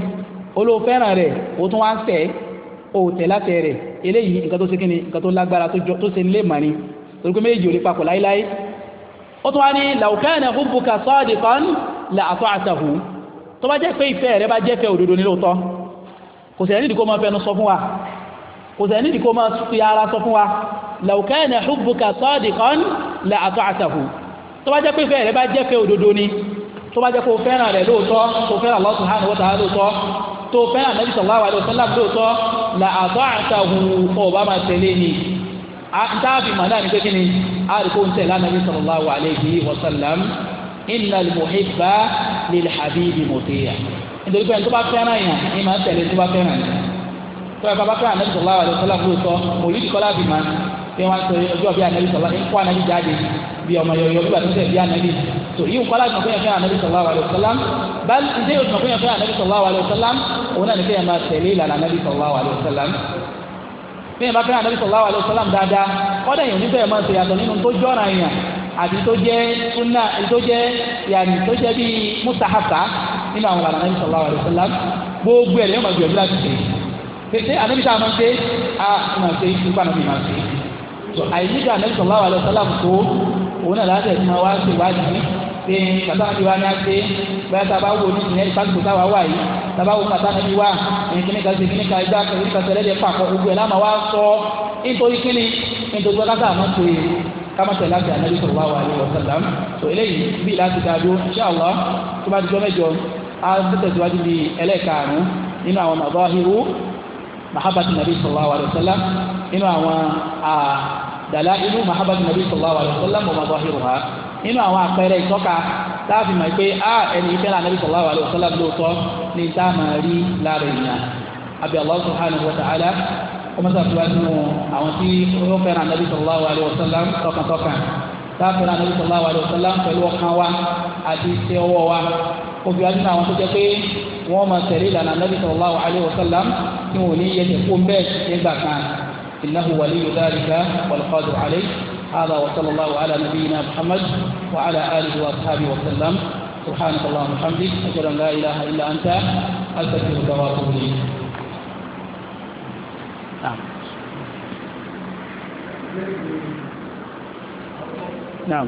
olóò fẹ́ràn rẹ̀ o tún wá ń tẹ̀ o tẹ̀ láti rẹ̀ eléyìí nǹkan tó sí kíni nǹkan tó lágbára tó ṣe nílé mọ̀ ni torí pé méjì ò lè papọ̀ láíláí ó tún wá ní làwùkáyàn ẹ̀kú buka sọ́ọ̀dì kan là àtọ́ àtàhù tó bá jẹ́ pé ìfẹ́ rẹ bá jẹ́ fẹ́ òdodo nílòótọ́ kò sì kò sẹ́ni ìdíkó máa fi ara sọ fún wa law kana hubbuka sadiqan la ata'tahu tó bá jẹ́ pé ìfẹ́ rẹ bá jẹ́ pé òdodo ni tó bá jẹ́ pé o fẹ́ràn rẹ lóòótọ́ tó fẹ́ràn Allah subhanahu wa ta'ala lóòótọ́ tó fẹ́ràn Nabi sallallahu alaihi wasallam lóòótọ́ la ata'tahu ọba máa tẹ̀lé ni ntaafi mọ̀ náà ni pé kí ni tọ́yọ̀ bàbá pé anabi sọ̀lá wà lọ́sọ́lá ló sọ mòlídì kọ́lá bì má pé wọ́n sọ ọjọ́ bí anabi sọ̀lá ń kó anabi jáde bí ọmọ yọ̀yọ̀ bí wà tẹ́tẹ̀ bí anabi tó yíwù kọ́lá tó fẹ́yàn fẹ́yàn anabi sọ̀lá wà lọ́sọ́lá báyìí ǹjẹ́ yóò tó fẹ́yàn fẹ́yàn anabi sọ̀lá wà lọ́sọ́lá òun náà ní fẹ́yàn máa tẹ̀lé ìlànà anabi sọ̀lá wà lọ́sọ́lá fẹ́yàn bá fẹ́yàn anabi sọ̀lá wà lọ́sọ́lá dáadáa kọ́dà yìí ò ní fẹ́yàn máa tẹ̀yà tọ̀ nínú tó jọ́ra àti tó jẹ sunna tó jẹ yanni tó jẹ bíi mustahasa nínú àwọn ìlànà Ànábì sallallahu alaihi wasallam gbogbo ẹ̀ lẹ́yìn ọmọ ìgbìyànjú láti tẹ̀ kété anabi sáà máa ń ṣe a máa ṣe ikú pa anabi máa ṣe so àìníjà anabi sallallahu alaihi wasallam tó òun náà láti ẹ̀sìn wa ṣe wádìí pé bàtà anabi wa ní a ṣe bẹ́ẹ̀ tá a bá wò ní ìyẹn ìpàdé tó táwa wà yìí tá a bá wò bàtà anabi wa ẹ̀yìn kíní kan ṣe kíní kan ẹgbẹ́ akẹ́kọ̀ọ́ kíní kan ṣẹlẹ̀ dẹ́ gbogbo ẹ̀ láàmà wa sọ nítorí kíní nítorí wọn àmọ́ pé kama tẹ̀lé àti anabi sallallahu alaihi so eléyìí bí láti dáadó inshallah tó bá ti jọ mẹ́jọ á mahabati nabi sallallahu alayhi wa sallam nínú àwọn dàlá inú mahabati nabi sallallahu alayhi wa sallam wa madahiruha nínú àwọn àpẹẹrẹ ìtọ́ka láàfin mọ̀ pé a ẹni ìfẹ́ la nabi sallallahu alayhi wa sallam lóòótọ́ ní tá a máa rí lára ènìyàn àbí Allah subhanahu wa ta'ala ọmọ sàfihàn nínú àwọn tí ó fẹ́ràn nabi sallallahu alayhi wa sallam tọkàntọkàn táà fẹ́ràn nabi sallallahu alayhi wa sallam pẹ̀lú wa àti iṣẹ́ ọwọ́ wa obì wájú náà àwọn tó jẹ́ pé wọ́n máa tẹ̀lé ìlànà nàbì sallallahu alaihi wasallam tí wọ́n ní yẹ kó bẹ́ẹ̀ nígbà kan innahu waliyyu dhalika wal qadiru alayhi hadha wa sallallahu ala nabiyyina muhammad wa ala alihi wa ashabihi wa sallam subhanaka allahumma wa ilaha illa anta astaghfiruka wa atubu ilayk. Naam.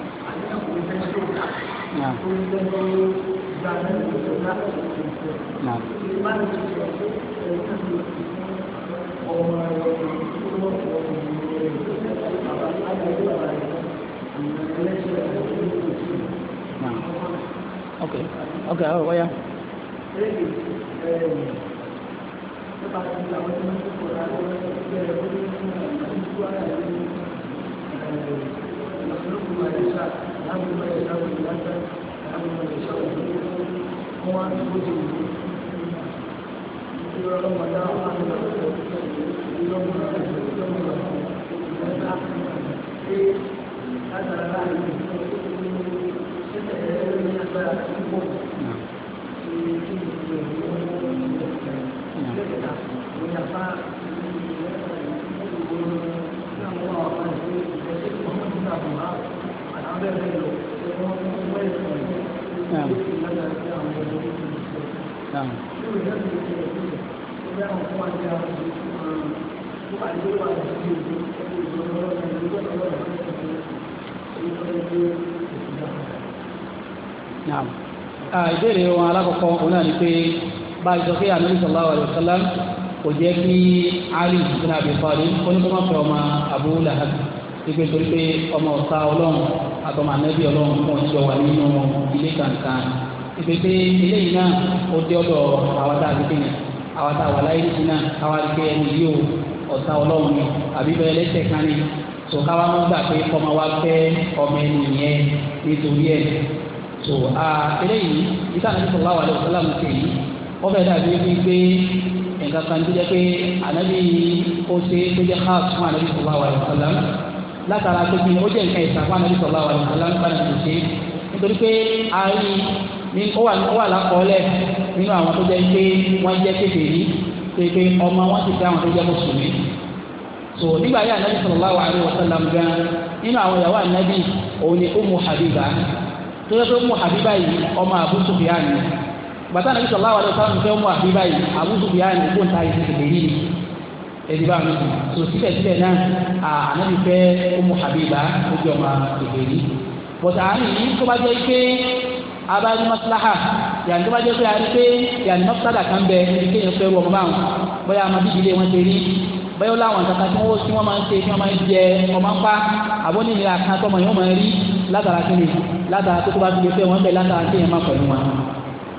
نعم نعم نعم اوكي اوكي اه ويا Thank you. أما يشاء الناس أما يشاء هو أن يكون يوم لا أعلم يوم لا يوم لا هذا لا Thank you naam ìbéèrè wọn alákọ̀ọ́kọ́ òun náà ni pé bá a sọ pé ànábì sallallahu alaihi wasallam kò jẹ́ kí Ali ibn Abi Talib oníkọ́mọ́fẹ́ ọmọ Abu Lahab gbígbé torí pé ọmọ ọ̀sá ọlọ́run àtọmọ ànábì ọlọ́run fún ọjọ́ wà nínú ilé kankan gbígbé pé eléyìí náà ó dé ọ̀dọ̀ àwọn tá a ti kéde àwọn tá a wà láyé nìyí náà àwọn àgbẹ̀ ẹni yóò ọ̀sá ọlọ́run ni àbí bẹ́ẹ̀ lẹ́sẹ̀ kan ni tó káwá mọ́ gbà pé ọmọ wa fẹ́ ọmọ ẹni yẹn nítorí ẹ̀ tó a eléyìí nígbà tó sọ̀rọ̀ wà lọ́wọ́ sọ́lá wọ́n fẹ́ dàbí wí pé nǹkan kan tó jẹ́ pé ànábì ó ṣe é tó jẹ́ káàkiri fún ànábì sọ̀rọ̀ wà lọ́wọ́ sọ́lá látara pé kí ni ó jẹ́ nǹkan ìsàn fún anabi sọ̀rọ̀ àwọn ọ̀nà aláǹfààní tó ṣe nítorí pé a rí ní ó wà lákọọ́lẹ̀ nínú àwọn tó jẹ́ pé wọ́n jẹ́ kékeré pé pé ọmọ wọn ti fẹ́ àwọn tó jẹ́ mùsùlùmí so nígbà yà anabi sọ̀rọ̀ àwọn àríwá sálàm gan nínú àwọn ìyàwó anabi òun ni umu habiba tó yẹ pé umu habiba yìí ọmọ abu sufyan bàtà anabi sọ̀rọ̀ àwọn àríwá sálàm fẹ́ habiba yìí abu sufyan ní kóńtà yìí ti kékeré ẹni bá mi sùn síbẹ̀síbẹ̀ náà ànábi fẹ́ ọmọ Habiba ojú ọmọ èdè yìí bọ̀dà àárín tó bá jẹ́ pé abáyé maslaha yàtí tó bá jẹ́ pé a rí pé yàtí mọ́sálà kan bẹ ẹni kéèyàn fẹ́ wọ̀ ọmọ báwọn bóyá ọmọ bíbí ilé wọn ti rí bẹ́ẹ̀ láwọn kankan tí wọ́n tí wọ́n máa ń ṣe tí wọ́n máa ń jẹ ọmọ ń pa àbọ̀ nínú ìlà kan tọmọ yóò máa rí látara kí ni látara tó tó bá fi lè fẹ́ wọn bẹ́ẹ̀ látara kí yẹn pẹ̀lú wọn.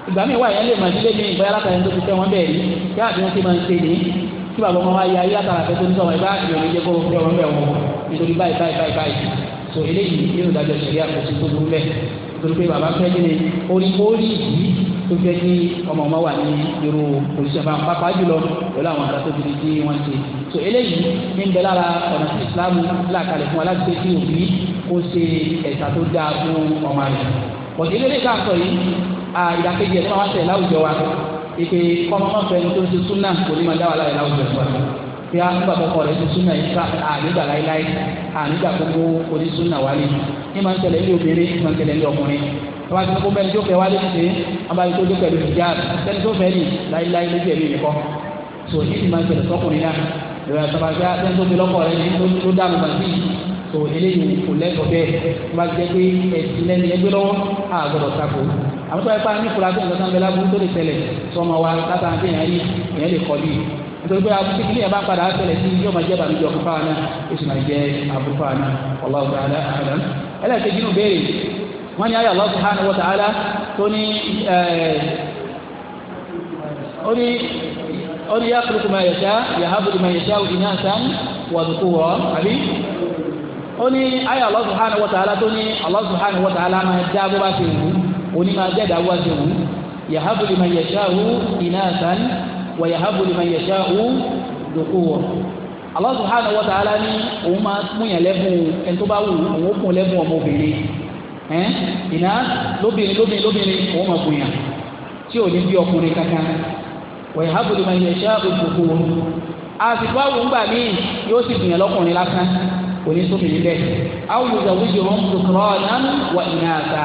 ìgbà míì wà yẹn lè máa dílé mi ìgbà yàrá tí bàbá ọmọ wa yẹ ayé látara pé tó ní sọmọ ìbá ìyọ̀ ní jẹ́ kó fẹ́ wọn bẹ̀ wọn nítorí báyìí báyìí báyìí báyìí so eléyìí yóò dájọ́ sẹ̀rí àkóso tó burú bẹ́ẹ̀ torí pé bàbá fẹ́ kíni orí orí yìí tó fẹ́ kí ọmọ ọmọ wà ní irú òṣìṣẹ́fà pápá jùlọ pẹ̀lú àwọn àgbà tó ti di tí wọ́n ṣe so eléyìí ní bẹ lára ọ̀nà tí Islam làkàlẹ̀ fún aláṣẹ tí òbí kó ṣe ẹ̀sà tó dáa fún ọmọ rẹ̀ kọ̀ọ̀tì eléyìí ká sọ yìí ìdàkejì ike kọ́mọ́fẹ́ ní tó ń ṣe súnà kò ní ma dá wà láyé láwùjọ fún wa kí a nígbà kọ́kọ́ rẹ̀ ṣe súnà yìí ká ànígbà láéláé ànígbà gbogbo oní súnà wà ní ní ma ń tẹ̀lé ilé obìnrin ní ma ń tẹ̀lé ilé ọkùnrin wọ́n bá ti kó bẹ́ẹ̀ ní tó fẹ́ wálé ṣe abáyé tó dé pẹ̀lú ìjà sẹ́ni tó fẹ́ ní láéláé lójú ẹ̀mí mi kọ́ so yìí ma ń tẹ̀lé sọ́kùnrin náà ìrora tó ah, bá gbé sẹ́ni tó fi lọ́kọ̀ rẹ̀ ní tó dànù bàtí so eléyìí kò lẹ́kọ̀ọ́ bẹ́ẹ̀ wọ́n bá jẹ́ pé àwọn sọ̀rọ̀ ìpàdé nípòlá tó nǹkan bẹ lábúrú tó lè tẹ̀lẹ̀ sọmọ wa látàn pé èèyàn rí èèyàn lè kọ́ bíi nítorí pé àbúrú tí yẹn bá padà tẹ̀lẹ̀ sí yóò máa jẹ́ bàbíjọ fún fáwọn náà oṣù máa jẹ́ àbúrú fáwọn náà wallahu ta'ala a'lam. ẹlẹ́ẹ̀kejì nù béèrè wọ́n ní ayé Allah subhanahu wa ta'ala tó ní orí orí ó ní ayé Allah subhanahu wa ta'ala tó ní Allah subhanahu wa ta'ala máa dá bó bá ṣe wù ú onímọ̀ ajẹ́dá wá sí wù yahabu liman yasha'u inasan wa yahabu liman yasha'u dhukur Allah subhanahu wa ta'ala ní òun máa múyàn lẹ́bùn ẹni tó bá wù òun ó kún lẹ́bùn ọmọbìnrin ẹ̀ iná lóbìnrin lóbìnrin lóbìnrin òun máa gbìyàn tí ò ní bí ọkùnrin kankan wa yahabu liman yasha'u dhukur àsìkò àwọn òǹgbà míì yóò sì gbìyàn lọ́kùnrin lásán òní sóbìnrin bẹ́ẹ̀ àwọn olùdàwùjọ wọn kúrọ̀ náà wà ìnáta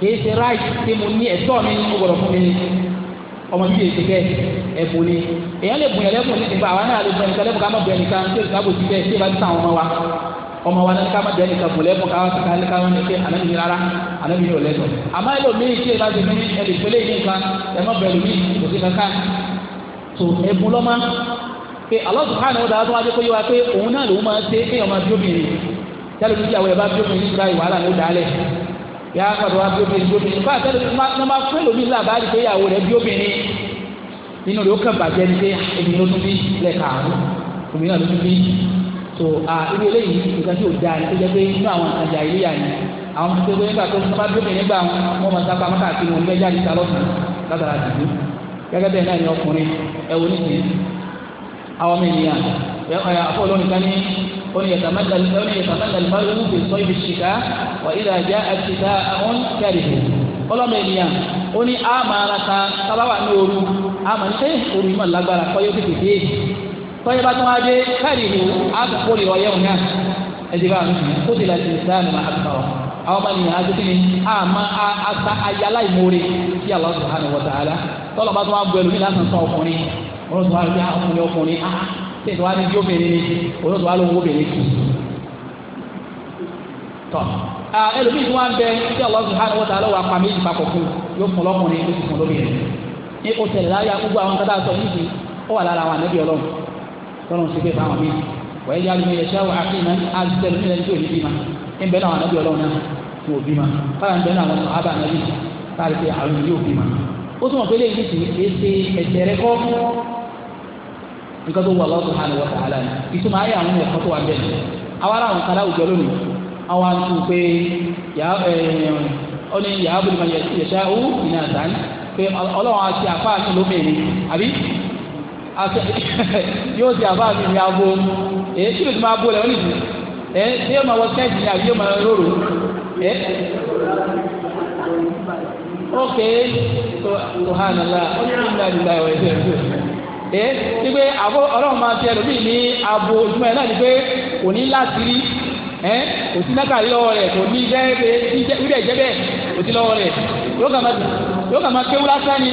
kìí ṣe right tí mo ní ẹ̀tọ́ mi ní gbọ́dọ̀ fún mi ní ọmọ tí yìí ti bẹ ẹ̀bùn ni èèyàn lè bùn yẹn lẹ́bùn ní ìgbà àwa náà lè bùn ẹnìkan lẹ́bùn ká má bùn ẹnìkan tí èèyàn bò sí bẹ́ẹ̀ tí èèyàn bá ti tàn ọmọ wa ọmọ wa náà ká má bùn ẹnìkan bùn lẹ́bùn ká wá ká ká wọn ní pé ànábi ní rárá ànábi ní òlẹ́tọ̀ àmọ́ ẹlòmíì tí èèyàn bá ti fún ẹnì pẹ́lẹ́ yìí nǹkan ẹ má bùn ẹlòmíì kò sí kankan tó ẹ̀bùn lọ́mọ pé Allah subhanahu wa ta'ala tó wá dé kó pé òun náà lòun máa yà á pàdé wa bí obìnrin bí obìnrin bá àtẹ́lẹ̀ ní ma fún ẹlòmíì làbáàdì pé ìyàwó rẹ̀ bí obìnrin nínú rẹ̀ ó kàn bàjẹ́ ní pé èmi ah, ló tún bí lẹ́ka àrùn èmi náà ló tún bí so irú eléyìí nǹkan tí ò da ẹ̀ tó jẹ́ pé inú àwọn àjà ilé yà ni àwọn tó gbé nígbà tó ń bá bí obìnrin gbà wọn máa sábà máa káàkiri wọn gbẹ́jà níta lọ́sàn látara dìbò gẹ́gẹ́ bẹ́ẹ̀ náà ó ní ìtàmẹ́ta ó ní ìtàmẹ́ta lùmọ́lù ń bèèrè sọ́yìn ìṣìkà wà ìlà àjá àtìkà àwọn kẹrìhù ọlọ́mọ ènìyàn ó ní àmà ara kan sábàwà ní òru àmà ní sẹ́yìn òru ìmọ̀ lágbára kọ́yọ́ tètè dé tọ́yẹ bá tún wá dé kẹrìhù àkókò lè ọyẹ́ òun náà ẹ̀dẹ̀ bá mi kó ti láti sáànù máa bá ọ àwọn ọmọ ènìyàn á tẹ́lẹ̀ àmà àgbà ayálà ìmoore tí Allah subhanahu wa ta'ala tọ́lọ́ bá tún wá gbẹ̀lú ní lásán sọ ọkùnrin ọlọ́sùn wá rí ọkùnrin ọkùnrin tí ìtura ni yóò bèrè ni òun tó wà ló ń wó bèrè kù. tọ́ ẹlòmíì tí wọ́n bẹ tí Allah subhanahu wa ta'ala wà pa méjì papọ̀ fún yóò fún lọ́kùnrin yóò fún lóbìnrin. ní o tẹ̀lé láyà gbogbo àwọn kátà sọ yìí ó wà lára àwọn ànábì ọlọ́run lọ́run sì pé fáwọn méjì wọ́n yẹ jáde yẹ ṣáwọ́ àfihàn azẹ́lú nílẹ̀ tí òní bímọ ń bẹ náà ànábì ọlọ́run náà fún òbí ma báyà ń bẹ náà àwọn àbá ànábì táà lè fi àwọn ìlú òbí ma ó tún wọ́n pé lè nǹkan tó wù Allah subhanahu wa ta'ala ni ìtumọ̀ ayé àwọn ẹ̀kọ́ tó wà bẹ́ẹ̀ àwọn aláwọn kan láwùjọ lónìí àwọn àti pé eh, ó ní yàrá bùnú yẹ̀ṣẹ́ ó ní pé àti ló àbí <laughs> yóò ti eh, máa bó ẹ eh, ṣé yóò máa wọ àbí yóò máa ẹ ok so ẹ wípé àbọ̀ ọlọ́run máa ti ẹlòmíì ní abo ẹ náà ni pé kò ní láti rí ẹ kò sí lákàrí lọ́wọ́ rẹ̀ kò ní jẹ́ẹ́bẹ́ kò yóò máa kéwú lásán ni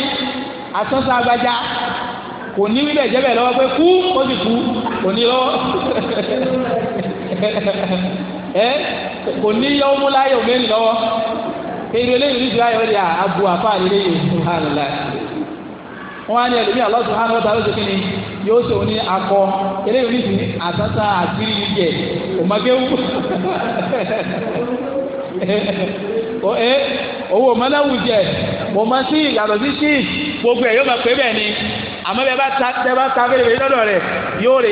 agbájá kò ní wíbẹ̀ jẹ́bẹ̀ lọ́wọ́ pé kú ó sì kú kò ní lọ́wọ́ <laughs> ẹ kò ní mẹ́rin lọ́wọ́ eléyìí yọ̀ wọ́n á ní ẹlòmíì Allah subhanahu wa ta'ala lóṣù kínní yóò ní akọ eléyìí ní àtàtà àtìrí yíyẹ òmàgéwù owó mọ́láwù jẹ mo máa sí ìyàtọ̀ sí sí gbogbo ẹ̀ yóò máa ni àmọ́ bẹ́ẹ̀ bá ta bẹ́ẹ̀ bá ta bẹ́ẹ̀ bẹ́ẹ̀ lọ́dọ̀ rẹ̀ yóò rè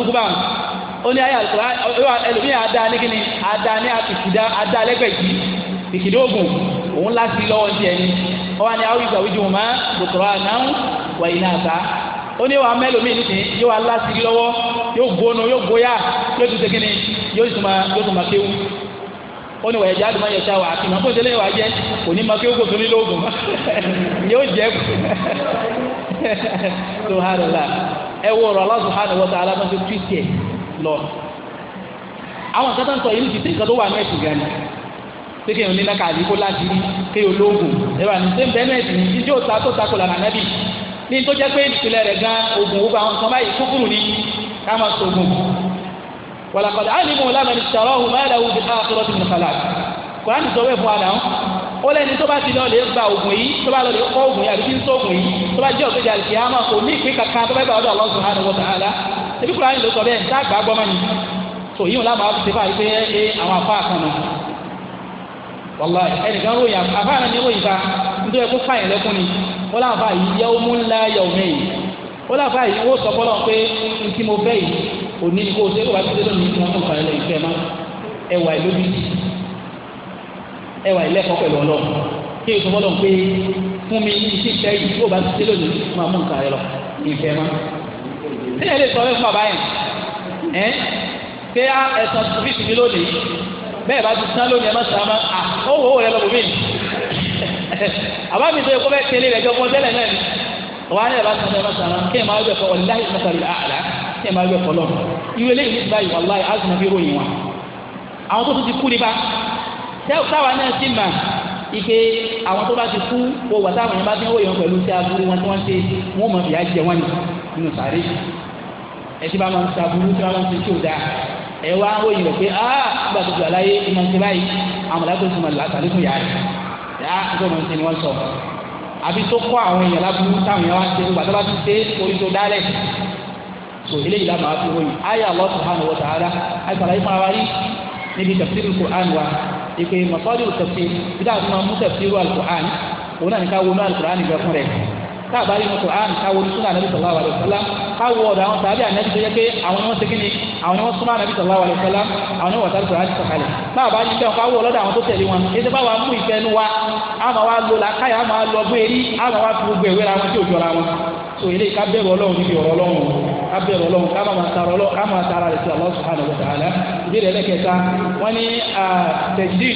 ni ó ní ayé àlùkò ẹlòmíì àdá ní kíni àdá ní àtìkìdá àdá lẹ́gbẹ̀ẹ́jì ìkìdí ògùn òun láti lọ́wọ́ ti ẹni ọwọ́ ni àwọn ìgbàwí wọn mọ́ dòtòrò àdáhùn wà iná àká mẹ́lòmíì yóò wá láti lọ́wọ́ yóò gbóná yóò gbóyà yóò kíni yóò yóò kéwù wà á kìnnà kó tẹ́lẹ̀ wàá jẹ́ kò kéwù kò tún ní <laughs> yóò <laughs> ẹ lọ àwọn nǹkan tó ń sọ yìí ti ṣe tó wà mẹ́sì gan ni ṣé kéèyàn ní lákàtí kó láti rí kéèyàn olóògùn ẹ̀rọ àti ṣé ń bẹ́ẹ̀ mẹ́sì ní ta tó ni ká máa sọ oògùn walaqad alimu lamani ishtarahu ma lahu bil akhirati sọ ó lẹ́ni tó bá ti lọ lè gba yìí tó bá lọ lè kọ́ yìí àbí ebi kura ni ló sọ bẹ́ẹ̀ níta àgbà gbọ́ mọ́ni tó yíwọn a wà ṣe báyìí pé ẹ àwọn afá kan nù wàlá ẹnìkan ròyìn afá náà ní ròyìn ta nítorí ẹkú fáyìn lẹ́kún ni wọ́n láǹfà yìí yẹ ọmú ńlá ọmọ yìí yìí wọ́n sọ fọlọ́ pé mo yìí kó o ṣe kó o bá ti wọ́n fẹ́ ẹwà ìlóbi ẹwà tí ẹ lè sọ fún bàbá yẹn ẹ pé a ẹ̀sán fífi mi lónìí bẹ́ẹ̀ bá ti sán lónìí ẹ má sàn án má a ó wò ó rẹ lọ́wọ́ mi <laughs> àbá mi tó yẹ kó bẹ́ẹ̀ tẹ̀lé rẹ̀ jọ fún tẹ́lẹ̀ náà ni wàá ní ẹ bá sàn án má sàn án kí ẹ máa gbẹ fọ ọ̀láyé mọ́tàlú àlá kí ẹ máa gbẹ fọ lọ́nà ìwé lẹ́yìn ní ti báyìí wàláyé azùnà bí ròyìn wa àwọn tó tún ti kú nípa táwa náà sì mà ike àwọn tó bá ti kú owó àtàwọn yẹn bá ti ń wòye wọn pẹ̀lú tí a burú wọn tí wọ́n ṣe wọ́n mọ̀ fìyà jẹ wọn nínú sàárè ẹtí bá máa ń sàbúrú tí wọ́n máa ń ṣe tí ò dáa ẹ wá ó yìnbọn pé á ah, nígbà tó ti àlàyé ìmọ̀ ṣe báyìí àwọn ọ̀dà tó ti máa làtà nípò yàrá yá nígbà wọn ṣe ni wọ́n sọ àbí tó kọ́ àwọn èèyàn lábúrú táwọn èèyàn wá ṣe nígbà tó bá ti ṣe orí tó dálẹ̀ so eléyìí lá máa fi wọ̀nyí ayé Allah subhanahu wa ta'ala àìsàlàyé máa wá rí níbi tafsirul Qur'an wa ìpè mọ̀sọ́dún tafsir bí dáhùn máa mú Qur'an òun náà al-Qur'an gbẹ káàbá yìí mọ̀tò án káwọn ní súnà nàbí sallallahu alaihi wasallam káwọ ọ̀dọ̀ àwọn tàbí ànábì tó yẹ pé àwọn ni wọ́n ti kíni àwọn ni wọ́n súnmọ́ ànábì sallallahu alaihi wasallam àwọn ni wọ́n tàbí sọ̀rọ̀ àti sọ̀kalẹ̀ káàbá yìí bẹ́ẹ̀ káwọ ọlọ́dọ̀ àwọn tó tẹ̀lé wọn ètò báwa mú ìfẹ́ nu wa àmọ́ wa lò làkàyà àmọ́ wa lọ gbérí àmọ́ wa fi gbogbo ẹ̀wé ra wọn tí ò jọra wọn so eléyìí ká bẹ̀rù ọlọ́run níbi ọ̀rọ̀ ọlọ́run ká bẹ̀rù ọlọ́run ká máa tara ọlọ́run ká máa tara rẹ̀ sí Allah subhanahu wa ta'ala ìbéèrè ẹlẹ́kẹta wọ́n ní tẹ̀síìtì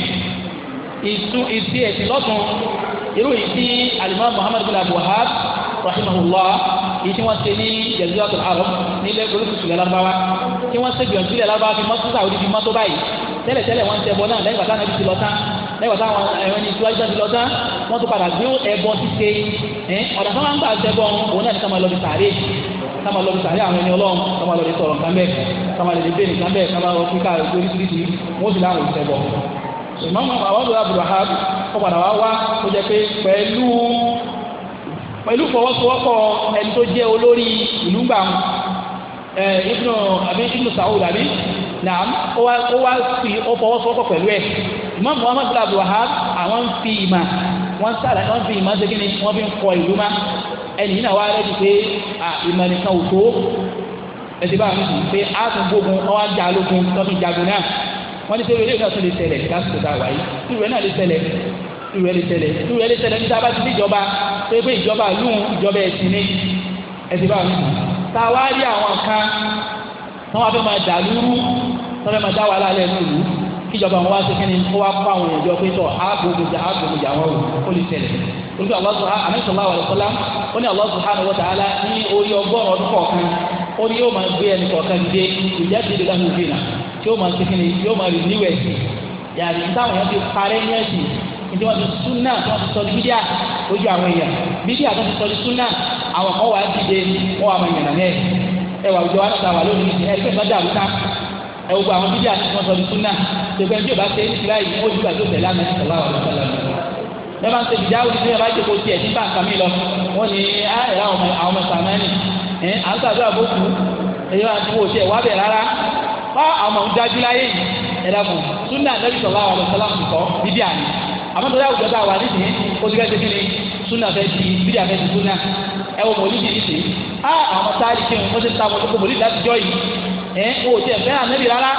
ìtú ìtí ẹ̀sìn lọ́tún irú yìí tí alimam muhammad bin abu wahab rahimahullah yìí tí wọ́n ṣe ní jaziratul arab nílẹ̀ olùkùsù lẹ́lábáwá tí wọ́n ṣe gbìyànjú lẹ́lábáwá fi mọ́tò sáwọ́dí fi mọ́tò báyìí tẹ́lẹ̀tẹ́lẹ̀ wọ́n ń tẹ́bọ náà lẹ́yìn bàtà náà ti lọ tán lẹ́yìn bàtà ẹ̀rọ ní ìtura ìjọba ti lọ tán wọ́n tún padà gbé ẹbọ ṣíṣe ọ̀dà tó máa ń gbà tẹ́bọ òun náà ní ká máa lọ bí sàárè ká máa lọ bí sàárè àwọn ẹni sama ká máa lọ bí sọ̀rọ̀ nǹkan bẹ́ẹ̀ ká máa lè lè bẹ́ẹ̀ nǹkan bẹ́ẹ̀ ká máa lọ kíkà oríṣiríṣi wọ́n sì láwọn ìtẹ́bọ ìmọ̀mù àwọn ọ̀dọ́ abdulhab ó padà wá wá ó jẹ pé pẹ̀lú pẹ̀lú fọwọ́sowọ́pọ̀ ẹni tó jẹ́ olórí ìlú gbà ẹ ibnu àbí ibnu saud àbí naam ó wá ó wá fi ó fọwọ́sowọ́pọ̀ pẹ̀lú ẹ̀ ìmọ̀mù muhammad bin abdulhab àwọn ń fi ìmà wọ́n ń sàlàyé wọ́n ń fi ìmà ṣe kí ni wọ́n fi ń kọ ìlú má ẹni yìí náà wá rẹ́ di pé ìmọ̀ nìkan ò tó ẹ̀sìn báwọn ń sùn pé á tún gbógun ọ wọ́n ní sẹ́yìn náà tún lè tẹ̀lẹ̀ lásìkò tá a wáyé ìrù náà lè tẹ̀lẹ̀ ìrù lè tẹ̀lẹ̀ ìrù lè tẹ̀lẹ̀ níta bá ti ní ìjọba pé pé ìjọba lóhun ìjọba ẹ̀sìn ni ẹ̀sìn bá wọn. tá a wá rí àwọn kan tí wọ́n fẹ́ máa dà lúrú tí wọ́n fẹ́ máa dá wàhálà lẹ́ lóru kí ìjọba wọn wá sí kí ni kó wá kó àwọn ìjọ pé tọ̀ àgbògbòjà àgbògbòjà wọn ò kó lè tẹ̀lẹ̀ olùkọ́ àwọn sọ̀rọ̀ àmì sọ̀rọ̀ àwọn ọ̀lẹ́kọ́lá ó ní àwọn sọ̀rọ̀ àwọn ọ̀tàlá ní orí ọgọ́rùn-ún ọdún kọ̀ọ̀kan ó ní yóò máa gbé ẹnì kọ̀ọ̀kan dìde ìjáde ìdílé àwọn òbí náà tí yóò máa ṣe kí ni yóò máa rí níwẹ̀ ẹ̀sìn yàrá ìtàwọn yẹn ti parẹ́ ní ẹ̀sìn ìdí wọn ti súnà tí wọn ti sọ di bídíà lójú àwọn èèyàn bídíà tó ti sọ di súnà àwọn kan wà á dìde wọn wà máa yànnà náà ẹ wà àwùjọ wa náà wà lónìí ẹgbẹ́ ìtọ́jú àwùjọ ẹ gbogbo àwọn bídíà tí wọn sọ di súnà tẹgbẹ́ ní ìjọba ṣe é nígbà yìí ó dùgbà tó tẹ̀lé àmì ìṣẹ̀lá wà lọ́sọ̀lá lẹ́bàá ń ṣe bìdíà àwùjọ ní ìjọba ìjọba ti ẹ̀ nígbà kàmí lọ wọ́n ní ẹ̀rọ àwọn ọmọ ìsàmẹ́ni ẹ à ń sàdúrà bó kú ẹyọ àti wò tiẹ̀ wá bẹ̀ rárá bá àwọn ọmọ dájú láyé yìí ẹ dàbọ̀ sunna anabi sọlá ọ̀rọ̀ sọlá nìkọ́ bíbí àná àmọ́ tó dáwọ́ ìjọba wà nídìí ó ti kẹ́sẹ́ kíni sunna fẹ́ di bíbí àfẹ́ di sunna ẹ wọ mọ̀lú di ìsè á àwọn táyì kí wọn ṣe ta mọ̀lú mọ̀lú láti jọ yìí ẹ wò tiẹ̀ fẹ́ anabi rárá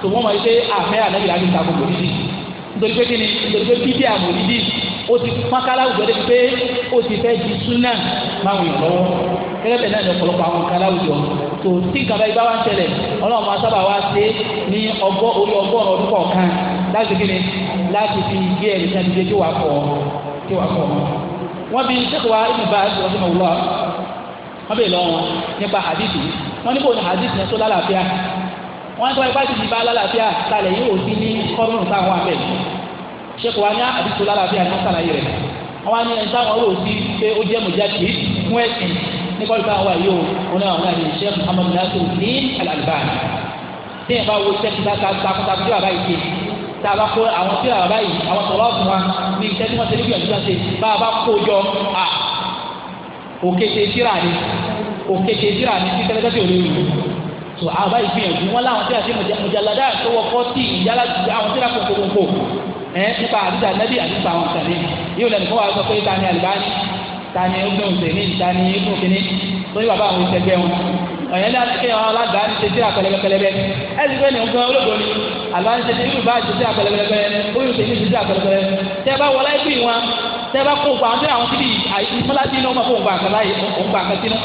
tó wọ́n mọ̀ yìí pé àfẹ́ anabi rárá ti ta mọ̀lú di nítorí pé kíni nítorí pé bíbí àmọ̀lú di ó ti pákálá àwùjọ dé pé ó ti fẹ́ di súnà máwùn lọ́wọ́ gẹ́gẹ́ bẹ́ẹ̀ náà ni ọ̀pọ̀lọpọ̀ àwọn nǹkan láwùjọ tó tí nǹkan bá ibà wá ń ṣẹlẹ̀ ọlọ́run máa sábà wá sí ní ọgbọ́ orí ọgọ́rùn ọdún láti kí ni láti fi gbé ẹ̀rí sí àdìgbé kí wàá fọ̀ kí wàá fọ̀ wọ́n bí sẹ́kọ̀ọ́ wa ibùdó bá ẹ̀sìn ọdún ọ̀wúrọ̀ wọ́n bèèrè lọ́wọ́ nípa hadithi wọ́n ní kò ní hadithi yẹn tó lálàáfíà wọ́n á tọ́ ipá ti di bá lálàáfíà kalẹ̀ yóò sí ní kọ́rùn-ún táwọn abẹ́ẹ̀ sheikh wa ní àdìsó lálàáfíà ní mọ́sálà rẹ̀ àwọn àni ẹni táwọn wò sí pé ó jẹ́ mùjáde fún ẹ̀sìn ní kọ́lù táwọn yóò wọn náà wọn àni sheikh muhammadu nasiruddin al-albani tí ẹ bá wo sheikh takuntakun tí bàbá yìí ṣe tá a bá kó àwọn tí bàbá yìí àwọn tọ̀lọ́ fún wa ní iṣẹ́ tí wọ́n ṣe níbi ọ̀dúnṣe ṣe bá a bá kó jọ à òkété síra ni òkété síra ni tí tẹ́lẹ́tẹ́lẹ́ ò lè rù so àbá ìgbìyànjú wọn láwọn tí a ṣe mọ̀jáládá tó wọ fọ́tì ìyálà àwọn tí a kò kò kò ẹ nípa àdúgbò ànábì àdúgbò àwọn kan ní yóò lẹnu fún wa sọ pé ta ni àlùbáni ta ni ibùdó nsèmí ta ni ibùdó kìíní tó ní bàbá àwọn ìṣẹgbẹ wọn ọ̀yẹ́ ní àti kéwọn alága ń ṣe sí àpẹlẹbẹkẹlẹbẹ ẹ ti fẹ́ ní nǹkan ológo ni àlọ́ ń ṣe sí ibùdó bá ṣe sí àpẹlẹbẹkẹlẹ oyún ṣe sí sí àpẹlẹbẹkẹlẹ tẹ bá wọlé ẹgbẹ́ ìwà tẹ bá kó gbà ńdé àwọn tíbi ìfúnlájí náà máa kó gbà kàlá ògbà kàtínú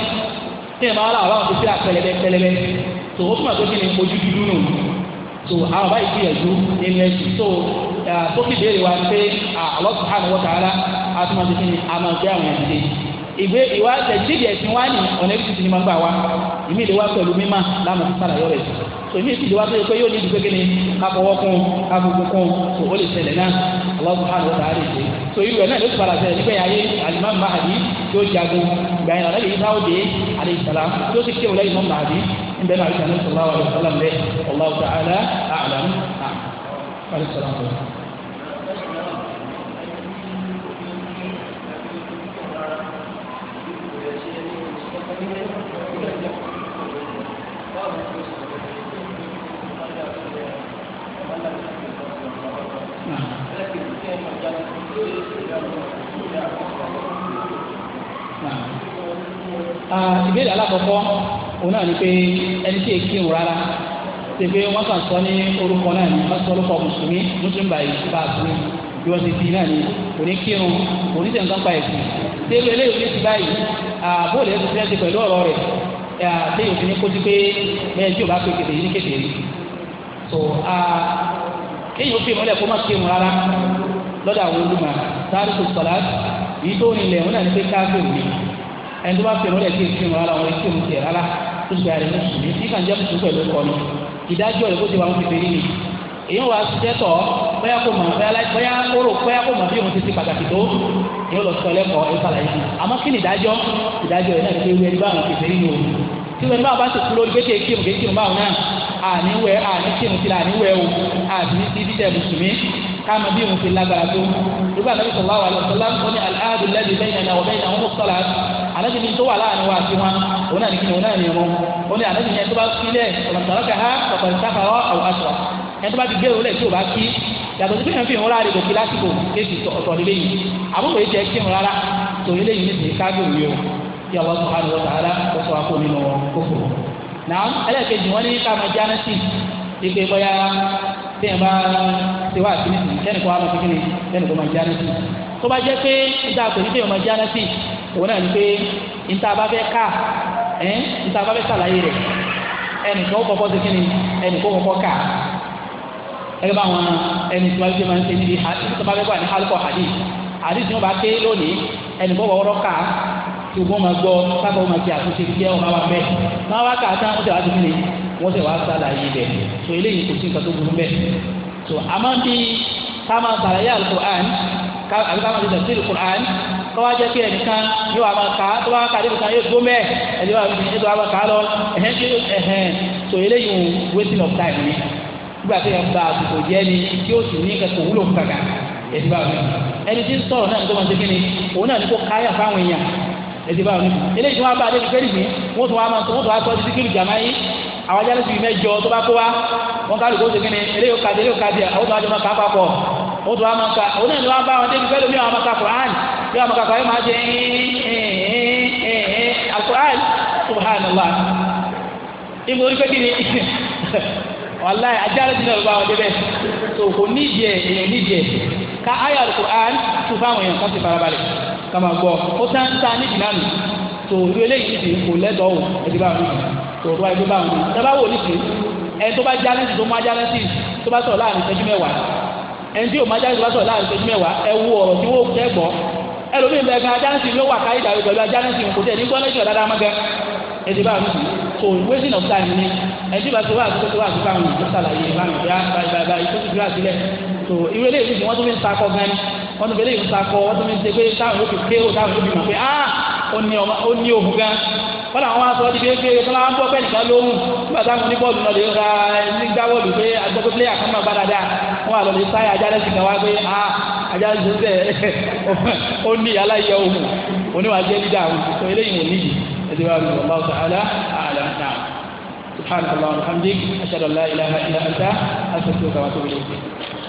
kí ni màá wà láwọn tó sí àpẹlẹbẹkẹlẹbẹ tòun ojú dúdú nù so àwọn báyìí gbìyànjú ilẹ̀ so sókè béèrè wa pé Allah subhanahu wa ta'ala àtúmọ̀tò kí ni a máa gbé àwọn ẹ̀dídé ìgbé ìwà tẹ̀sídìí ẹ̀sìn wa ni ọ̀nà ibi tuntun ni máa gbà wá ìmí ìdíwá pẹ̀lú mímá láàmú fún sàlàyé rẹ̀ so ìmí ìdíwá tó yẹ pé yóò ní ìdíwá kékeré káfọwọ́ kún káfọwọ́ kún so ó lè ṣẹlẹ̀ náà Allah subhanahu wa ta'ala ṣe so irú ẹ̀ náà ló ti padà ṣẹlẹ̀ nígbà yà ayé alimami mahadi yóò jagun gbàyàn alẹ́ yìí sáwọ́ dé alayhi salam yóò ti kéwòn lẹ́yìn níbẹ̀ náà àyíká náà sọ̀rọ̀ àwọn àlùfáà lọ́wọ́ bẹ́ẹ̀ Allahu ta'ala a'lam náà wàlẹ̀ sọ̀rọ̀ àwọn àlùfáà. ìbéèrè alákọ̀ọ́kọ́ òun náà ni pé ẹni tí èkí ń rárá ṣe pé wọ́n kàn sọ ní orúkọ náà ni wọ́n sọ orúkọ mùsùlùmí mùsùlùmí báyìí ṣe bá a sùn bí wọ́n ti di náà ni kò ní kírun kò ní sẹ̀ǹkan pa ẹ̀sìn ṣé ilé eléyìí ní ti báyìí àbóòlù ẹ̀sìn ti pẹ̀lú ọ̀rọ̀ rẹ̀ àti òfin ní kójú pé bẹ́ẹ̀ bá pè kéde ní kéde rí so kéyìn ó fi ìmọ̀lẹ̀ kó má kírun rárá lọ́dọ̀ àwọn olùmọ̀ sáré tó sọ̀lá yìí tó rìn lẹ̀ wọn náà ní pé káfíìn ni ẹni tó bá fi ìmọ̀lẹ̀ kí tó ṣe àrẹ mùsùlùmí tí kàn jẹ́ mùsùlùmí pẹ̀lú kọ́ni ìdájọ́ rẹ̀ kó ti wà ń fìfèrè ni èyí wà á ṣiṣẹ́ tọ̀ bóyá kò mọ̀ bóyá ó rò bóyá kò mọ̀ bí òun ti ti pàtàkì tó yóò lọ sọ lẹ́kọ̀ọ́ ẹ̀ sàlàyé fún un kí ni ìdájọ́ ìdájọ́ rẹ̀ náà ti wẹ́ nígbà àwọn fìfèrè ni òun tí wọ́n bá bá ti kú lórí gbẹ́kẹ̀ kírun gbẹ́kẹ̀ kírun báwọn náà àníwẹ̀ àníkírun ti àníwẹ̀ o àti ní ti mùsùlùmí káàmù bí òun ti lágbára tó nígbà náà bí sọ̀rọ̀ àwọn àlọ́ anabi ni tó wà láàrin wa àti wọn òun náà ní kíni òun náà ní irun ó ní anabi yẹn tó bá sílẹ̀ ọ̀nàmọ̀tàrọ̀ ká ọ̀pọ̀lọpọ̀ sáfàrọ̀ àwọn aṣọ yẹn tó bá ti gbé òun lẹ̀ tí ò bá kí yàtọ̀ sí fíìmù fíìmù rárá ìgòkè lásìkò kéèkì ọ̀tọ̀ lílé yìí àbúrò yìí jẹ́ kíìmù rárá tó lílé yìí nìyí káàdùn yìí o kí Allah subhanahu wa ta'ala kó sọ wá kó nínú kókò. náà ẹlẹ́ẹ̀kejì wọ́n ní ká máa jáná sí ìgbé bọ́yá téèyàn bá ti òun náà ní pé níta bá fẹ́ ká ẹ́ níta bá fẹ́ sàlàyé rẹ̀ ẹnìkan ó kọ́kọ́ ṣe kí ni ẹnìkan ó kọ́kọ́ ká ẹgbẹ́ bá wọn ẹni tí wọ́n fi máa ń ṣe níbi tó bá fẹ́ kọ́ àní alukọ̀ àdì àdì tí wọ́n bá ké lónìí ẹnìkan ó kọ́kọ́ ká tí wọ́n máa gbọ́ sábà máa ṣe àtúnṣe kí ọmọ wa bẹ́ẹ̀ máa wá káàtá wọ́n tẹ̀ wá sí nílé wọ́n tẹ̀ wá sàlàyé bẹ̀ so eléyìí kò sí nǹkan tó burú bẹ́ẹ̀ so àmọ́ kọ́ wá jẹ́ pé ẹnìkan yóò wá máa kà á tó wá kà á débi kan yóò gbó mẹ́ẹ̀ ẹ̀dí wà ní ètò àwọn kà á lọ ẹ̀hẹ́n tí ẹ̀hẹ́n tó eléyìí ń wasting of time ni nígbà tí yẹn gba àsìkò jẹ́ ni tí ó sì ní kẹsàn-án wúlò kàkà ẹ̀dí wà ní ẹni tí ń sọ̀rọ̀ náà nígbà tó kíni òun náà ní kó káyà fáwọn èèyàn ẹ̀dí wà ní eléyìí tí wọ́n bá débi fẹ́ẹ́ nìyí wọ́n tún wá máa tún wọ́n tún wá sọ títí kìlù jàmá yìí àwọn ajá lẹ́sìn mẹ́jọ tó bá kó wá wọ́n kálukó ṣe kíni ó tún wá máa ka òun náà ni wọ́n bá wọn débi pẹ́lú mi àwọn máa ka Kùránì bí wọ́n máa ka Kùránì máa ṣe Al-Kùránì subhanallah ibi orí pẹ́kì ni <laughs> wàláì ajára ti náà ló bá wọn débẹ̀ tó kò nídìí ẹ̀ èèyàn nídìí ẹ̀ ká ayé Al-Kùránì tún fáwọn èèyàn kan ti farabalẹ̀ ká máa gbọ́ ó tán ta nídìí náà nù tó ìlú eléyìí ti kò lẹ́tọ̀ọ́ wò ẹ̀dí bá wọn tó rọ ẹ̀dí bá wọn dábàá wò ní sè ẹni tó bá jálẹ́sì tó má jálẹ́sì tó bá sọ̀rọ̀ láàrin ìṣẹ́jú mẹ́wàá ẹni o máa jáde lọ́sọ̀ láàrin ìṣẹ́jú mẹ́wàá ẹ wo ọ̀rọ̀ tí wọ́n fẹ́ gbọ́ ẹlòmíín bẹ́ẹ̀ gan ajáǹsì ló wà káyé ìdàrú pẹ̀lú ajáǹsì kò tẹ̀ ní gbọ́nẹ́sọ̀ dáadáa mọ́ gan ẹ̀dí bá mi so wasting of time ni ẹ̀dí bá ti wá àti tó wá àti bá mi tó sàlàyé bá mi bá bá bá ikú ti fi àtìlẹ̀ so ìwé ilé ìwé wọn tún fi ń sakọ gan ni tún fi ilé ìwé sakọ wọn kọ́lá àwọn aṣọ ti gbé gbé kọ́lá wọn bọ́ bẹ́ẹ̀ nìkan lóhùn nígbà táwọn ní bọ́ọ̀lù náà lè ra ní gbá bọ́ọ̀lù pé agbọ́gbé pílẹ̀yà kan máa bá dáadáa wọn àlọ́ lè sáyà ajá lẹ́sìn kan wá pé a ah, ajá lẹ́sìn <laughs> sẹ́ ó ní aláyẹ ohun oníwàá jẹ́ dídá àwọn òṣìṣẹ́ eléyìí wò níyì ẹ̀dẹ̀ wa rẹ̀ ọ̀bá ọ̀sán àlá náà subhanahu wa ta'ala